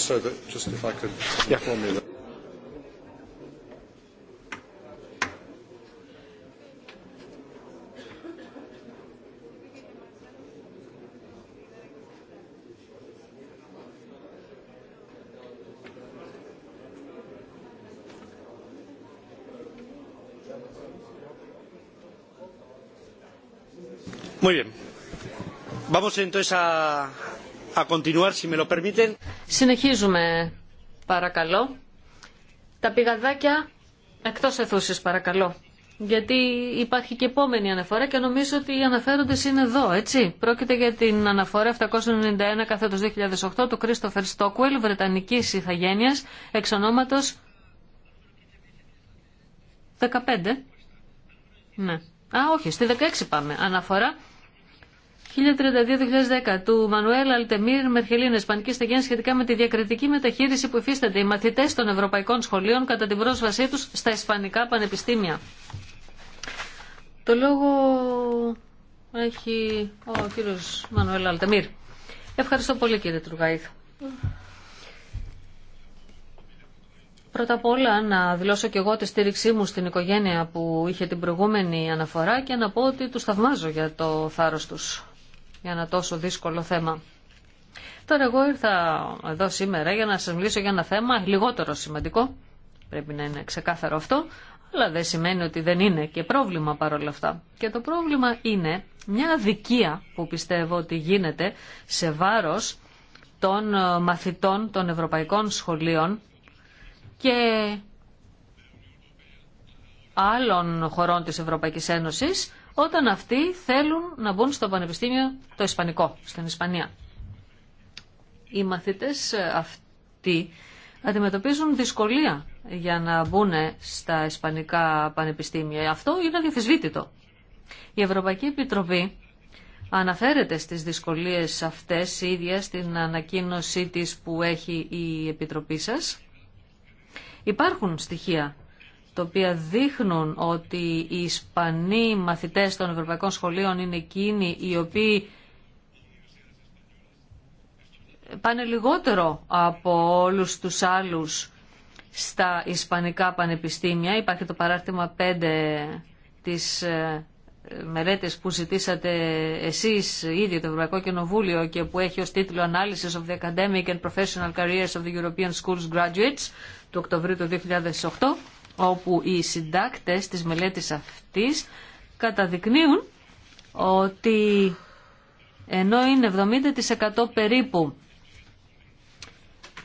just so that, just if I could inform you that. Muy bien. Vamos entonces a continuar, si me lo permiten. Συνεχίζουμε παρακαλώ. Τα πηγαδάκια εκτός αιθούσης παρακαλώ. Γιατί υπάρχει και επόμενη αναφορά και νομίζω ότι οι αναφέροντες είναι εδώ, έτσι. Πρόκειται για την αναφορά 791 καθέτος 2008 του Κρίστοφερ Στόκουελ, Βρετανικής Ιθαγένεια, εξ ονόματο. 15. Ναι. Α, όχι, στη 16 πάμε. Αναφορά 1032-2010 του Μανουέλ Αλτεμίρ Μερχελίνε, Ισπανική Στεγέννη, σχετικά με τη διακριτική μεταχείριση που υφίσταται οι μαθητέ των Ευρωπαϊκών Σχολείων κατά την πρόσβασή του στα Ισπανικά Πανεπιστήμια. Το λόγο έχει ο κύριο Μανουέλ Αλτεμίρ. Ευχαριστώ πολύ κύριε Τουργαϊδ. Πρώτα απ' όλα να δηλώσω και εγώ τη στήριξή μου στην οικογένεια που είχε την προηγούμενη αναφορά και να πω ότι τους θαυμάζω για το θάρρος τους για ένα τόσο δύσκολο θέμα. Τώρα εγώ ήρθα εδώ σήμερα για να σας μιλήσω για ένα θέμα λιγότερο σημαντικό. Πρέπει να είναι ξεκάθαρο αυτό, αλλά δεν σημαίνει ότι δεν είναι και πρόβλημα παρόλα αυτά. Και το πρόβλημα είναι μια αδικία που πιστεύω ότι γίνεται σε βάρος των μαθητών των ευρωπαϊκών σχολείων και άλλων χωρών της Ευρωπαϊκής Ένωσης όταν αυτοί θέλουν να μπουν στο Πανεπιστήμιο το Ισπανικό, στην Ισπανία. Οι μαθητές ε, αυτοί αντιμετωπίζουν δυσκολία για να μπουν στα Ισπανικά Πανεπιστήμια. Αυτό είναι αδιαφυσβήτητο. Η Ευρωπαϊκή Επιτροπή αναφέρεται στις δυσκολίες αυτές η ίδια στην ανακοίνωσή της που έχει η Επιτροπή σας. Υπάρχουν στοιχεία τα οποία δείχνουν ότι οι Ισπανοί μαθητές των ευρωπαϊκών σχολείων είναι εκείνοι οι οποίοι πάνε λιγότερο από όλους τους άλλους στα Ισπανικά πανεπιστήμια. Υπάρχει το παράρτημα 5 της ε, μελέτες που ζητήσατε εσείς ήδη το Ευρωπαϊκό Κοινοβούλιο και που έχει ως τίτλο Analysis of the Academic and Professional Careers of the European Schools Graduates του Οκτωβρίου του 2008 όπου οι συντάκτες της μελέτης αυτής καταδεικνύουν ότι ενώ είναι 70% περίπου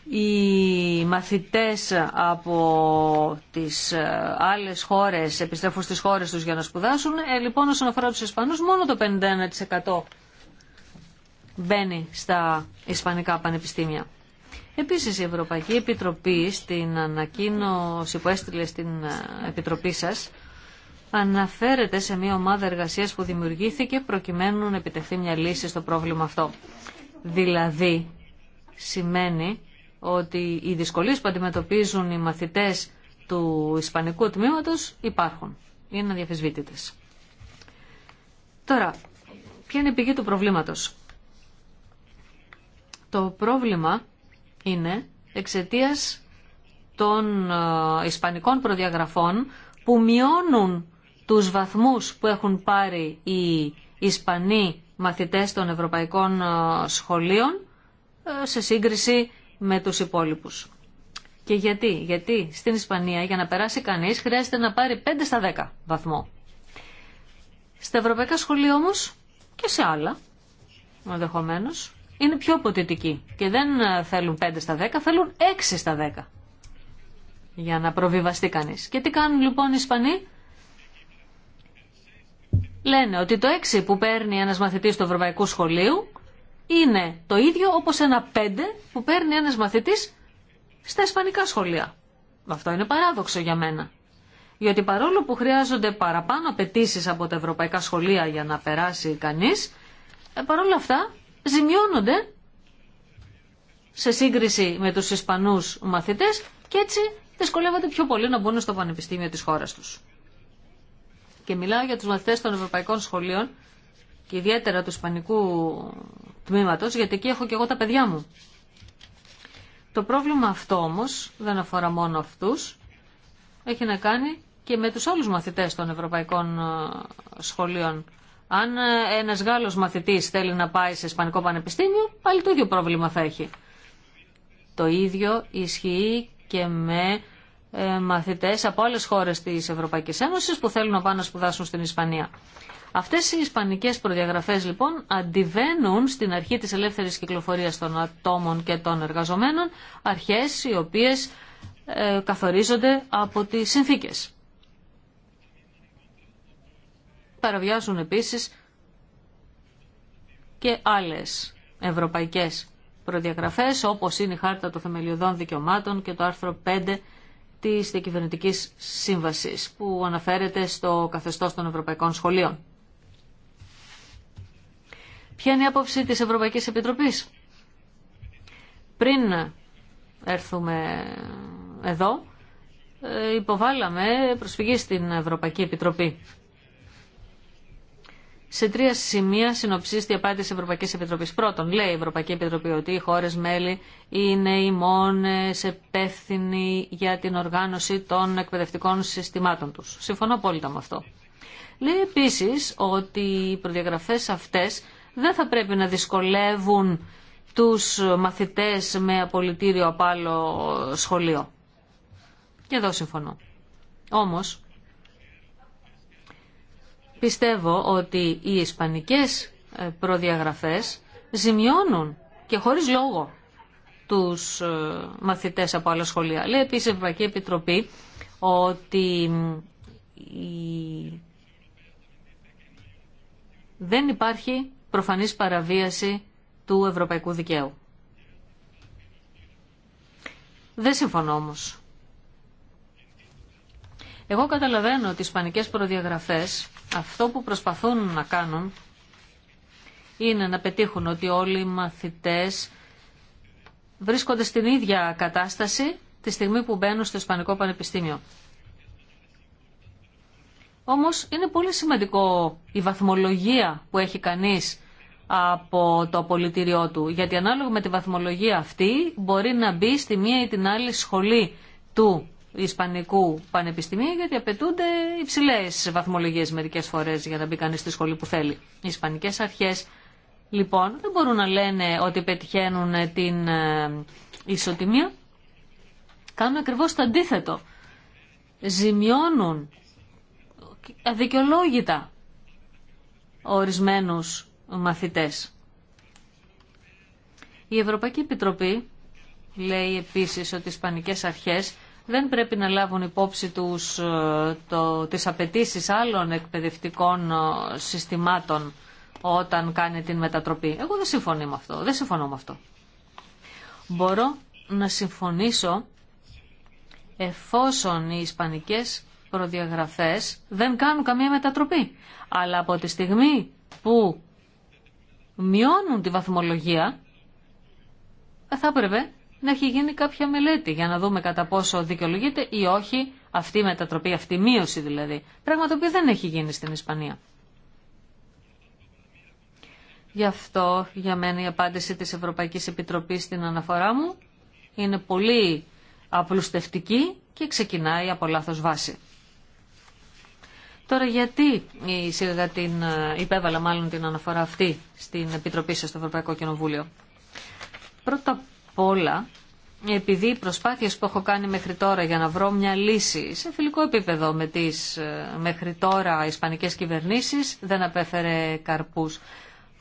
οι μαθητές από τις ε, άλλες χώρες επιστρέφουν στις χώρες τους για να σπουδάσουν. Ε, λοιπόν, όσον αφορά τους Ισπανούς, μόνο το 51% μπαίνει στα Ισπανικά πανεπιστήμια. Επίσης η Ευρωπαϊκή Επιτροπή στην ανακοίνωση που έστειλε στην ε, Επιτροπή σας αναφέρεται σε μια ομάδα εργασίας που δημιουργήθηκε προκειμένου να επιτευχθεί μια λύση στο πρόβλημα αυτό. Δηλαδή σημαίνει ότι οι δυσκολίες που αντιμετωπίζουν οι μαθητές του Ισπανικού τμήματος υπάρχουν. Είναι αδιαφεσβήτητες. Τώρα, ποια είναι η πηγή του προβλήματος. Το πρόβλημα είναι εξαιτία των ε, ισπανικών προδιαγραφών που μειώνουν τους βαθμούς που έχουν πάρει οι Ισπανοί μαθητές των ευρωπαϊκών ε, σχολείων ε, σε σύγκριση με τους υπόλοιπους. Και γιατί, γιατί στην Ισπανία για να περάσει κανείς χρειάζεται να πάρει 5 στα 10 βαθμό. Στα ευρωπαϊκά σχολεία όμως και σε άλλα, ενδεχομένω είναι πιο ποτητική και δεν ε, θέλουν 5 στα 10, θέλουν 6 στα 10 για να προβιβαστεί κανείς. Και τι κάνουν λοιπόν οι Ισπανοί? Λένε ότι το 6 που παίρνει ένας μαθητής του Ευρωπαϊκού Σχολείου είναι το ίδιο όπως ένα 5 που παίρνει ένας μαθητής στα Ισπανικά σχολεία. Αυτό είναι παράδοξο για μένα. Γιατί παρόλο που χρειάζονται παραπάνω απαιτήσει από τα ευρωπαϊκά σχολεία για να περάσει κανείς, ε, παρόλα αυτά ζημιώνονται σε σύγκριση με τους Ισπανούς μαθητές και έτσι δυσκολεύονται πιο πολύ να μπουν στο πανεπιστήμιο της χώρας τους. Και μιλάω για τους μαθητές των Ευρωπαϊκών Σχολείων και ιδιαίτερα του Ισπανικού τμήματος, γιατί εκεί έχω και εγώ τα παιδιά μου. Το πρόβλημα αυτό όμως δεν αφορά μόνο αυτούς, έχει να κάνει και με τους άλλους μαθητές των Ευρωπαϊκών ε, Σχολείων αν ε, ένας Γάλλος μαθητής θέλει να πάει σε Ισπανικό Πανεπιστήμιο, πάλι το ίδιο πρόβλημα θα έχει. Το ίδιο ισχύει και με ε, μαθητές από άλλες χώρες της Ευρωπαϊκής Ένωσης που θέλουν να πάνε να σπουδάσουν στην Ισπανία. Αυτές οι ισπανικές προδιαγραφές λοιπόν αντιβαίνουν στην αρχή της ελεύθερη κυκλοφορία των ατόμων και των εργαζομένων, αρχέ οι οποίες ε, καθορίζονται από τι συνθήκες. παραβιάζουν επίσης και άλλες ευρωπαϊκές προδιαγραφές όπως είναι η Χάρτα των Θεμελιωδών Δικαιωμάτων και το άρθρο 5 της Διακυβερνητικής Σύμβασης που αναφέρεται στο καθεστώς των Ευρωπαϊκών Σχολείων. Ποια είναι η άποψη της Ευρωπαϊκής Επιτροπής. Πριν έρθουμε εδώ, ε, υποβάλαμε προσφυγή στην Ευρωπαϊκή Επιτροπή σε τρία σημεία συνοψίστη απάντηση τη Ευρωπαϊκή Επιτροπή. Πρώτον, λέει η Ευρωπαϊκή Επιτροπή ότι οι χώρε μέλη είναι οι μόνε επέθυνοι... για την οργάνωση των εκπαιδευτικών συστημάτων του. Συμφωνώ απόλυτα με αυτό. Λέει επίση ότι οι προδιαγραφέ αυτέ δεν θα πρέπει να δυσκολεύουν τους μαθητές με απολυτήριο από άλλο σχολείο. Και εδώ συμφωνώ. Όμως, πιστεύω ότι οι ισπανικές ε, προδιαγραφές ζημιώνουν και χωρίς λόγο τους ε, μαθητές από άλλα σχολεία. Λέει επίσης η Ευρωπαϊκή Επιτροπή ότι δεν υπάρχει προφανής παραβίαση του ευρωπαϊκού δικαίου. Δεν συμφωνώ όμως. Εγώ καταλαβαίνω ότι οι ισπανικές προδιαγραφές αυτό που προσπαθούν να κάνουν είναι να πετύχουν ότι όλοι οι μαθητές βρίσκονται στην ίδια κατάσταση τη στιγμή που μπαίνουν στο Ισπανικό Πανεπιστήμιο. Όμως είναι πολύ σημαντικό η βαθμολογία που έχει κανείς από το πολιτήριό του, γιατί ανάλογα με τη βαθμολογία αυτή μπορεί να μπει στη μία ή την άλλη σχολή του Ισπανικού Πανεπιστημίου, γιατί απαιτούνται υψηλέ βαθμολογίε μερικέ φορέ για να μπει κανεί στη σχολή που θέλει. Οι Ισπανικέ αρχέ λοιπόν δεν μπορούν να λένε ότι πετυχαίνουν την ε, ισοτιμία. Κάνουν ακριβώ το αντίθετο. Ζημιώνουν αδικαιολόγητα ορισμένους μαθητές. Η Ευρωπαϊκή Επιτροπή λέει επίσης ότι οι Ισπανικές Αρχές δεν πρέπει να λάβουν υπόψη τους ε, το, τις απαιτήσει άλλων εκπαιδευτικών ε, συστημάτων όταν κάνει την μετατροπή. Εγώ δεν συμφωνώ με αυτό. Δεν συμφωνώ με αυτό. Μπορώ να συμφωνήσω εφόσον οι ισπανικές προδιαγραφές δεν κάνουν καμία μετατροπή. Αλλά από τη στιγμή που μειώνουν τη βαθμολογία, θα έπρεπε να έχει γίνει κάποια μελέτη για να δούμε κατά πόσο δικαιολογείται ή όχι αυτή η μετατροπή, αυτή η μείωση δηλαδή. Πράγμα το οποίο δεν έχει γίνει στην Ισπανία. Γι' αυτό για μένα η απάντηση της Ευρωπαϊκής Επιτροπής στην αναφορά μου είναι πολύ απλουστευτική και ξεκινάει από λάθος βάση. Τώρα γιατί εισήγαγα την, ε, υπέβαλα μάλλον την αναφορά αυτή στην Επιτροπή σας στο Ευρωπαϊκό Κοινοβούλιο. Πρώτα όλα, επειδή οι προσπάθειες που έχω κάνει μέχρι τώρα για να βρω μια λύση σε φιλικό επίπεδο με τις ε, μέχρι τώρα ισπανικές κυβερνήσεις δεν απέφερε καρπούς.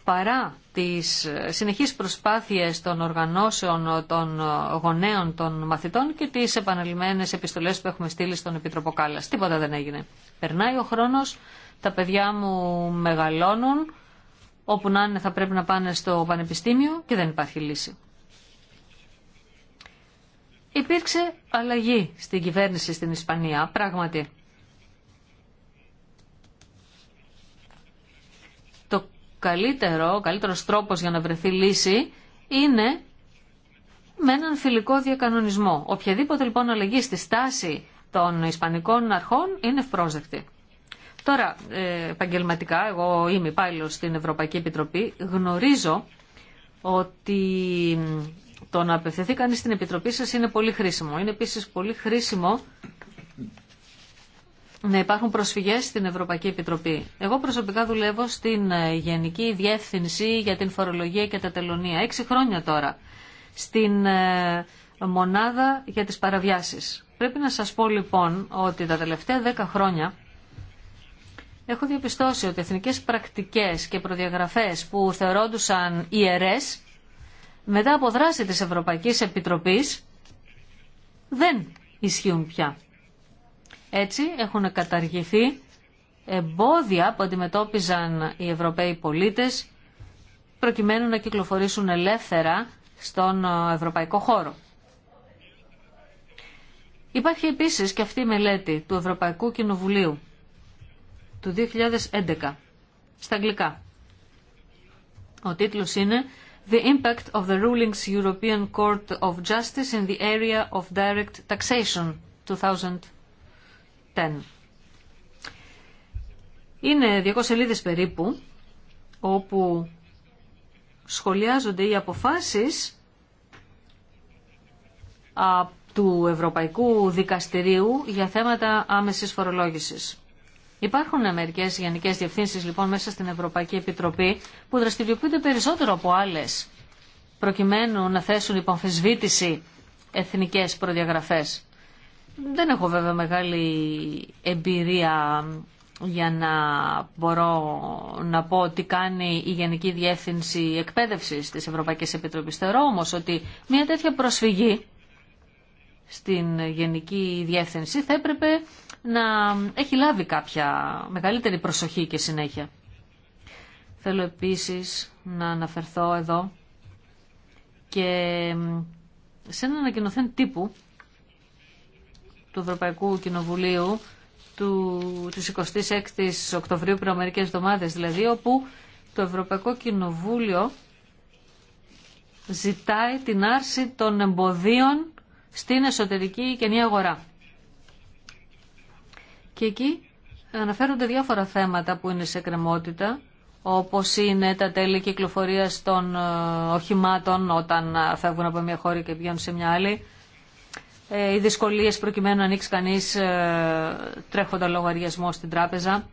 Παρά τις ε, συνεχείς προσπάθειες των οργανώσεων των ε, γονέων των μαθητών και τις επαναλημμένες επιστολές που έχουμε στείλει στον Επίτροπο Κάλλας. Τίποτα δεν έγινε. Περνάει ο χρόνος, τα παιδιά μου μεγαλώνουν, όπου να είναι θα πρέπει να πάνε στο πανεπιστήμιο και δεν υπάρχει λύση υπήρξε αλλαγή στην κυβέρνηση στην Ισπανία, πράγματι. Το καλύτερο, ο καλύτερος τρόπος για να βρεθεί λύση είναι με έναν φιλικό διακανονισμό. Οποιαδήποτε λοιπόν αλλαγή στη στάση των Ισπανικών αρχών είναι ευπρόσδεκτη. Τώρα, ε, επαγγελματικά, εγώ είμαι υπάλληλο στην Ευρωπαϊκή Επιτροπή, γνωρίζω ότι το να απευθυνθεί κάνει στην Επιτροπή σας είναι πολύ χρήσιμο. Είναι επίσης πολύ χρήσιμο να υπάρχουν προσφυγές στην Ευρωπαϊκή Επιτροπή. Εγώ προσωπικά δουλεύω στην ε, Γενική Διεύθυνση για την Φορολογία και τα Τελωνία. Έξι χρόνια τώρα. Στην ε, Μονάδα για τις Παραβιάσεις. Πρέπει να σας πω λοιπόν ότι τα τελευταία δέκα χρόνια έχω διαπιστώσει ότι εθνικές πρακτικές και προδιαγραφές που θεωρώντουσαν ιερές μετά από δράση της Ευρωπαϊκής Επιτροπής δεν ισχύουν πια. Έτσι έχουν καταργηθεί εμπόδια που αντιμετώπιζαν οι Ευρωπαίοι πολίτες προκειμένου να κυκλοφορήσουν ελεύθερα στον ευρωπαϊκό χώρο. Υπάρχει επίσης και αυτή η μελέτη του Ευρωπαϊκού Κοινοβουλίου του 2011 στα αγγλικά. Ο τίτλος είναι the impact of the rulings European Court of Justice in the area of direct taxation 2010. Είναι 200 σελίδες περίπου όπου σχολιάζονται οι αποφάσεις του Ευρωπαϊκού Δικαστηρίου για θέματα άμεσης φορολόγησης. Υπάρχουν μερικέ γενικέ διευθύνσει λοιπόν μέσα στην Ευρωπαϊκή Επιτροπή που δραστηριοποιούνται περισσότερο από άλλε προκειμένου να θέσουν υπομφισβήτηση εθνικές προδιαγραφές. Δεν έχω βέβαια μεγάλη εμπειρία για να μπορώ να πω τι κάνει η Γενική Διεύθυνση Εκπαίδευσης της Ευρωπαϊκής Επιτροπής. Θεωρώ όμως ότι μια τέτοια προσφυγή στην Γενική Διεύθυνση θα έπρεπε να έχει λάβει κάποια μεγαλύτερη προσοχή και συνέχεια. Θέλω επίσης να αναφερθώ εδώ και σε έναν ανακοινωθέν τύπου του Ευρωπαϊκού Κοινοβουλίου του, της 26 Οκτωβρίου πριν μερικές εβδομάδες δηλαδή όπου το Ευρωπαϊκό Κοινοβούλιο ζητάει την άρση των εμποδίων στην εσωτερική καινή αγορά. Και εκεί αναφέρονται διάφορα θέματα που είναι σε κρεμότητα, όπως είναι τα τέλη κυκλοφορίας των ε, οχημάτων όταν ε, φεύγουν από μια χώρα και πηγαίνουν σε μια άλλη, ε, οι δυσκολίες προκειμένου να ανοίξει κανείς τρέχοντα λογαριασμό στην τράπεζα.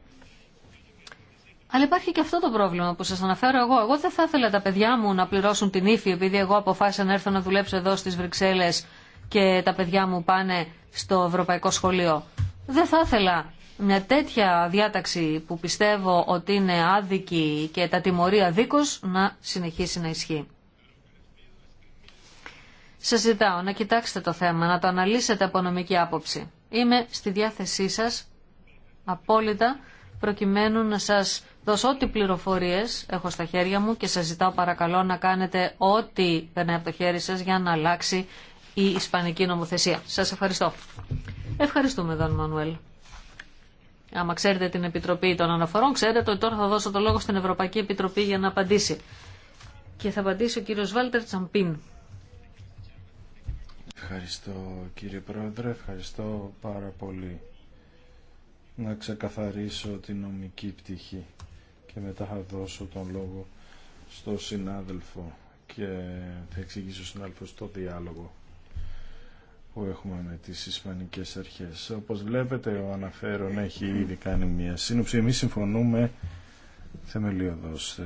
Αλλά υπάρχει και αυτό το πρόβλημα που σα αναφέρω εγώ. Εγώ δεν θα ήθελα τα παιδιά μου να πληρώσουν την ύφη επειδή εγώ αποφάσισα να έρθω να δουλέψω εδώ στι Βρυξέλλες και τα παιδιά μου πάνε στο Ευρωπαϊκό Σχολείο. Δεν θα ήθελα μια τέτοια διάταξη που πιστεύω ότι είναι άδικη και τα τιμωρία δίκως να συνεχίσει να ισχύει. Σα ζητάω να κοιτάξετε το θέμα, να το αναλύσετε από νομική άποψη. Είμαι στη διάθεσή σας απόλυτα προκειμένου να σας δώσω ό,τι πληροφορίες έχω στα χέρια μου και σας ζητάω παρακαλώ να κάνετε ό,τι περνάει από το χέρι σας για να αλλάξει η ισπανική νομοθεσία. Σας ευχαριστώ. Ευχαριστούμε, Δον Μανουέλ. Άμα ξέρετε την Επιτροπή των Αναφορών, ξέρετε ότι τώρα θα δώσω το λόγο στην Ευρωπαϊκή Επιτροπή για να απαντήσει. Και θα απαντήσει ο κύριος Βάλτερ Τσαμπίν. Ευχαριστώ κύριε Πρόεδρε, ευχαριστώ πάρα πολύ να ξεκαθαρίσω την νομική πτυχή και μετά θα δώσω τον λόγο στο συνάδελφο και θα εξηγήσω στον συνάδελφο στο διάλογο που έχουμε με τις Ισπανικές αρχές. Όπως βλέπετε ο αναφέρον έχει ήδη κάνει μια σύνοψη. Εμείς συμφωνούμε θεμελιωδώς.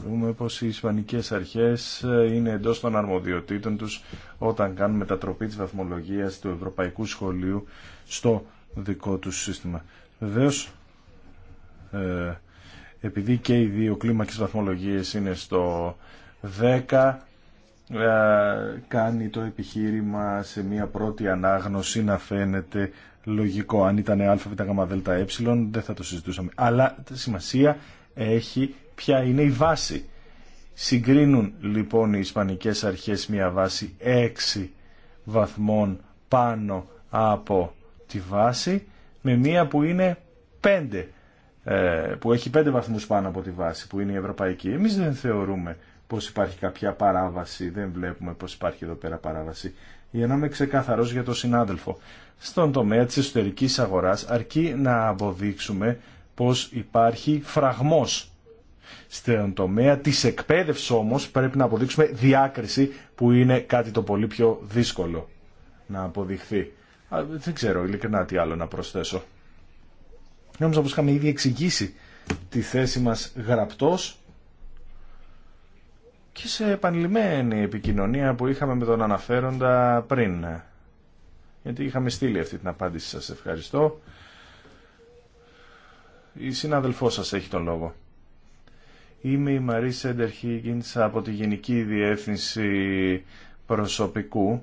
Θεωρούμε πως οι Ισπανικές αρχές είναι εντός των αρμοδιοτήτων τους όταν κάνουν μετατροπή τη βαθμολογίας του Ευρωπαϊκού Σχολείου στο δικό τους σύστημα. Βεβαίω, ε, επειδή και οι δύο κλίμακες βαθμολογίες είναι στο 10 ε, κάνει το επιχείρημα σε μια πρώτη ανάγνωση να φαίνεται λογικό. Αν ήταν ε δεν θα το συζητούσαμε. Αλλά σημασία έχει ποια είναι η βάση. Συγκρίνουν λοιπόν οι Ισπανικές αρχές μια βάση 6 βαθμών πάνω από τη βάση με μια που είναι 5 ε, που έχει 5 βαθμούς πάνω από τη βάση που είναι η Ευρωπαϊκή. Εμείς δεν θεωρούμε πως υπάρχει κάποια παράβαση. Δεν βλέπουμε πως υπάρχει εδώ πέρα παράβαση. Για να είμαι ξεκάθαρος για τον συνάδελφο. Στον τομέα της εσωτερική αγοράς αρκεί να αποδείξουμε πως υπάρχει φραγμός. Στον τομέα της εκπαίδευσης όμως πρέπει να αποδείξουμε διάκριση που είναι κάτι το πολύ πιο δύσκολο να αποδειχθεί. δεν ξέρω ειλικρινά τι άλλο να προσθέσω. Νόμιζα πως είχαμε ήδη εξηγήσει τη θέση μας γραπτός και σε επανειλημμένη επικοινωνία που είχαμε με τον αναφέροντα πριν. Γιατί είχαμε στείλει αυτή την απάντηση. Σας ευχαριστώ. Η συνάδελφό σας έχει τον λόγο. Είμαι η Μαρή Σέντερ από τη Γενική Διεύθυνση Προσωπικού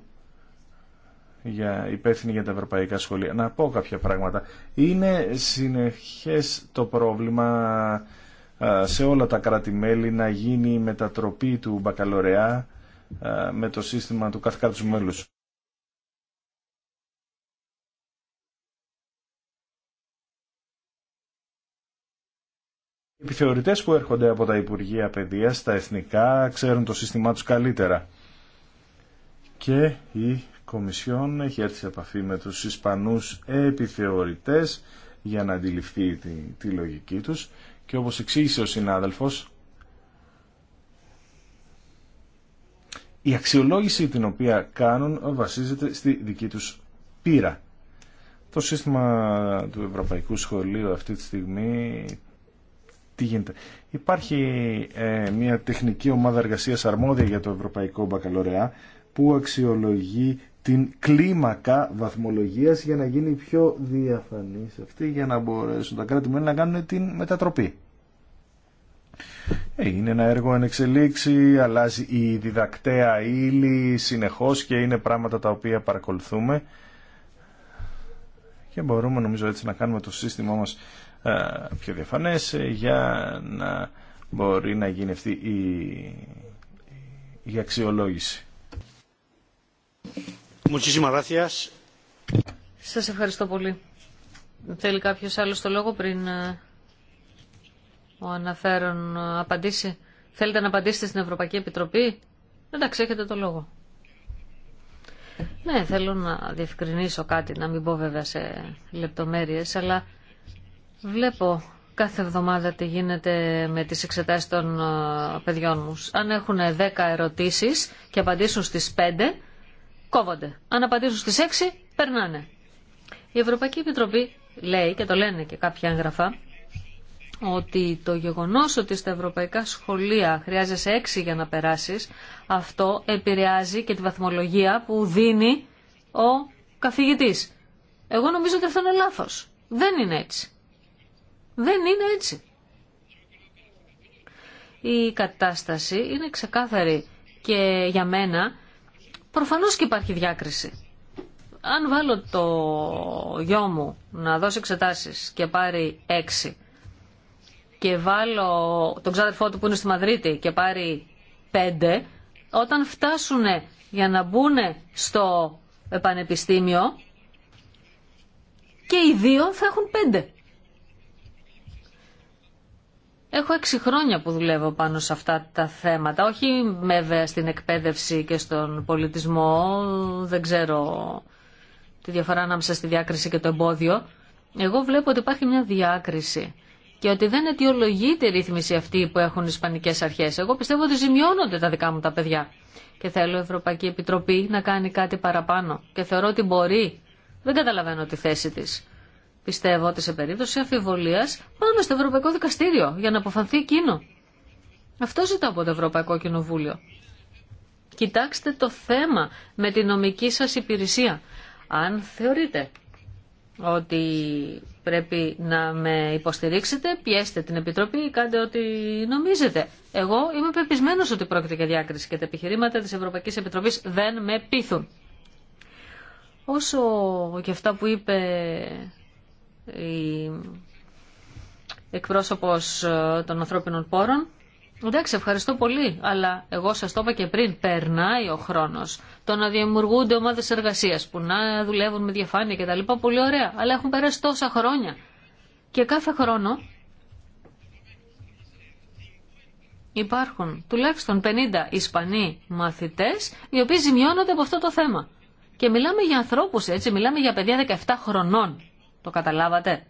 για, υπεύθυνη για τα ευρωπαϊκά σχολεία. Να πω κάποια πράγματα. Είναι συνεχές το πρόβλημα ε, σε όλα τα κράτη-μέλη να γίνει η μετατροπή του μπακαλωρεά ε, με το σύστημα του κάθε μέλους. Οι επιθεωρητές που έρχονται από τα Υπουργεία Παιδείας, στα εθνικά, ξέρουν το σύστημά τους καλύτερα. Και η Κομισιόν έχει έρθει σε επαφή με τους Ισπανούς επιθεωρητές για να αντιληφθεί τη, τη λογική τους και όπως εξήγησε ο συνάδελφος, η αξιολόγηση την οποία κάνουν βασίζεται στη δική τους πείρα. Το σύστημα του Ευρωπαϊκού Σχολείου αυτή τη στιγμή τι γίνεται. Υπάρχει ε, μια τεχνική ομάδα εργασίας αρμόδια για το Ευρωπαϊκό Μπακαλωρεά που αξιολογεί την κλίμακα βαθμολογίας για να γίνει πιο διαφανής αυτή για να μπορέσουν τα κράτη-μέλη να κάνουν την μετατροπή. Ε, είναι ένα έργο εν αλλάζει η διδακτέα ύλη συνεχώς και είναι πράγματα τα οποία παρακολουθούμε και μπορούμε νομίζω έτσι να κάνουμε το σύστημά μας ε, πιο διαφανές ε, για να μπορεί να γίνει αυτή η, η αξιολόγηση. Σας ευχαριστώ πολύ. Θέλει κάποιος άλλος το λόγο πριν ε, ο αναφέρον ε, απαντήσει. Θέλετε να απαντήσετε στην Ευρωπαϊκή Επιτροπή. Εντάξει, έχετε το λόγο. Ναι, θέλω να διευκρινίσω κάτι, να μην πω βέβαια σε λεπτομέρειες, αλλά βλέπω κάθε εβδομάδα τι γίνεται με τις εξετάσεις των ε, παιδιών μου. Αν έχουν 10 ερωτήσεις και απαντήσουν στις 5, κόβονται. Αν απαντήσουν στις 6, περνάνε. Η Ευρωπαϊκή Επιτροπή λέει, και το λένε και κάποια έγγραφα, ότι το γεγονός ότι στα ευρωπαϊκά σχολεία χρειάζεσαι έξι για να περάσεις, αυτό επηρεάζει και τη βαθμολογία που δίνει ο καθηγητής. Εγώ νομίζω ότι αυτό είναι λάθος. Δεν είναι έτσι. Δεν είναι έτσι. Η κατάσταση είναι ξεκάθαρη και για μένα Προφανώς και υπάρχει διάκριση. Αν βάλω το γιο μου να δώσει εξετάσεις και πάρει έξι και βάλω τον ξάδερφό του που είναι στη Μαδρίτη και πάρει πέντε, όταν φτάσουν για να μπουν στο πανεπιστήμιο και οι δύο θα έχουν πέντε. Έχω έξι χρόνια που δουλεύω πάνω σε αυτά τα θέματα, όχι βέβαια στην εκπαίδευση και στον πολιτισμό, δεν ξέρω τη διαφορά ανάμεσα στη διάκριση και το εμπόδιο. Εγώ βλέπω ότι υπάρχει μια διάκριση και ότι δεν αιτιολογείται η ρύθμιση αυτή που έχουν οι Ισπανικές αρχές. Εγώ πιστεύω ότι ζημιώνονται τα δικά μου τα παιδιά και θέλω η Ευρωπαϊκή Επιτροπή να κάνει κάτι παραπάνω και θεωρώ ότι μπορεί. Δεν καταλαβαίνω τη θέση της. Πιστεύω ότι σε περίπτωση αμφιβολίας πάμε στο Ευρωπαϊκό Δικαστήριο για να αποφανθεί εκείνο. Αυτό ζητάω από το Ευρωπαϊκό Κοινοβούλιο. Κοιτάξτε το θέμα με τη νομική σας υπηρεσία. Αν θεωρείτε ότι πρέπει να με υποστηρίξετε, πιέστε την Επιτροπή ή κάντε ό,τι νομίζετε. Εγώ είμαι πεπισμένος ότι πρόκειται για διάκριση και τα επιχειρήματα της Ευρωπαϊκής Επιτροπής δεν με πείθουν. Όσο και αυτά που είπε η εκπρόσωπος ε, των ανθρώπινων πόρων. Εντάξει, ευχαριστώ πολύ, αλλά εγώ σας το είπα και πριν, περνάει ο χρόνος. Το να δημιουργούνται ομάδες εργασίας που να δουλεύουν με διαφάνεια και τα λοιπά Πολύ ωραία, αλλά έχουν περάσει τόσα χρόνια. Και κάθε χρόνο υπάρχουν τουλάχιστον 50 Ισπανοί μαθητές οι οποίοι ζημιώνονται από αυτό το θέμα. Και μιλάμε για ανθρώπους έτσι, μιλάμε για παιδιά 17 χρονών το καταλάβατε.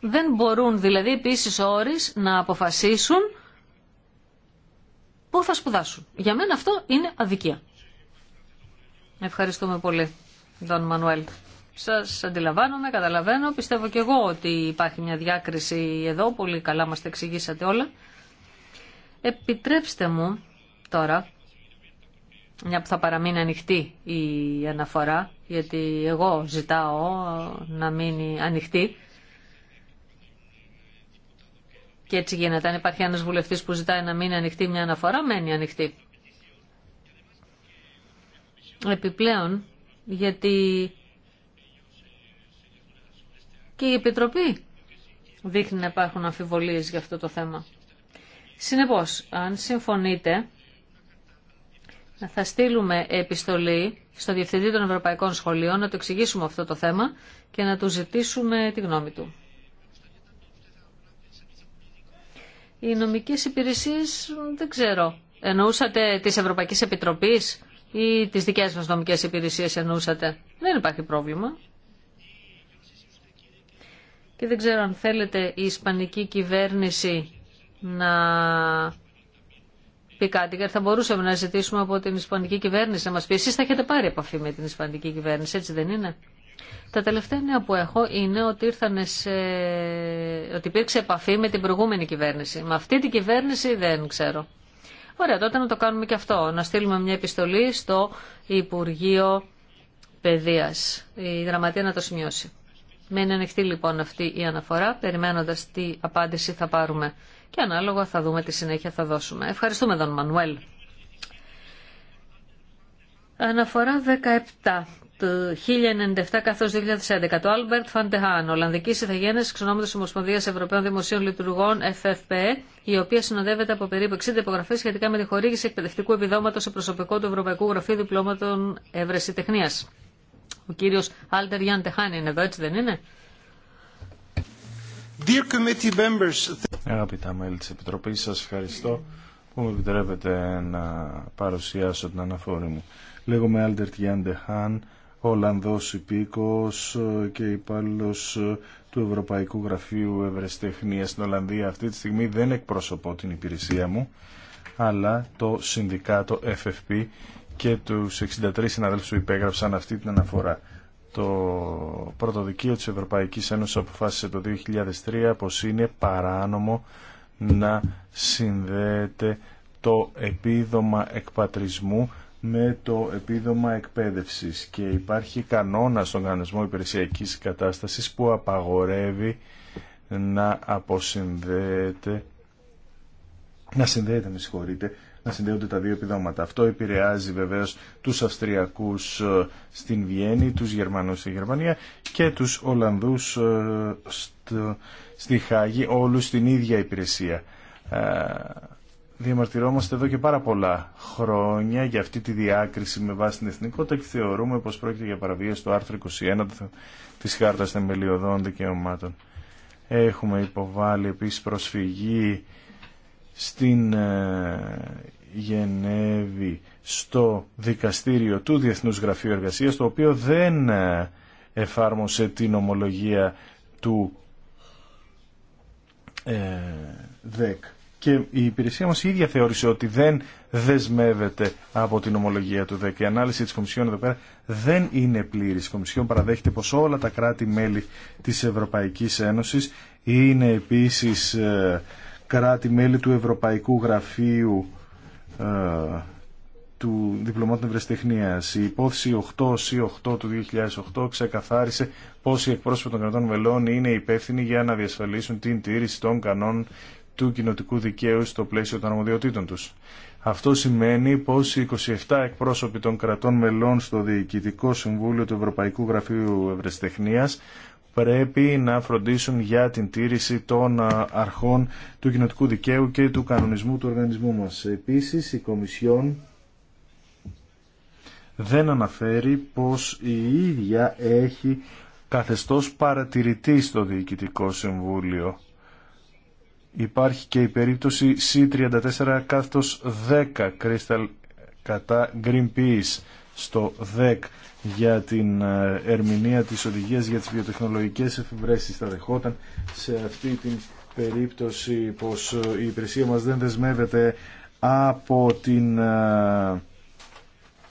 Δεν μπορούν δηλαδή επίσης όρις να αποφασίσουν πού θα σπουδάσουν. Για μένα αυτό είναι αδικία. Ευχαριστούμε πολύ, Δον Μανουέλ. Σας αντιλαμβάνομαι, καταλαβαίνω. Πιστεύω και εγώ ότι υπάρχει μια διάκριση εδώ. Πολύ καλά μας τα εξηγήσατε όλα. Επιτρέψτε μου τώρα μια που θα παραμείνει ανοιχτή η αναφορά, γιατί εγώ ζητάω να μείνει ανοιχτή. Και έτσι γίνεται. Αν υπάρχει ένας βουλευτής που ζητάει να μείνει ανοιχτή μια αναφορά, μένει ανοιχτή. Επιπλέον, γιατί και η Επιτροπή δείχνει να υπάρχουν αμφιβολίες για αυτό το θέμα. Συνεπώς, αν συμφωνείτε, θα στείλουμε επιστολή στο Διευθυντή των Ευρωπαϊκών Σχολείων να το εξηγήσουμε αυτό το θέμα και να του ζητήσουμε τη γνώμη του. Οι νομικές υπηρεσίε δεν ξέρω. Εννοούσατε τη Ευρωπαϊκή Επιτροπή ή τις δικέ μα νομικές υπηρεσίε εννοούσατε. Δεν υπάρχει πρόβλημα. Και δεν ξέρω αν θέλετε η Ισπανική κυβέρνηση να πει κάτι, γιατί θα μπορούσαμε να ζητήσουμε από την Ισπανική κυβέρνηση να μα πει. Εσεί θα έχετε πάρει επαφή με την Ισπανική κυβέρνηση, έτσι δεν είναι. Τα τελευταία νέα που έχω είναι ότι, ότι υπήρξε επαφή με την προηγούμενη κυβέρνηση. Με αυτή την κυβέρνηση δεν ξέρω. Ωραία, τότε να το κάνουμε και αυτό. Να στείλουμε μια επιστολή στο Υπουργείο Παιδείας. Η γραμματεία να το σημειώσει. Μένει ανοιχτή λοιπόν αυτή η αναφορά, περιμένοντας τι απάντηση θα πάρουμε και ανάλογα θα δούμε τι συνέχεια θα δώσουμε. Ευχαριστούμε τον Μανουέλ. Αναφορά 17 του 1997 καθώ 2011 Το Άλμπερτ Φαντεχάν, Ολλανδική Ιθαγένεια Ξενόμητο Ομοσπονδία Ευρωπαίων Δημοσίων Λειτουργών, FFPE, η οποία συνοδεύεται από περίπου 60 υπογραφέ σχετικά με τη χορήγηση εκπαιδευτικού επιδόματο σε προσωπικό του Ευρωπαϊκού Γραφείου Διπλώματων Εύρεση Τεχνία. Ο κύριο Άλτερ Γιάν Τεχάν είναι εδώ, έτσι δεν είναι. Dear Αγαπητά μέλη της Επιτροπής, σας ευχαριστώ που με επιτρέπετε να παρουσιάσω την αναφορή μου. Λέγομαι Άλτερ Τιάντε Χάν, Ολλανδός υπήκος και υπάλληλο του Ευρωπαϊκού Γραφείου Ευρεστεχνία στην Ολλανδία. Αυτή τη στιγμή δεν εκπροσωπώ την υπηρεσία μου, αλλά το συνδικάτο FFP και τους 63 συναδέλφους που υπέγραψαν αυτή την αναφορά. Το πρωτοδικείο της Ευρωπαϊκής Ένωσης αποφάσισε το 2003 πως είναι παράνομο να συνδέεται το επίδομα εκπατρισμού με το επίδομα εκπαίδευσης και υπάρχει κανόνα στον κανονισμό υπηρεσιακής κατάστασης που απαγορεύει να αποσυνδέεται να συνδέεται, με συγχωρείτε, να συνδέονται τα δύο επιδόματα. Αυτό επηρεάζει βεβαίως τους Αυστριακούς ε, στην Βιέννη, τους Γερμανούς στη Γερμανία και τους Ολλανδούς ε, στη Χάγη, όλους στην ίδια υπηρεσία. Ε, διαμαρτυρόμαστε εδώ και πάρα πολλά χρόνια για αυτή τη διάκριση με βάση την εθνικότητα και θεωρούμε πως πρόκειται για παραβίαση του άρθρου 21 της Χάρτας Θεμελιωδών Δικαιωμάτων. Έχουμε υποβάλει επίσης προσφυγή στην Γενέβη στο δικαστήριο του Διεθνούς Γραφείου Εργασίας το οποίο δεν ε, εφάρμοσε την ομολογία του ε, ΔΕΚ και η υπηρεσία μας η ίδια θεώρησε ότι δεν δεσμεύεται από την ομολογία του ΔΕΚ. Η ανάλυση της Κομισιόν εδώ πέρα δεν είναι πλήρης. Η Κομισιόν παραδέχεται πως όλα τα κράτη-μέλη της Ευρωπαϊκής Ένωσης είναι επίσης ε, κράτη-μέλη του Ευρωπαϊκού Γραφείου ε, του διπλωμάτων ευρεσιτεχνία. Η υπόθεση 8C8 του 2008 ξεκαθάρισε πώ οι εκπρόσωποι των κρατών μελών είναι υπεύθυνοι για να διασφαλίσουν την τήρηση των κανόνων του κοινοτικού δικαίου στο πλαίσιο των αρμοδιοτήτων του. Αυτό σημαίνει πω οι 27 εκπρόσωποι των κρατών μελών στο Διοικητικό Συμβούλιο του Ευρωπαϊκού Γραφείου Ευρεσιτεχνία πρέπει να φροντίσουν για την τήρηση των αρχών του κοινοτικού δικαίου και του κανονισμού του οργανισμού μας. Επίσης, η Κομισιόν δεν αναφέρει πως η ίδια έχει καθεστώς παρατηρητή στο Διοικητικό Συμβούλιο. Υπάρχει και η περίπτωση C34 κάθετος 10 Crystal κατά Greenpeace στο 10 για την ε, ερμηνεία της οδηγίας για τις βιοτεχνολογικές εφευρέσεις. Θα δεχόταν σε αυτή την περίπτωση πως ε, η υπηρεσία μας δεν δεσμεύεται από την ε,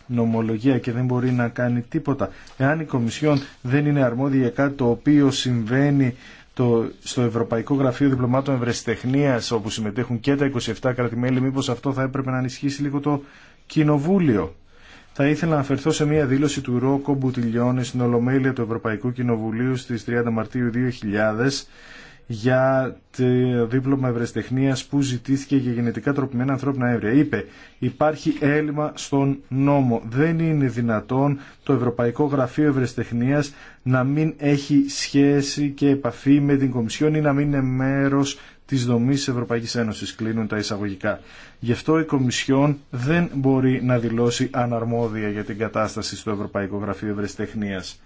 νομολογία και δεν μπορεί να κάνει τίποτα. Εάν η Κομισιόν δεν είναι αρμόδια για κάτι το οποίο συμβαίνει το, στο Ευρωπαϊκό Γραφείο Διπλωμάτων Ευρεσιτεχνία, όπου συμμετέχουν και τα 27 κρατη μήπω αυτό θα έπρεπε να ανισχύσει λίγο το Κοινοβούλιο θα ήθελα να αφαιρθώ σε μια δήλωση του Ρόκο Μπουτιλιώνη στην Ολομέλεια του Ευρωπαϊκού Κοινοβουλίου στις 30 Μαρτίου 2000 για το δίπλωμα ευρεσιτεχνία που ζητήθηκε για γενετικά τροπημένα ανθρώπινα έμβρια. Είπε, υπάρχει έλλειμμα στον νόμο. Δεν είναι δυνατόν το Ευρωπαϊκό Γραφείο Ευρεσιτεχνία να μην έχει σχέση και επαφή με την Κομισιόν ή να μην είναι μέρο της δομής Ευρωπαϊκής Ένωσης, κλείνουν τα εισαγωγικά. Γι' αυτό η Κομισιόν δεν μπορεί να δηλώσει αναρμόδια για την κατάσταση στο Ευρωπαϊκό Γραφείο Ευρεσιτεχνίας.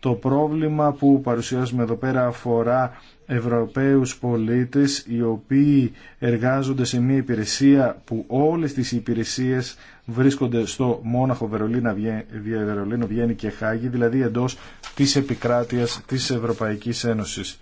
Το πρόβλημα που παρουσιάζουμε εδώ πέρα αφορά Ευρωπαίους πολίτες οι οποίοι εργάζονται σε μια υπηρεσία που όλες τις υπηρεσίες βρίσκονται στο Μόναχο, Βερολίνο, Βερολίνο Βιέννη και Χάγη, δηλαδή εντός της επικράτειας της Ευρωπαϊκής Ένωσης.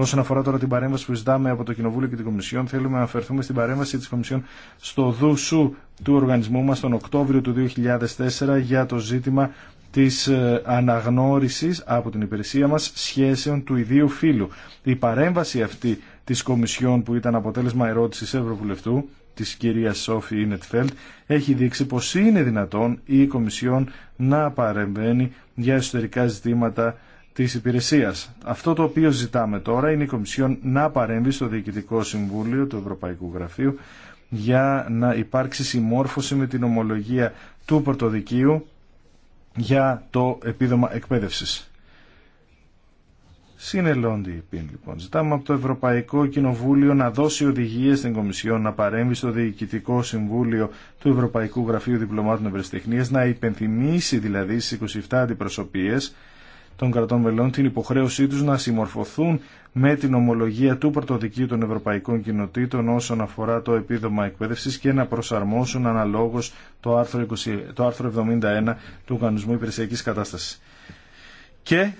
Όσον αφορά τώρα την παρέμβαση που ζητάμε από το Κοινοβούλιο και την Κομισιόν, θέλουμε να αφαιρθούμε στην παρέμβαση τη Κομισιόν στο ΔΟΥΣΟΥ του οργανισμού μα τον Οκτώβριο του 2004 για το ζήτημα τη ε, αναγνώριση από την υπηρεσία μα σχέσεων του ιδίου φύλου. Η παρέμβαση αυτή τη Κομισιόν που ήταν αποτέλεσμα ερώτηση Ευρωβουλευτού τη κυρία Σόφι Ινετφέλτ έχει δείξει πω είναι δυνατόν η Κομισιόν να παρεμβαίνει για εσωτερικά ζητήματα Τη υπηρεσία. Αυτό το οποίο ζητάμε τώρα είναι η Κομισιόν να παρέμβει στο Διοικητικό Συμβούλιο του Ευρωπαϊκού Γραφείου για να υπάρξει συμμόρφωση με την ομολογία του Πορτοδικίου για το επίδομα εκπαίδευση. Συνελώντη λοιπόν. Ζητάμε από το Ευρωπαϊκό Κοινοβούλιο να δώσει οδηγίε στην Κομισιόν να παρέμβει στο Διοικητικό Συμβούλιο του Ευρωπαϊκού Γραφείου Διπλωμάτων Ευρεσιτεχνία, να υπενθυμίσει δηλαδή στι 27 αντιπροσωπείε των κρατών μελών την υποχρέωσή τους να συμμορφωθούν με την ομολογία του Πρωτοδικείου των Ευρωπαϊκών Κοινοτήτων όσον αφορά το επίδομα εκπαίδευσης και να προσαρμόσουν αναλόγως το άρθρο, 20, το άρθρο 71 του Οργανισμού Υπηρεσιακής Κατάστασης. Και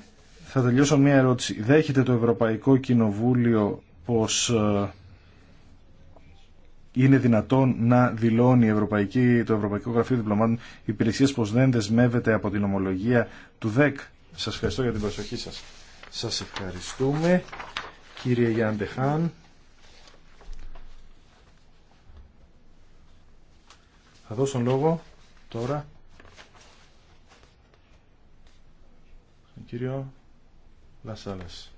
θα τελειώσω μια ερώτηση. Δέχεται το Ευρωπαϊκό Κοινοβούλιο πως ε, είναι δυνατόν να δηλώνει η Ευρωπαϊκή, το Ευρωπαϊκό Γραφείο Διπλωμάτων υπηρεσίες πως δεν δεσμεύεται από την ομολογία του ΔΕΚ. Σας ευχαριστώ για την προσοχή σας. Σας ευχαριστούμε, κύριε Γιάνντε Χάν. Θα δώσω λόγο τώρα στον κύριο Λασάλας,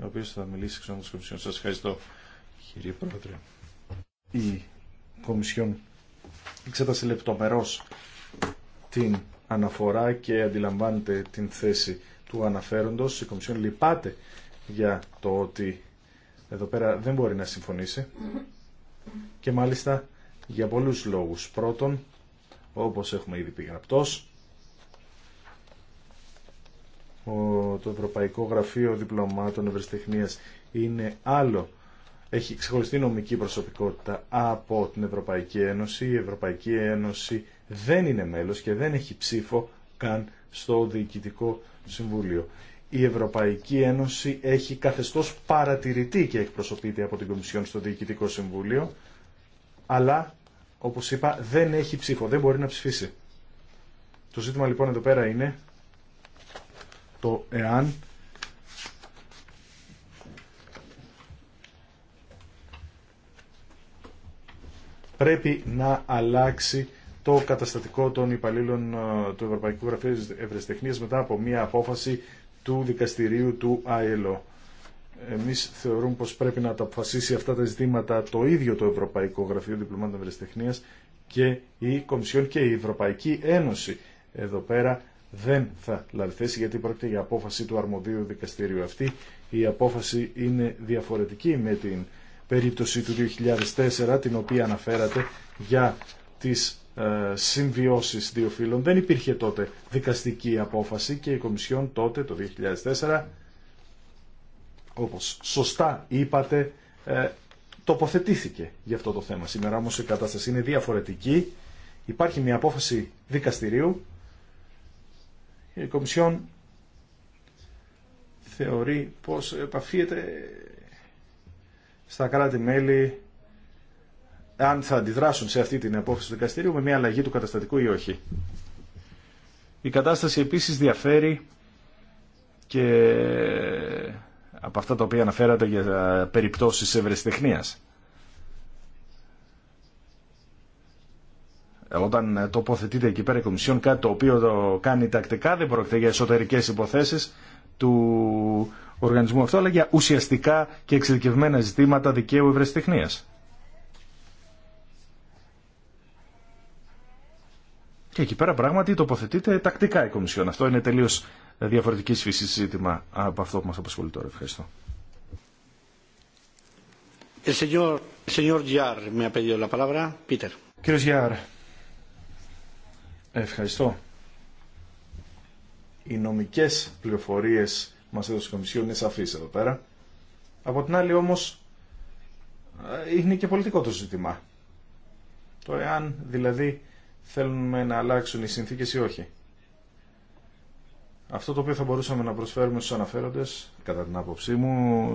ο οποίος θα μιλήσει ξανά της Κομισιόν. Σας ευχαριστώ, κύριε Πρόεδρε. Η Κομισιόν εξέτασε λεπτομερώς την αναφορά και αντιλαμβάνεται την θέση του αναφέροντος. Η Κομισιόν λυπάται για το ότι εδώ πέρα δεν μπορεί να συμφωνήσει και μάλιστα για πολλούς λόγους. Πρώτον, όπως έχουμε ήδη πει γραπτός, το Ευρωπαϊκό Γραφείο Διπλωμάτων Ευρωστηχνίας είναι άλλο έχει ξεχωριστή νομική προσωπικότητα από την Ευρωπαϊκή Ένωση. Η Ευρωπαϊκή Ένωση δεν είναι μέλος και δεν έχει ψήφο καν στο Διοικητικό Συμβούλιο. Η Ευρωπαϊκή Ένωση έχει καθεστώς παρατηρητή και εκπροσωπείται από την Κομισιόν στο Διοικητικό Συμβούλιο, αλλά, όπως είπα, δεν έχει ψήφο, δεν μπορεί να ψηφίσει. Το ζήτημα λοιπόν εδώ πέρα είναι το εάν πρέπει να αλλάξει το καταστατικό των υπαλλήλων ε, του Ευρωπαϊκού Γραφείου Ευρεσιτεχνίας μετά από μια απόφαση του δικαστηρίου του ΑΕΛΟ. Εμείς θεωρούμε πως πρέπει να τα αποφασίσει αυτά τα ζητήματα το ίδιο το Ευρωπαϊκό Γραφείο Διπλωμάτων Ευρεσιτεχνίας και η Κομισιόν και η Ευρωπαϊκή Ένωση. Εδώ πέρα δεν θα λάβει γιατί πρόκειται για απόφαση του αρμοδίου δικαστηρίου. Αυτή η απόφαση είναι διαφορετική με την περίπτωση του 2004 την οποία αναφέρατε για τις ε, συμβιώσεις δύο φύλων. Δεν υπήρχε τότε δικαστική απόφαση και η Κομισιόν τότε το 2004 όπως σωστά είπατε ε, τοποθετήθηκε για αυτό το θέμα. Σήμερα όμως η κατάσταση είναι διαφορετική. Υπάρχει μια απόφαση δικαστηρίου. Η Κομισιόν θεωρεί πως επαφίεται στα κράτη-μέλη αν θα αντιδράσουν σε αυτή την απόφαση του δικαστηρίου με μια αλλαγή του καταστατικού ή όχι. Η κατάσταση επίσης διαφέρει και από αυτά τα οποία αναφέρατε για περιπτώσεις ευρεσιτεχνίας. Όταν τοποθετείται εκεί πέρα η Κομισιόν κάτι το οποίο το κάνει τακτικά δεν πρόκειται για εσωτερικές υποθέσεις του οργανισμού αυτού αλλά για ουσιαστικά και εξειδικευμένα ζητήματα δικαίου ευρεσιτεχνίας. Και εκεί πέρα πράγματι τοποθετείται τακτικά η Κομισιόν. Αυτό είναι τελείω διαφορετική φύση ζήτημα από αυτό που μα απασχολεί τώρα. Ευχαριστώ. Ε, Κύριο Γιάρ, ευχαριστώ. Οι νομικέ πληροφορίε που μα έδωσε η Κομισιόν είναι σαφεί εδώ πέρα. Από την άλλη όμω ε, είναι και πολιτικό το ζήτημα. Το εάν δηλαδή θέλουμε να αλλάξουν οι συνθήκες ή όχι. Αυτό το οποίο θα μπορούσαμε να προσφέρουμε στους αναφέροντες, κατά την άποψή μου,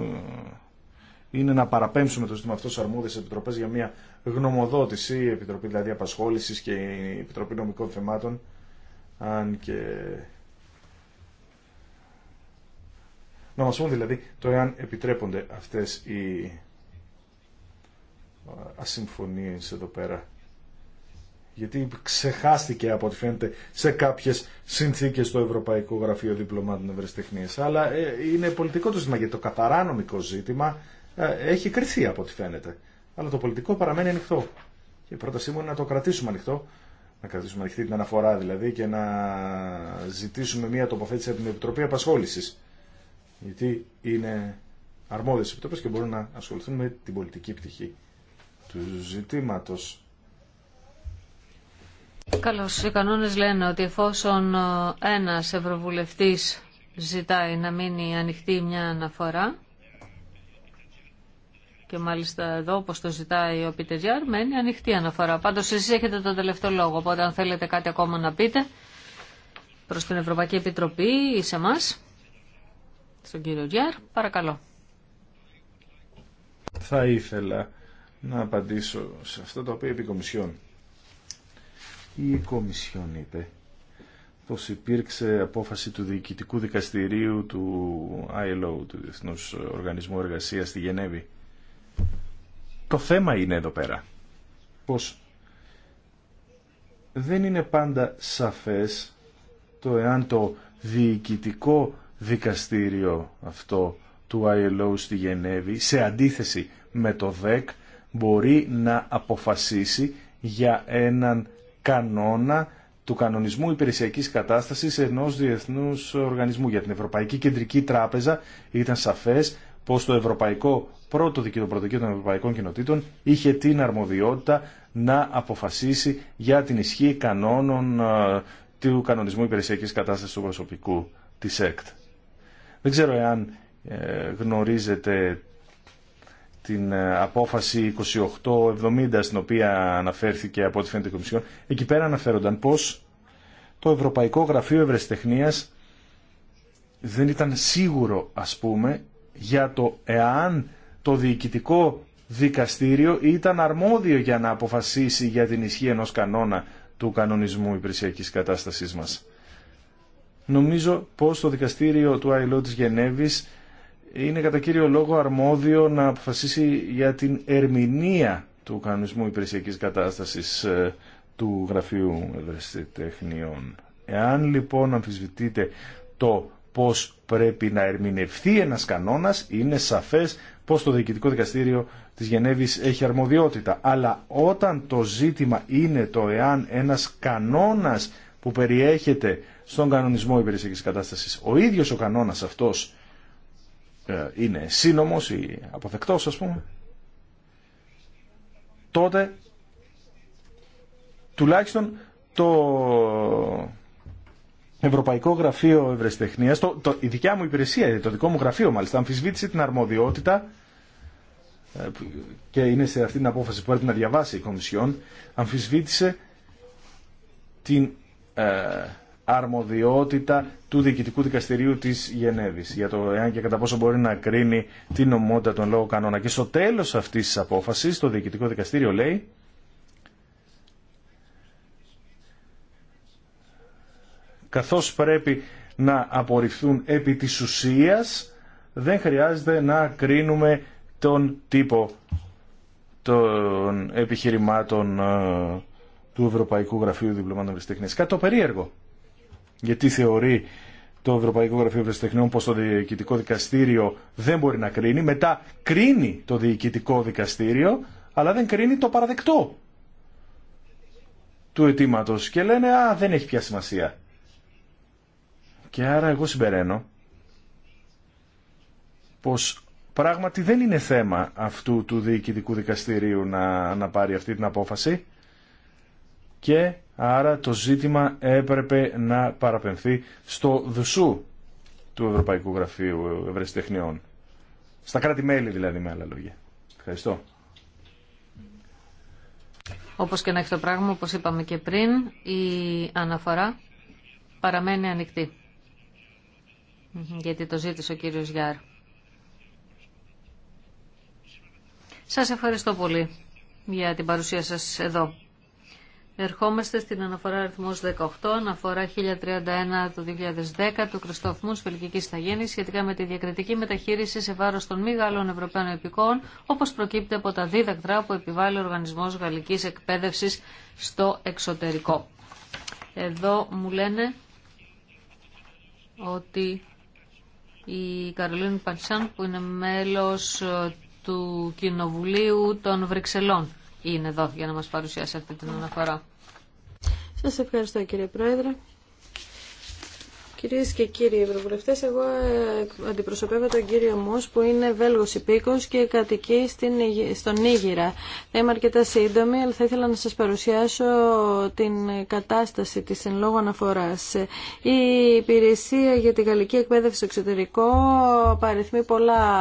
είναι να παραπέμψουμε το ζήτημα αυτό στις αρμόδιες επιτροπές για μια γνωμοδότηση, η Επιτροπή δηλαδή Απασχόλησης και η Επιτροπή Νομικών Θεμάτων, αν και... Να μας πούν δηλαδή το εάν επιτρέπονται αυτές οι ασυμφωνίες εδώ πέρα γιατί ξεχάστηκε από ό,τι φαίνεται σε κάποιες συνθήκες στο Ευρωπαϊκό Γραφείο Διπλωμάτων Ευρεσιτεχνίας. Αλλά ε, είναι πολιτικό το ζήτημα, γιατί το καθαρά νομικό ζήτημα ε, έχει κρυθεί από ό,τι φαίνεται. Αλλά το πολιτικό παραμένει ανοιχτό. Και η πρότασή μου είναι να το κρατήσουμε ανοιχτό, να κρατήσουμε ανοιχτή την αναφορά δηλαδή και να ζητήσουμε μια τοποθέτηση από την Επιτροπή Απασχόλησης. Γιατί είναι αρμόδιες επιτροπές και μπορούν να ασχοληθούν με την πολιτική πτυχή του ζητήματος. Καλώς, οι κανόνες λένε ότι εφόσον ε, ένας ευρωβουλευτής ζητάει να μείνει ανοιχτή μια αναφορά και μάλιστα εδώ όπως το ζητάει ο πιτεζιάρ μένει ανοιχτή αναφορά. Πάντως εσείς έχετε τον τελευταίο λόγο, οπότε αν θέλετε κάτι ακόμα να πείτε προς την Ευρωπαϊκή Επιτροπή ή σε εμά, στον κύριο Γιάρ, παρακαλώ. Θα ήθελα να απαντήσω σε αυτό το οποίο είπε η σε εμα στον κυριο γιαρ παρακαλω θα ηθελα να απαντησω σε αυτο το οποιο ειπε η η Κομισιόν είπε πως υπήρξε απόφαση του Διοικητικού Δικαστηρίου του ILO, του Διεθνούς Οργανισμού Εργασίας στη Γενέβη. Το θέμα είναι εδώ πέρα πως δεν είναι πάντα σαφές το εάν το διοικητικό δικαστήριο αυτό του ILO στη Γενέβη σε αντίθεση με το ΔΕΚ μπορεί να αποφασίσει για έναν κανόνα του κανονισμού υπηρεσιακής κατάστασης ενός διεθνούς οργανισμού. Για την Ευρωπαϊκή Κεντρική Τράπεζα ήταν σαφές πως το Ευρωπαϊκό Πρώτο Δικαιοπροδοκείο των Ευρωπαϊκών Κοινοτήτων είχε την αρμοδιότητα να αποφασίσει για την ισχύ κανόνων ε, του κανονισμού υπηρεσιακής κατάστασης του προσωπικού της ΕΚΤ. Δεν ξέρω εάν ε, γνωρίζετε την ε, απόφαση 2870 στην οποία αναφέρθηκε από τη φαίνεται Κομισιόν, εκεί πέρα αναφέρονταν πως το Ευρωπαϊκό Γραφείο Ευρεσιτεχνίας δεν ήταν σίγουρο ας πούμε για το εάν το διοικητικό δικαστήριο ήταν αρμόδιο για να αποφασίσει για την ισχύ ενός κανόνα του κανονισμού υπηρεσιακής κατάστασής μας. Νομίζω πως το δικαστήριο του ΑΕΛΟ της Γενέβης είναι κατά κύριο λόγο αρμόδιο να αποφασίσει για την ερμηνεία του κανονισμού υπηρεσιακής κατάστασης ε, του Γραφείου Ευρεσιτεχνιών. Εάν λοιπόν αμφισβητείτε το πώς πρέπει να ερμηνευθεί ένας κανόνας, είναι σαφές πως το Διοικητικό Δικαστήριο της Γενέβης έχει αρμοδιότητα. Αλλά όταν το ζήτημα είναι το εάν ένας κανόνας που περιέχεται στον κανονισμό υπηρεσιακής κατάστασης, ο ίδιος ο κανόνας αυτός ε, είναι σύνομος ή αποδεκτός ας πούμε, τότε τουλάχιστον το Ευρωπαϊκό Γραφείο Ευρεσιτεχνίας το, το, η δικιά μου υπηρεσία, το δικό μου γραφείο μάλιστα, αμφισβήτησε την αρμοδιότητα ε, και είναι σε αυτή την απόφαση που ερθει να διαβάσει η Κομισιόν, αμφισβήτησε την ε, αρμοδιότητα του Διοικητικού Δικαστηρίου της Γενέβη για το εάν και κατά πόσο μπορεί να κρίνει την ομότητα των λόγων κανόνα. Και στο τέλο αυτής της απόφασης το Διοικητικό Δικαστήριο λέει καθώς πρέπει να απορριφθούν επί της ουσίας δεν χρειάζεται να κρίνουμε τον τύπο των επιχειρημάτων ε, του Ευρωπαϊκού Γραφείου Διπλωμάτων Βεστέχνης. Κάτι το περίεργο γιατί θεωρεί το Ευρωπαϊκό Γραφείο Ευρεσιτεχνών πως το Διοικητικό Δικαστήριο δεν μπορεί να κρίνει. Μετά κρίνει το Διοικητικό Δικαστήριο, αλλά δεν κρίνει το παραδεκτό του αιτήματο και λένε «Α, δεν έχει πια σημασία». Και άρα εγώ συμπεραίνω πως πράγματι δεν είναι θέμα αυτού του Διοικητικού Δικαστηρίου να, να πάρει αυτή την απόφαση και Άρα το ζήτημα έπρεπε να παραπενθεί στο δουσού του Ευρωπαϊκού Γραφείου Ευρεσιτεχνιών. Στα κράτη-μέλη δηλαδή με άλλα λόγια. Ευχαριστώ. Όπως και να έχει το πράγμα, όπως είπαμε και πριν, η αναφορά παραμένει ανοιχτή. Γιατί το ζήτησε ο κύριος Γιάρ. Σας ευχαριστώ πολύ για την παρουσία σας εδώ. Ερχόμαστε στην αναφορά αριθμό 18, αναφορά 1031 του 2010 του Κριστόφμου Φιλικικής Σταγέννη σχετικά με τη διακριτική μεταχείριση σε βάρος των μη Γάλλων Ευρωπαίων Επικών, όπως προκύπτει από τα δίδακτρα που επιβάλλει ο Οργανισμός Γαλλικής εκπαίδευση στο εξωτερικό. Εδώ μου λένε ότι η Καρολίν Πανσάν που είναι μέλος ε, του Κοινοβουλίου των Βρυξελών είναι εδώ για να μας παρουσιάσει αυτή την αναφορά. Σας ευχαριστώ κύριε Πρόεδρε. Κυρίε και κύριοι Ευρωβουλευτέ, εγώ ε, αντιπροσωπεύω τον κύριο Μό που είναι Βέλγο υπήκο και κατοικεί στην, στον Νίγηρα. Θα είμαι αρκετά σύντομη, αλλά θα ήθελα να σα παρουσιάσω την κατάσταση τη εν λόγω αναφορά. Η υπηρεσία για τη γαλλική εκπαίδευση στο εξωτερικό παριθμεί πολλά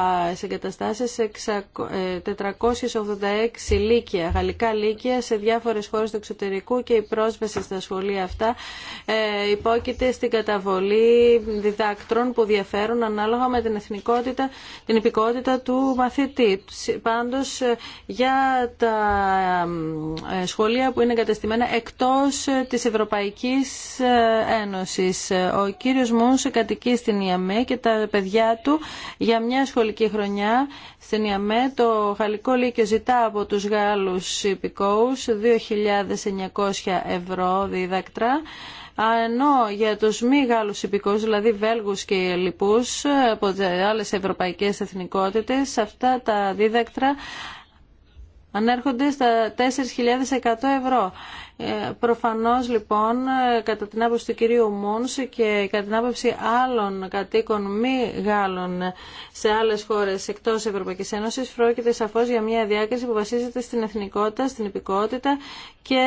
εγκαταστάσει, 486 ε, λύκεια, γαλλικά λύκεια σε διάφορε χώρε του εξωτερικού και η πρόσβαση στα σχολεία αυτά ε, υπόκειται στην καταβολή πολύ διδάκτρων που διαφέρουν ανάλογα με την εθνικότητα, την υπηκότητα του μαθητή. Πάντως για τα σχολεία που είναι εγκατεστημένα εκτός ε, της Ευρωπαϊκής ε, Ένωσης. Ο κύριος Μούνς κατοικεί στην ΙΑΜΕ και τα παιδιά του για μια σχολική χρονιά στην ΙΑΜΕ το Γαλλικό Λύκειο ζητά από τους Γάλλους υπηκόους 2.900 ευρώ δίδακτρα ενώ για τους μη Γάλλους υπηκούς, δηλαδή Βέλγους και Λιπους, από άλλες ευρωπαϊκές εθνικότητες, αυτά τα δίδακτρα ανέρχονται στα 4.100 ευρώ. Ε, προφανώς λοιπόν κατά την άποψη του κυρίου Μούνς και κατά την άποψη άλλων κατοίκων μη Γάλλων σε άλλες χώρες εκτός Ευρωπαϊκής Ένωσης πρόκειται σαφώς για μια διάκριση που βασίζεται στην εθνικότητα, στην υπηκότητα και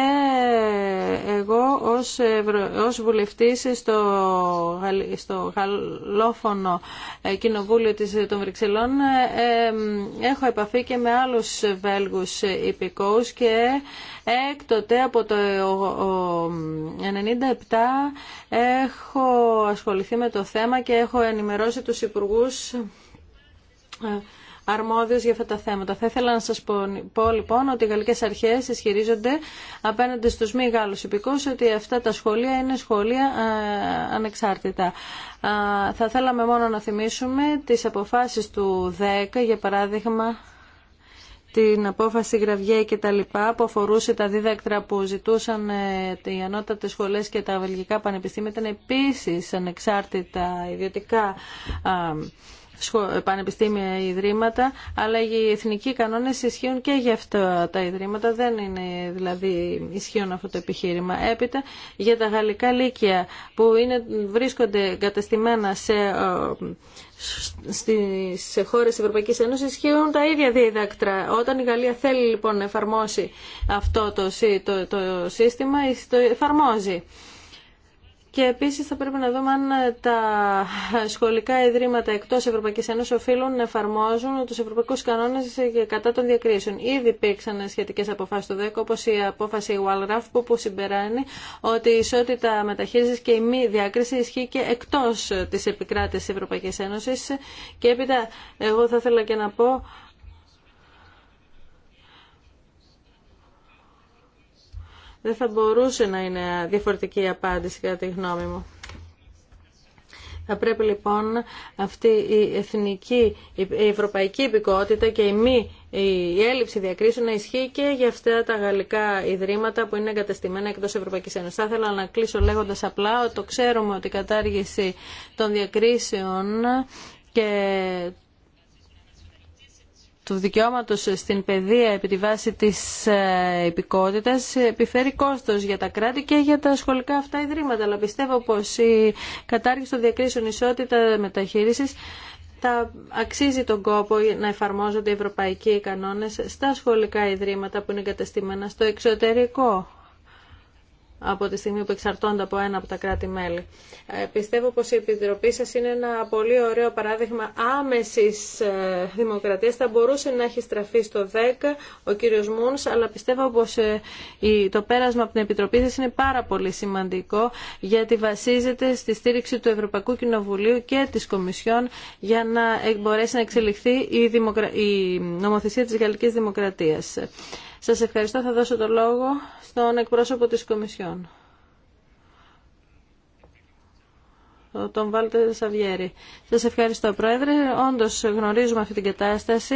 εγώ ως, Ευρω... βουλευτής στο, στο γαλλόφωνο ε, κοινοβούλιο της... των Βρυξελών ε, έχω επαφή και με άλλους Βέλγους υπηκόους και Έκτοτε από το 1997 έχω ασχοληθεί με το θέμα και έχω ενημερώσει τους υπουργούς ε, αρμόδιους για αυτά τα θέματα. Θα ήθελα να σας πω, λοιπόν ότι οι γαλλικές αρχές ισχυρίζονται απέναντι στους μη Γάλλους υπηκούς ότι αυτά τα σχολεία είναι σχολεία ε, ανεξάρτητα. θα θέλαμε μόνο να θυμίσουμε τις αποφάσεις του 10 για παράδειγμα την απόφαση Γραβιέ και τα λοιπά που αφορούσε τα δίδακτρα που ζητούσαν ε, οι ανώτατες σχολές και τα βελγικά πανεπιστήμια ήταν επίσης ανεξάρτητα ιδιωτικά πανεπιστήμια ιδρύματα, αλλά οι εθνικοί κανόνες ισχύουν και για αυτά τα ιδρύματα, δεν είναι δηλαδή ισχύουν αυτό το επιχείρημα. Έπειτα για τα γαλλικά λύκεια που είναι, βρίσκονται εγκαταστημένα σε, ε, στις χώρες της Ευρωπαϊκής Ένωσης ισχύουν τα ίδια δίδακτρα. Όταν η Γαλλία θέλει λοιπόν να εφαρμόσει αυτό το, το, το σύστημα, το εφαρμόζει. Και επίσης θα πρέπει να δούμε αν ε, τα σχολικά ιδρύματα εκτός Ευρωπαϊκής Ένωσης οφείλουν να εφαρμόζουν τους ευρωπαϊκούς κανόνες ε, κατά των διακρίσεων. Ήδη υπήρξαν σχετικές αποφάσεις του ΔΕΚ, όπως η απόφαση Wallraff που, που συμπεράνει ότι η ισότητα μεταχείρισης και η μη διάκριση ισχύει και εκτός ε, της επικράτησης Ευρωπαϊκής Ένωσης. Και έπειτα εγώ θα ήθελα και να πω Δεν θα μπορούσε να είναι διαφορετική η απάντηση κατά τη γνώμη μου. Θα πρέπει λοιπόν αυτή η εθνική, η ευρωπαϊκή υπηκότητα και η η έλλειψη διακρίσεων να ισχύει και για αυτά τα γαλλικά ιδρύματα που είναι εγκαταστημένα εκτό Ευρωπαϊκή Ένωση. Θα ήθελα να κλείσω λέγοντα απλά ότι το ξέρουμε ότι η κατάργηση των διακρίσεων και του δικαιώματος στην παιδεία επί τη βάση της ε, υπηκότητας επιφέρει κόστος για τα κράτη και για τα σχολικά αυτά ιδρύματα. Αλλά πιστεύω πως η κατάργηση των διακρίσεων ισότητα μεταχείρισης θα αξίζει τον κόπο να εφαρμόζονται οι ευρωπαϊκοί κανόνες στα σχολικά ιδρύματα που είναι εγκαταστημένα στο εξωτερικό από τη στιγμή που εξαρτώνται από ένα από τα κράτη-μέλη. Ε, πιστεύω πως η Επιτροπή σας είναι ένα πολύ ωραίο παράδειγμα άμεσης ε, δημοκρατίας. Θα μπορούσε να έχει στραφεί στο 10 ο κύριος Μούνς, αλλά πιστεύω πως ε, το πέρασμα από την Επιτροπή σας είναι πάρα πολύ σημαντικό, γιατί βασίζεται στη στήριξη του Ευρωπαϊκού Κοινοβουλίου και της Κομισιόν για να μπορέσει να εξελιχθεί η, νομοθεσία της Γαλλικής Δημοκρατίας. Σας ευχαριστώ. Θα δώσω το λόγο στον εκπρόσωπο της Κομισιόν. τον Βάλτε Σαβιέρη. Σας ευχαριστώ Πρόεδρε. Όντως γνωρίζουμε αυτή την κατάσταση.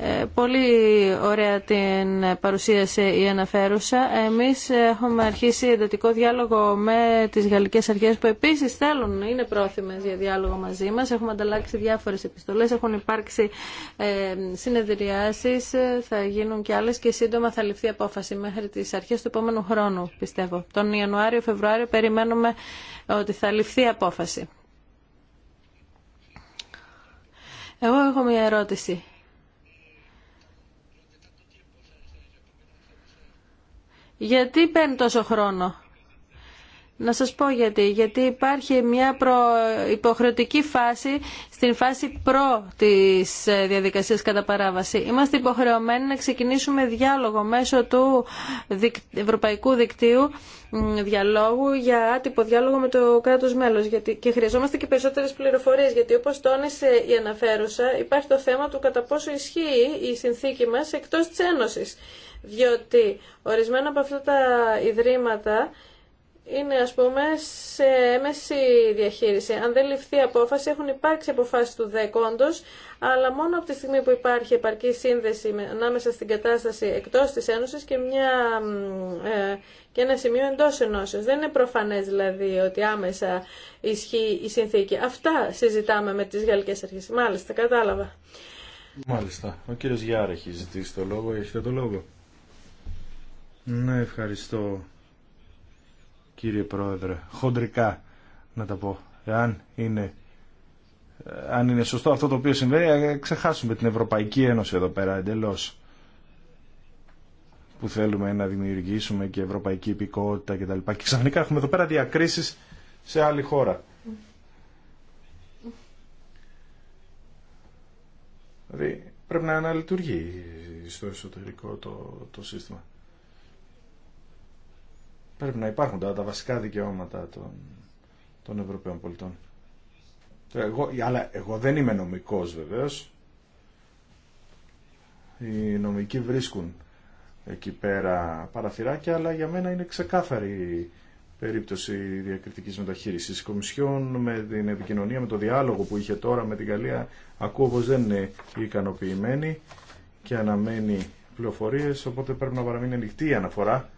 Ε, πολύ ωραία την παρουσίασε η αναφέρουσα. Εμείς έχουμε αρχίσει εντατικό διάλογο με τις γαλλικές αρχές που επίσης θέλουν, είναι πρόθυμες για διάλογο μαζί μας. Έχουμε ανταλλάξει διάφορες επιστολές, έχουν υπάρξει ε, συνεδριάσεις, θα γίνουν και άλλες και σύντομα θα ληφθεί απόφαση μέχρι τις αρχές του επόμενου χρόνου, πιστεύω. Τον Ιανουάριο-Φεβρουάριο περιμένουμε ότι θα ληφθεί απόφαση. Εγώ έχω μια ερώτηση. Γιατί παίρνει τόσο χρόνο. Να σας πω γιατί. Γιατί υπάρχει μια υποχρεωτική φάση στην φάση προ της ε, διαδικασίας κατά παράβαση. Είμαστε υποχρεωμένοι να ξεκινήσουμε διάλογο μέσω του Ευρωπαϊκού Δικτύου Διαλόγου για άτυπο διάλογο με το κράτος μέλος. Γιατί και χρειαζόμαστε και περισσότερες πληροφορίες. Γιατί όπως τόνισε η αναφέρουσα υπάρχει το θέμα του κατά πόσο ισχύει η συνθήκη μας εκτός της Ένωσης. Διότι ορισμένα από αυτά τα ιδρύματα είναι ας πούμε σε έμεση διαχείριση. Αν δεν ληφθεί απόφαση, έχουν υπάρξει αποφάσεις του ΔΕΚ όντως, αλλά μόνο από τη στιγμή που υπάρχει επαρκή σύνδεση ανάμεσα στην κατάσταση εκτός της Ένωσης και, μια, ε, και ένα σημείο εντός Ενώσεως. Δεν είναι προφανές δηλαδή ότι άμεσα ισχύει η συνθήκη. Αυτά συζητάμε με τις γαλλικές αρχές. Μάλιστα, κατάλαβα. Μάλιστα. Ο κύριος Γιάρα έχει ζητήσει το λόγο. Έχετε το λόγο. Ναι, ευχαριστώ κύριε Πρόεδρε, χοντρικά να τα πω. Εάν είναι, αν είναι σωστό αυτό το οποίο συμβαίνει, ξεχάσουμε την Ευρωπαϊκή Ένωση εδώ πέρα εντελώ που θέλουμε να δημιουργήσουμε και ευρωπαϊκή υπηκότητα κτλ. Και, και ξαφνικά έχουμε εδώ πέρα διακρίσεις σε άλλη χώρα. Δηλαδή πρέπει να αναλειτουργεί στο εσωτερικό το, το σύστημα. Πρέπει να υπάρχουν τα, τα βασικά δικαιώματα των, Ευρωπαίων πολιτών. Εγώ, αλλά εγώ δεν είμαι νομικός βεβαίως. Οι νομικοί βρίσκουν εκεί πέρα παραθυράκια, αλλά για μένα είναι ξεκάθαρη περίπτωση διακριτικής μεταχείρισης. Η Κομισιόν με την επικοινωνία, με το διάλογο που είχε τώρα με την Γαλλία, ακούω πως δεν είναι ικανοποιημένη και αναμένει πληροφορίες, οπότε πρέπει να παραμείνει ανοιχτή η αναφορά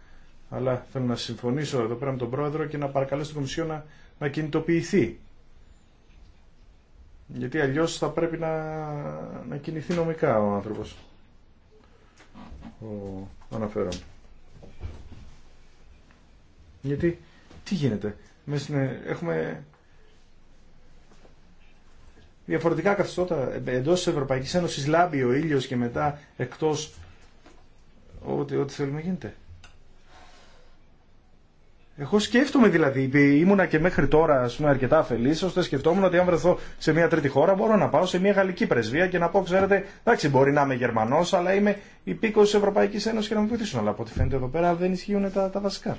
αλλά θέλω να συμφωνήσω εδώ πέρα με τον πρόεδρο και να παρακαλέσω την Κομισιό να, να κινητοποιηθεί. Γιατί αλλιώ θα πρέπει να, να κινηθεί νομικά ο άνθρωπο. Ο Γιατί, τι γίνεται, Μες έχουμε διαφορετικά καθεστώτα εντό της Ευρωπαϊκή Ένωση λάμπει ο ήλιος και μετά εκτός ό,τι, ό,τι θέλουμε γίνεται. Εγώ σκέφτομαι δηλαδή, ήμουνα και μέχρι τώρα πούμε, αρκετά αφελή, ώστε σκεφτόμουν ότι αν βρεθώ σε μια τρίτη χώρα μπορώ να πάω σε μια γαλλική πρεσβεία και να πω, ξέρετε, εντάξει, μπορεί να είμαι Γερμανό, αλλά είμαι υπήκο τη Ευρωπαϊκή Ένωση και να μου βοηθήσουν. Αλλά από ό,τι φαίνεται εδώ πέρα δεν ισχύουν τα, τα βασικά.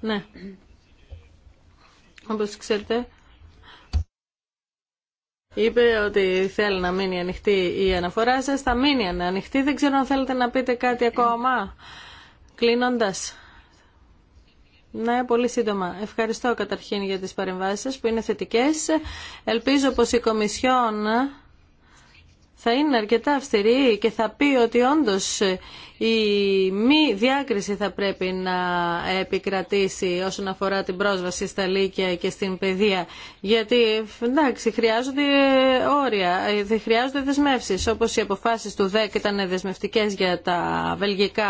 Ναι. Όπω ξέρετε, Είπε ότι θέλει να μείνει ανοιχτή η αναφορά σας. Θα μείνει ανοιχτή. Δεν ξέρω αν θέλετε να πείτε κάτι ακόμα. κλείνοντα. Ναι, πολύ σύντομα. Ευχαριστώ καταρχήν για τις παρεμβάσεις σας που είναι θετικές. Ελπίζω πως η Κομισιόν θα είναι αρκετά αυστηρή και θα πει ότι όντως η μη διάκριση θα πρέπει να επικρατήσει όσον αφορά την πρόσβαση στα λύκεια και στην παιδεία. Γιατί, εντάξει, χρειάζονται όρια, ε, χρειάζονται δεσμεύσεις. Όπως οι αποφάσεις του ΔΕΚ ήταν δεσμευτικές για τα βελγικά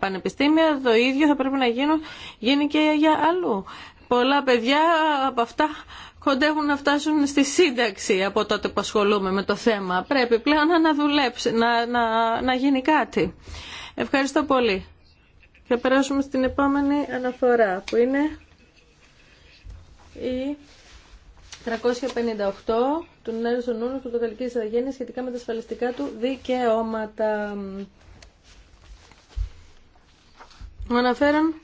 πανεπιστήμια, το ίδιο θα πρέπει να γίνει, γίνει και για αλλού. Πολλά παιδιά από αυτά κοντεύουν να φτάσουν στη σύνταξη από τότε που ασχολούμαι με το θέμα. Πρέπει πλέον να δουλέψει, να, να, να γίνει κάτι. Ευχαριστώ πολύ. Θα περάσουμε στην επόμενη αναφορά που είναι η 358 του Νέρισον του Πορτοκαλικής Αγένειας σχετικά με τα ασφαλιστικά του δικαιώματα. Μου αναφέρον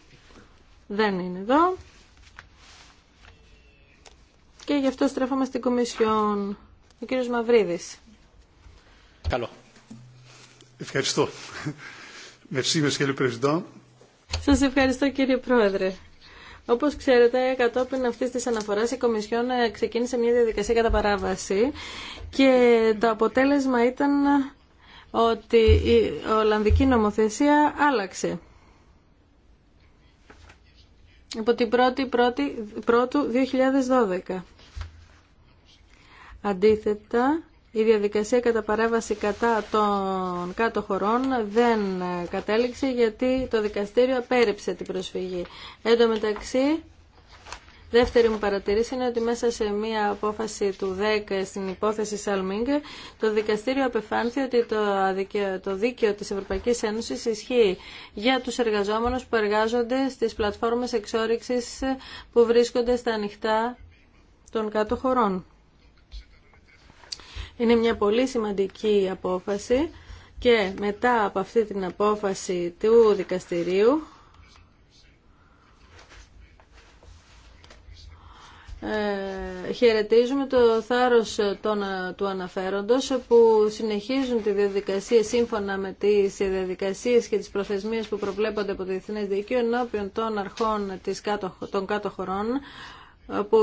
δεν είναι εδώ και γι' αυτό στρέφομαι στην Κομισιόν. Ο κύριος Μαυρίδη. Καλό. Ευχαριστώ. Σας ευχαριστώ κύριε Πρόεδρε. Όπως ξέρετε, κατόπιν αυτής της αναφοράς η Κομισιόν ε, ξεκίνησε μια διαδικασία κατά παράβαση και το αποτέλεσμα ήταν ότι η Ολλανδική νομοθεσία άλλαξε. Από την 1η η 2012. Αντίθετα, η διαδικασία κατά παράβαση κατά των κάτω χωρών δεν κατέληξε γιατί το δικαστήριο απέρριψε την προσφυγή. Εν τω μεταξύ, δεύτερη μου παρατηρήση είναι ότι μέσα σε μία απόφαση του 10 στην υπόθεση Σαλμίνγκ, το δικαστήριο απεφάνθη ότι το, το δίκαιο της Ευρωπαϊκής Ένωσης ισχύει για τους εργαζόμενους που εργάζονται στις πλατφόρμες εξόριξης που βρίσκονται στα ανοιχτά των κάτω χωρών. Είναι μια πολύ σημαντική απόφαση και μετά από αυτή την απόφαση του δικαστηρίου ε, χαιρετίζουμε το θάρρος των, του αναφέροντος που συνεχίζουν τη διαδικασία σύμφωνα με τις διαδικασίες και τις προθεσμίες που προβλέπονται από το Διεθνές Δίκαιο ενώπιον των αρχών της κάτω, των κάτω χωρών που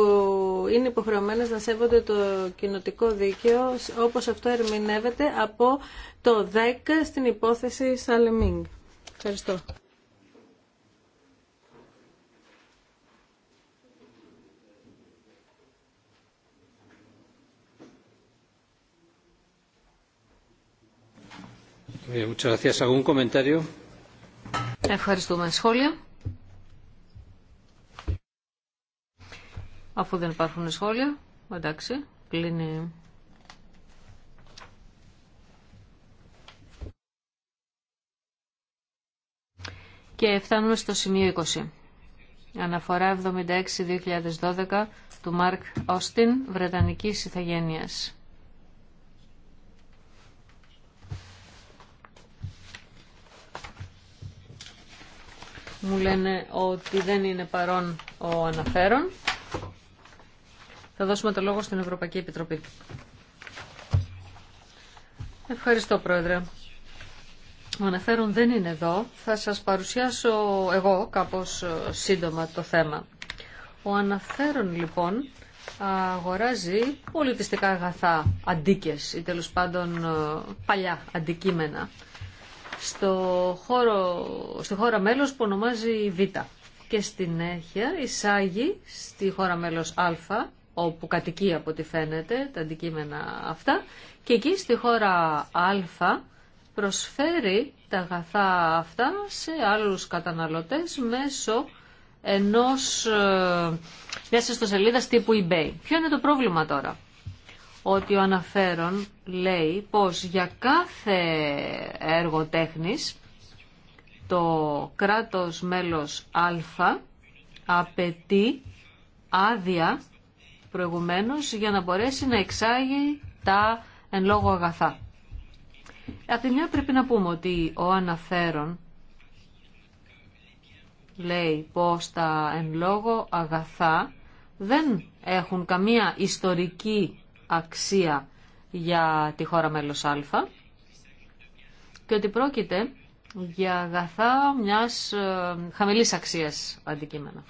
είναι υποχρεωμένες να σέβονται το κοινοτικό δίκαιο όπως αυτό ερμηνεύεται από το ΔΕΚ στην υπόθεση Σαλεμίνγκ. Ευχαριστώ. Ε, Ευχαριστούμε. Σχόλια. Αφού δεν υπάρχουν σχόλια, εντάξει, κλείνει. Και φτάνουμε στο σημείο 20. Αναφορά 76-2012 του Μάρκ Όστιν, Βρετανικής Ιθαγένειας. Μου λένε ότι δεν είναι παρόν ο αναφέρον. Θα δώσουμε το λόγο στην Ευρωπαϊκή Επιτροπή. Ευχαριστώ, Πρόεδρε. Ο αναφέρον δεν είναι εδώ. Θα σας παρουσιάσω εγώ κάπως ε, σύντομα το θέμα. Ο αναφέρον, λοιπόν, αγοράζει πολιτιστικά αγαθά, αντίκες ή τέλος πάντων ε, παλιά αντικείμενα στο χώρο, στη χώρα μέλος που ονομάζει Β και στην Έχεια εισάγει στη χώρα μέλος Α όπου κατοικεί από ό,τι φαίνεται τα αντικείμενα αυτά και εκεί στη χώρα Α προσφέρει τα αγαθά αυτά σε άλλους καταναλωτές μέσω ενός ε, μιας ιστοσελίδας τύπου eBay. Ποιο είναι το πρόβλημα τώρα ότι ο αναφέρον λέει πως για κάθε έργο τέχνης το κράτος μέλος Α απαιτεί άδεια για να μπορέσει να εξάγει τα εν λόγω αγαθά. Από τη μια πρέπει να πούμε ότι ο αναφέρον λέει πως τα εν λόγω αγαθά δεν έχουν καμία ιστορική αξία για τη χώρα μέλος Α και ότι πρόκειται για αγαθά μιας ε, χαμηλής αξίας αντικείμενα.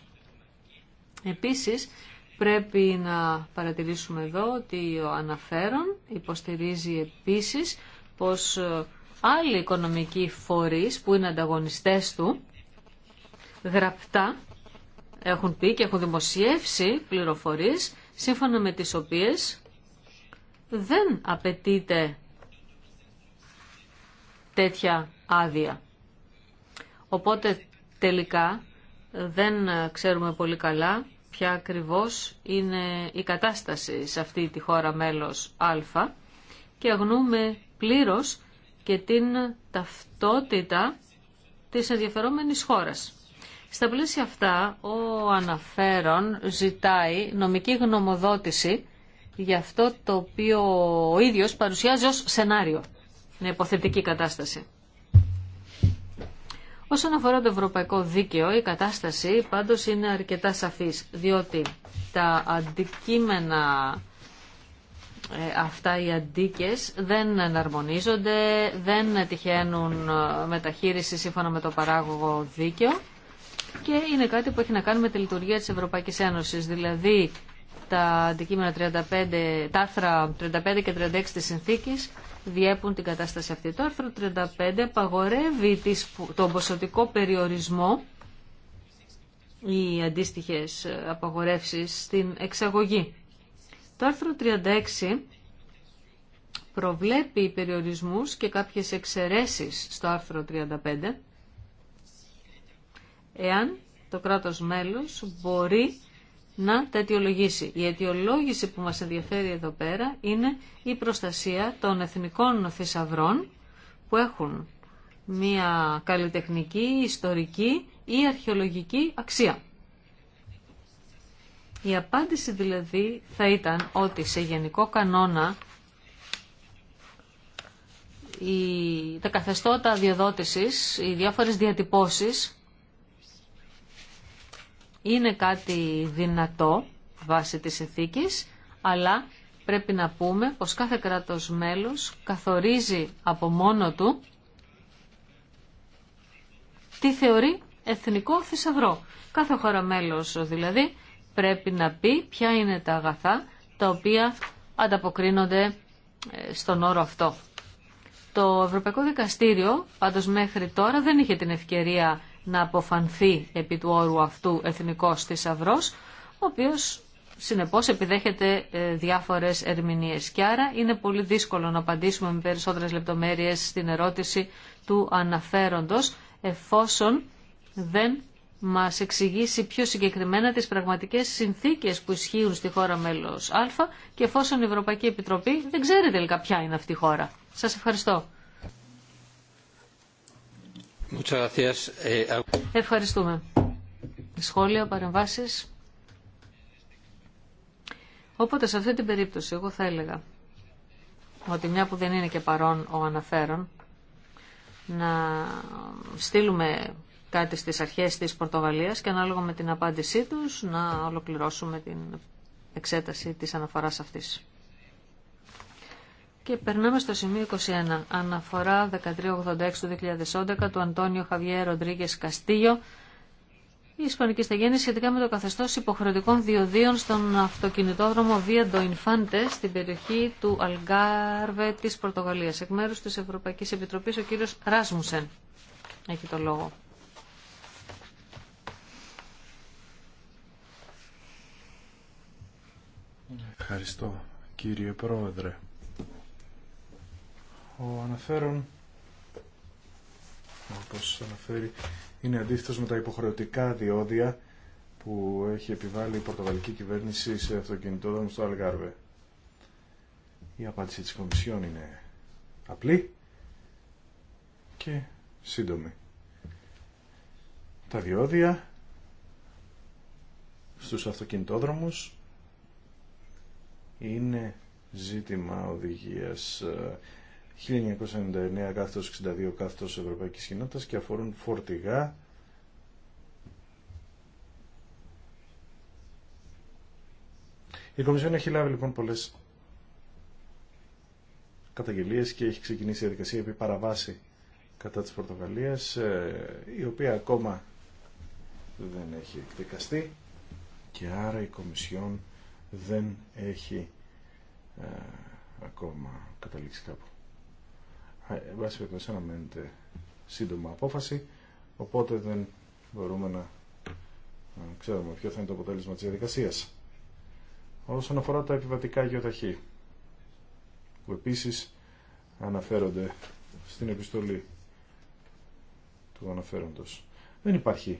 Επίσης, Πρέπει να παρατηρήσουμε εδώ ότι ο αναφέρον υποστηρίζει επίσης πως ε, άλλοι οικονομικοί φορείς που είναι ανταγωνιστές του γραπτά έχουν πει και έχουν δημοσιεύσει πληροφορίες σύμφωνα με τις οποίες δεν απαιτείται τέτοια άδεια. Οπότε τελικά δεν ξέρουμε πολύ καλά ποια ακριβώς είναι η κατάσταση σε αυτή τη χώρα μέλος Α και αγνούμε πλήρως και την ταυτότητα της ενδιαφερόμενης χώρας. Στα πλαίσια αυτά, ο αναφέρον ζητάει νομική γνωμοδότηση για αυτό το οποίο ο ίδιος παρουσιάζει ως σενάριο. μια υποθετική κατάσταση. Όσον αφορά το ευρωπαϊκό δίκαιο, η κατάσταση πάντως είναι αρκετά σαφής, διότι τα αντικείμενα ε, αυτά οι αντίκες δεν εναρμονίζονται, δεν τυχαίνουν ε, μεταχείριση σύμφωνα με το παράγωγο δίκαιο και είναι κάτι που έχει να κάνει με τη λειτουργία της Ευρωπαϊκής Ένωσης. Δηλαδή τα αντικείμενα 35, τα άρθρα 35 και 36 της συνθήκης διέπουν την κατάσταση αυτή. Το άρθρο 35 απαγορεύει τον ποσοτικό περιορισμό ή αντίστοιχες ε, απαγορεύσεις στην εξαγωγή. Το άρθρο 36 προβλέπει περιορισμούς και κάποιες εξαιρέσεις στο άρθρο 35 εάν το κράτος μέλος μπορεί να τα αιτιολογήσει. Η αιτιολόγηση που μας ενδιαφέρει εδώ πέρα είναι η προστασία των εθνικών θησαυρών που έχουν μια καλλιτεχνική, ιστορική ή αρχαιολογική αξία. Η απάντηση δηλαδή θα ήταν ότι σε γενικό κανόνα η, τα καθεστώτα διαδότησης, οι διάφορες διατυπώσεις είναι κάτι δυνατό βάσει της ηθίκης, αλλά πρέπει να πούμε πως κάθε κράτος μέλος καθορίζει από μόνο του τι θεωρεί εθνικό θησαυρό. Κάθε χώρα μέλος δηλαδή πρέπει να πει ποια είναι τα αγαθά τα οποία ανταποκρίνονται ε, στον όρο αυτό. Το Ευρωπαϊκό Δικαστήριο πάντως μέχρι τώρα δεν είχε την ευκαιρία να αποφανθεί επί του όρου αυτού εθνικός θησαυρό, ο οποίος συνεπώς επιδέχεται ε, διάφορες ερμηνείες. Και άρα είναι πολύ δύσκολο να απαντήσουμε με περισσότερες λεπτομέρειες στην ερώτηση του αναφέροντος, εφόσον δεν μας εξηγήσει πιο συγκεκριμένα τις πραγματικές συνθήκες που ισχύουν στη χώρα μέλος Α και εφόσον η Ευρωπαϊκή Επιτροπή δεν ξέρει τελικά ποια είναι αυτή η χώρα. Σας ευχαριστώ. Eh, Ευχαριστούμε. Σχόλια, παρεμβάσεις. Οπότε σε αυτή την περίπτωση εγώ θα έλεγα ότι μια που δεν είναι και παρόν ο αναφέρον να στείλουμε κάτι στις αρχές της Πορτογαλίας και ανάλογα με την απάντησή τους να ολοκληρώσουμε την εξέταση της αναφοράς αυτής. Και περνάμε στο σημείο 21. Αναφορά 1386 του 2011 του Αντώνιο Χαβιέ Ροντρίγκε Καστίγιο. Η Ισπανική Σταγέννη σχετικά με το καθεστώ υποχρεωτικών διοδίων στον αυτοκινητόδρομο Via do Infante στην περιοχή του Αλγκάρβε τη Πορτογαλία. Εκ μέρου τη Ευρωπαϊκή Επιτροπή ο κύριο Ράσμουσεν έχει το λόγο. Ευχαριστώ κύριε Πρόεδρε ο αναφέρον, όπως αναφέρει, είναι αντίθετος με τα υποχρεωτικά διόδια που έχει επιβάλει η πορτογαλική κυβέρνηση σε αυτοκινητόδρομο στο Αλγάρβε. Η απάντηση της Κομισιόν είναι απλή και σύντομη. Τα διόδια στους αυτοκινητόδρομους είναι ζήτημα οδηγίας ε, 1999 κάθετο 62 κάθετο Ευρωπαϊκή Κοινότητα και αφορούν φορτηγά Η Κομισιόν έχει λάβει λοιπόν πολλές καταγγελίες και έχει ξεκινήσει η διαδικασία επί παραβάση κατά της Πορτογαλίας ε, η οποία ακόμα δεν έχει εκδικαστεί και άρα η Κομισιόν δεν έχει ε, ακόμα καταλήξει κάπου. Ε, εν πάση να αναμένεται σύντομα απόφαση, οπότε δεν μπορούμε να ξέρουμε ποιο θα είναι το αποτέλεσμα της διαδικασίας. Όσον αφορά τα επιβατικά γεωταχή, που επίσης αναφέρονται στην επιστολή του αναφέροντος. Δεν υπάρχει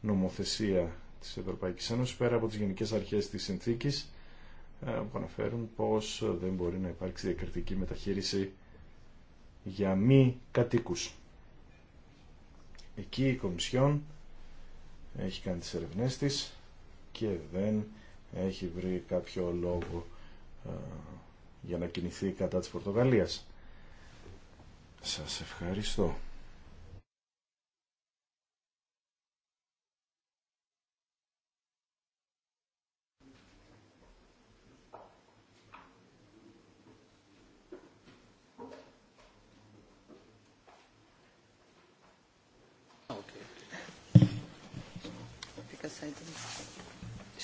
νομοθεσία της Ευρωπαϊκής Ένωσης πέρα από τις γενικές αρχές της συνθήκης ε, που αναφέρουν πως δεν μπορεί να υπάρξει διακριτική μεταχείριση για μη κατοίκους. Εκεί η Κομισιόν έχει κάνει τις ερευνές της και δεν έχει βρει κάποιο λόγο ε, για να κινηθεί κατά της Πορτογαλίας. Σας ευχαριστώ.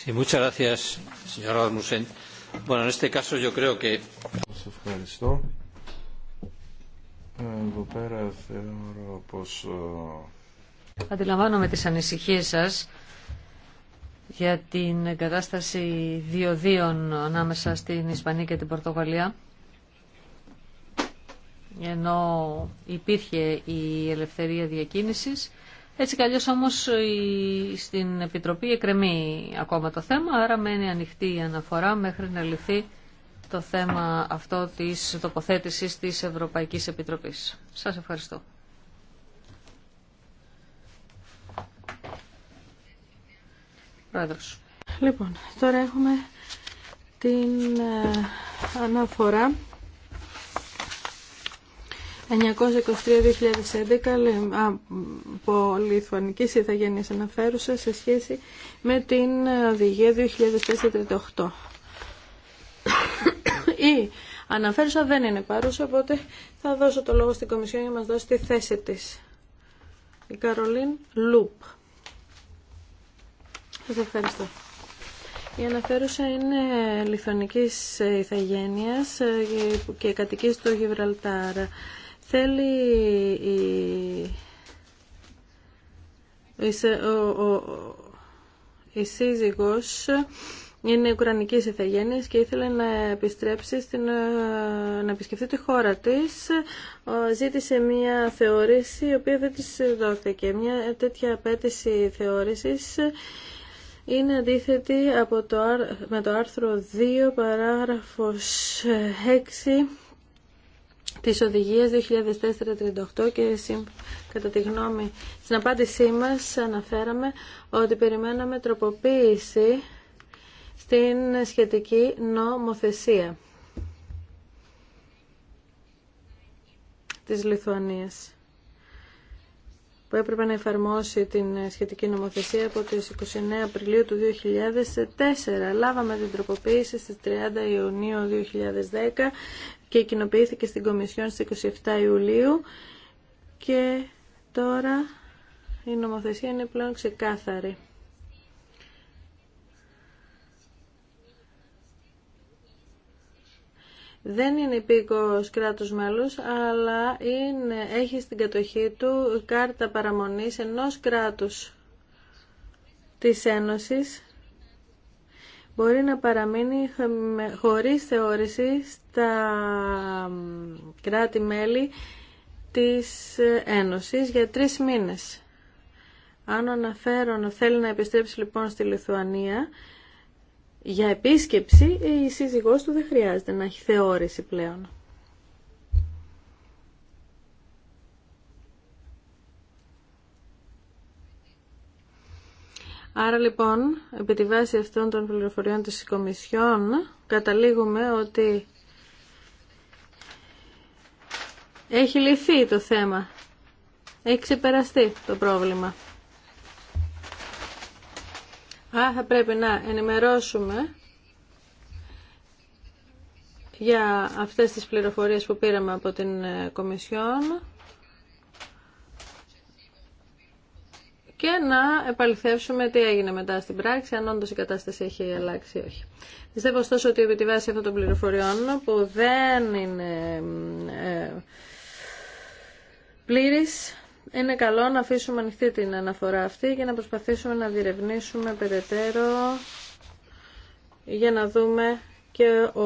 Ε, Αντιλαμβάνομαι τις ανησυχίες σας για την κατάσταση διοδίων ανάμεσα στην Ισπανία και την Πορτογαλία ενώ υπήρχε η ελευθερία διακίνησης έτσι κι αλλιώς όμως στην Επιτροπή εκρεμεί ακόμα το θέμα, άρα μένει ανοιχτή η αναφορά μέχρι να λυθεί το θέμα αυτό της τοποθέτησης της Ευρωπαϊκής Επιτροπής. Σας ευχαριστώ. Πρόεδρος. Λοιπόν, τώρα έχουμε την ε, αναφορά 923-2011 από λιθουανική ηθαγένεια αναφέρουσα σε σχέση με την οδηγια 2038. Η αναφέρουσα δεν είναι παρούσα, οπότε θα δώσω το λόγο στην Κομισιόν για να μας δώσει τη θέση της. Η Καρολίν Λουπ. Σας ευχαριστώ. Η αναφέρουσα είναι λιθωνικής ηθαγένειας ε, και κατοικεί στο Γιβραλτάρα θέλει η σύζυγος είναι ουκρανικής ηθαγένειας και ήθελε να επιστρέψει στην, ε, να επισκεφτεί τη χώρα της. Ζήτησε μια θεώρηση η οποία δεν της δόθηκε. Μια τέτοια απέτηση θεώρησης είναι αντίθετη από το, με το άρθρο 2 παράγραφος 6 ε, της οδηγιας 2004 2004-38 και κατά τη γνώμη στην απάντησή μας αναφέραμε ότι περιμέναμε τροποποίηση στην σχετική νομοθεσία της Λιθουανίας που έπρεπε να εφαρμόσει την σχετική νομοθεσία από τις 29 Απριλίου του 2004. Λάβαμε την τροποποίηση στις 30 Ιουνίου 2010 και κοινοποιήθηκε στην Κομισιόν στις 27 Ιουλίου και τώρα η νομοθεσία είναι πλέον ξεκάθαρη. δεν είναι υπήκος κράτος μέλους, αλλά είναι, έχει στην κατοχή του κάρτα παραμονής ενός κράτους της Ένωσης μπορεί να παραμείνει χωρίς θεώρηση στα κράτη-μέλη της ε, Ένωσης για τρεις μήνες. Αν ο θέλει να επιστρέψει λοιπόν στη Λιθουανία για επίσκεψη, η σύζυγός του δεν χρειάζεται να έχει θεώρηση πλέον. Άρα λοιπόν, επί τη βάση αυτών των πληροφοριών της Κομισιόν, καταλήγουμε ότι έχει λυθεί το θέμα. Έχει ξεπεραστεί το πρόβλημα. Α, θα πρέπει να ενημερώσουμε για αυτές τις πληροφορίες που πήραμε από την ε, Κομισιόν και να επαληθεύσουμε τι έγινε μετά στην πράξη, αν όντω η κατάσταση έχει αλλάξει ή όχι. Πιστεύω ωστόσο ότι επί τη βάση αυτών των πληροφοριών που δεν είναι ε, πλήρης, είναι καλό να αφήσουμε ανοιχτή την αναφορά αυτή και να προσπαθήσουμε να διερευνήσουμε περαιτέρω για να δούμε και ο,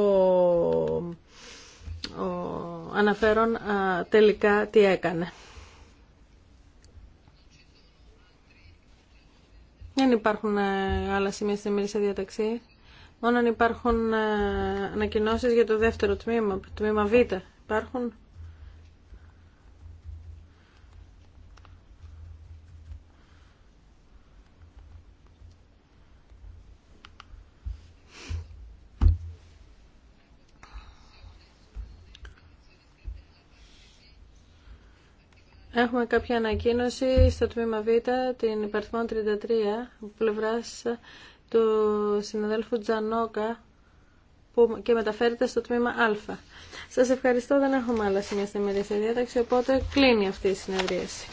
ο αναφέρον τελικά τι έκανε. Δεν υπάρχουν ε, άλλα σημεία στην ημερήσια διαταξή. Μόνο αν υπάρχουν ε, ανακοινώσει για το δεύτερο τμήμα, το τμήμα Β. Υπάρχουν. Έχουμε κάποια ανακοίνωση στο τμήμα Β, την υπαρθμό 33, από πλευράς του συναδέλφου Τζανόκα, που και μεταφέρεται στο τμήμα Α. Σας ευχαριστώ, δεν έχουμε άλλα σημεία στη διάταξη, οπότε κλείνει αυτή η συνεδρίαση.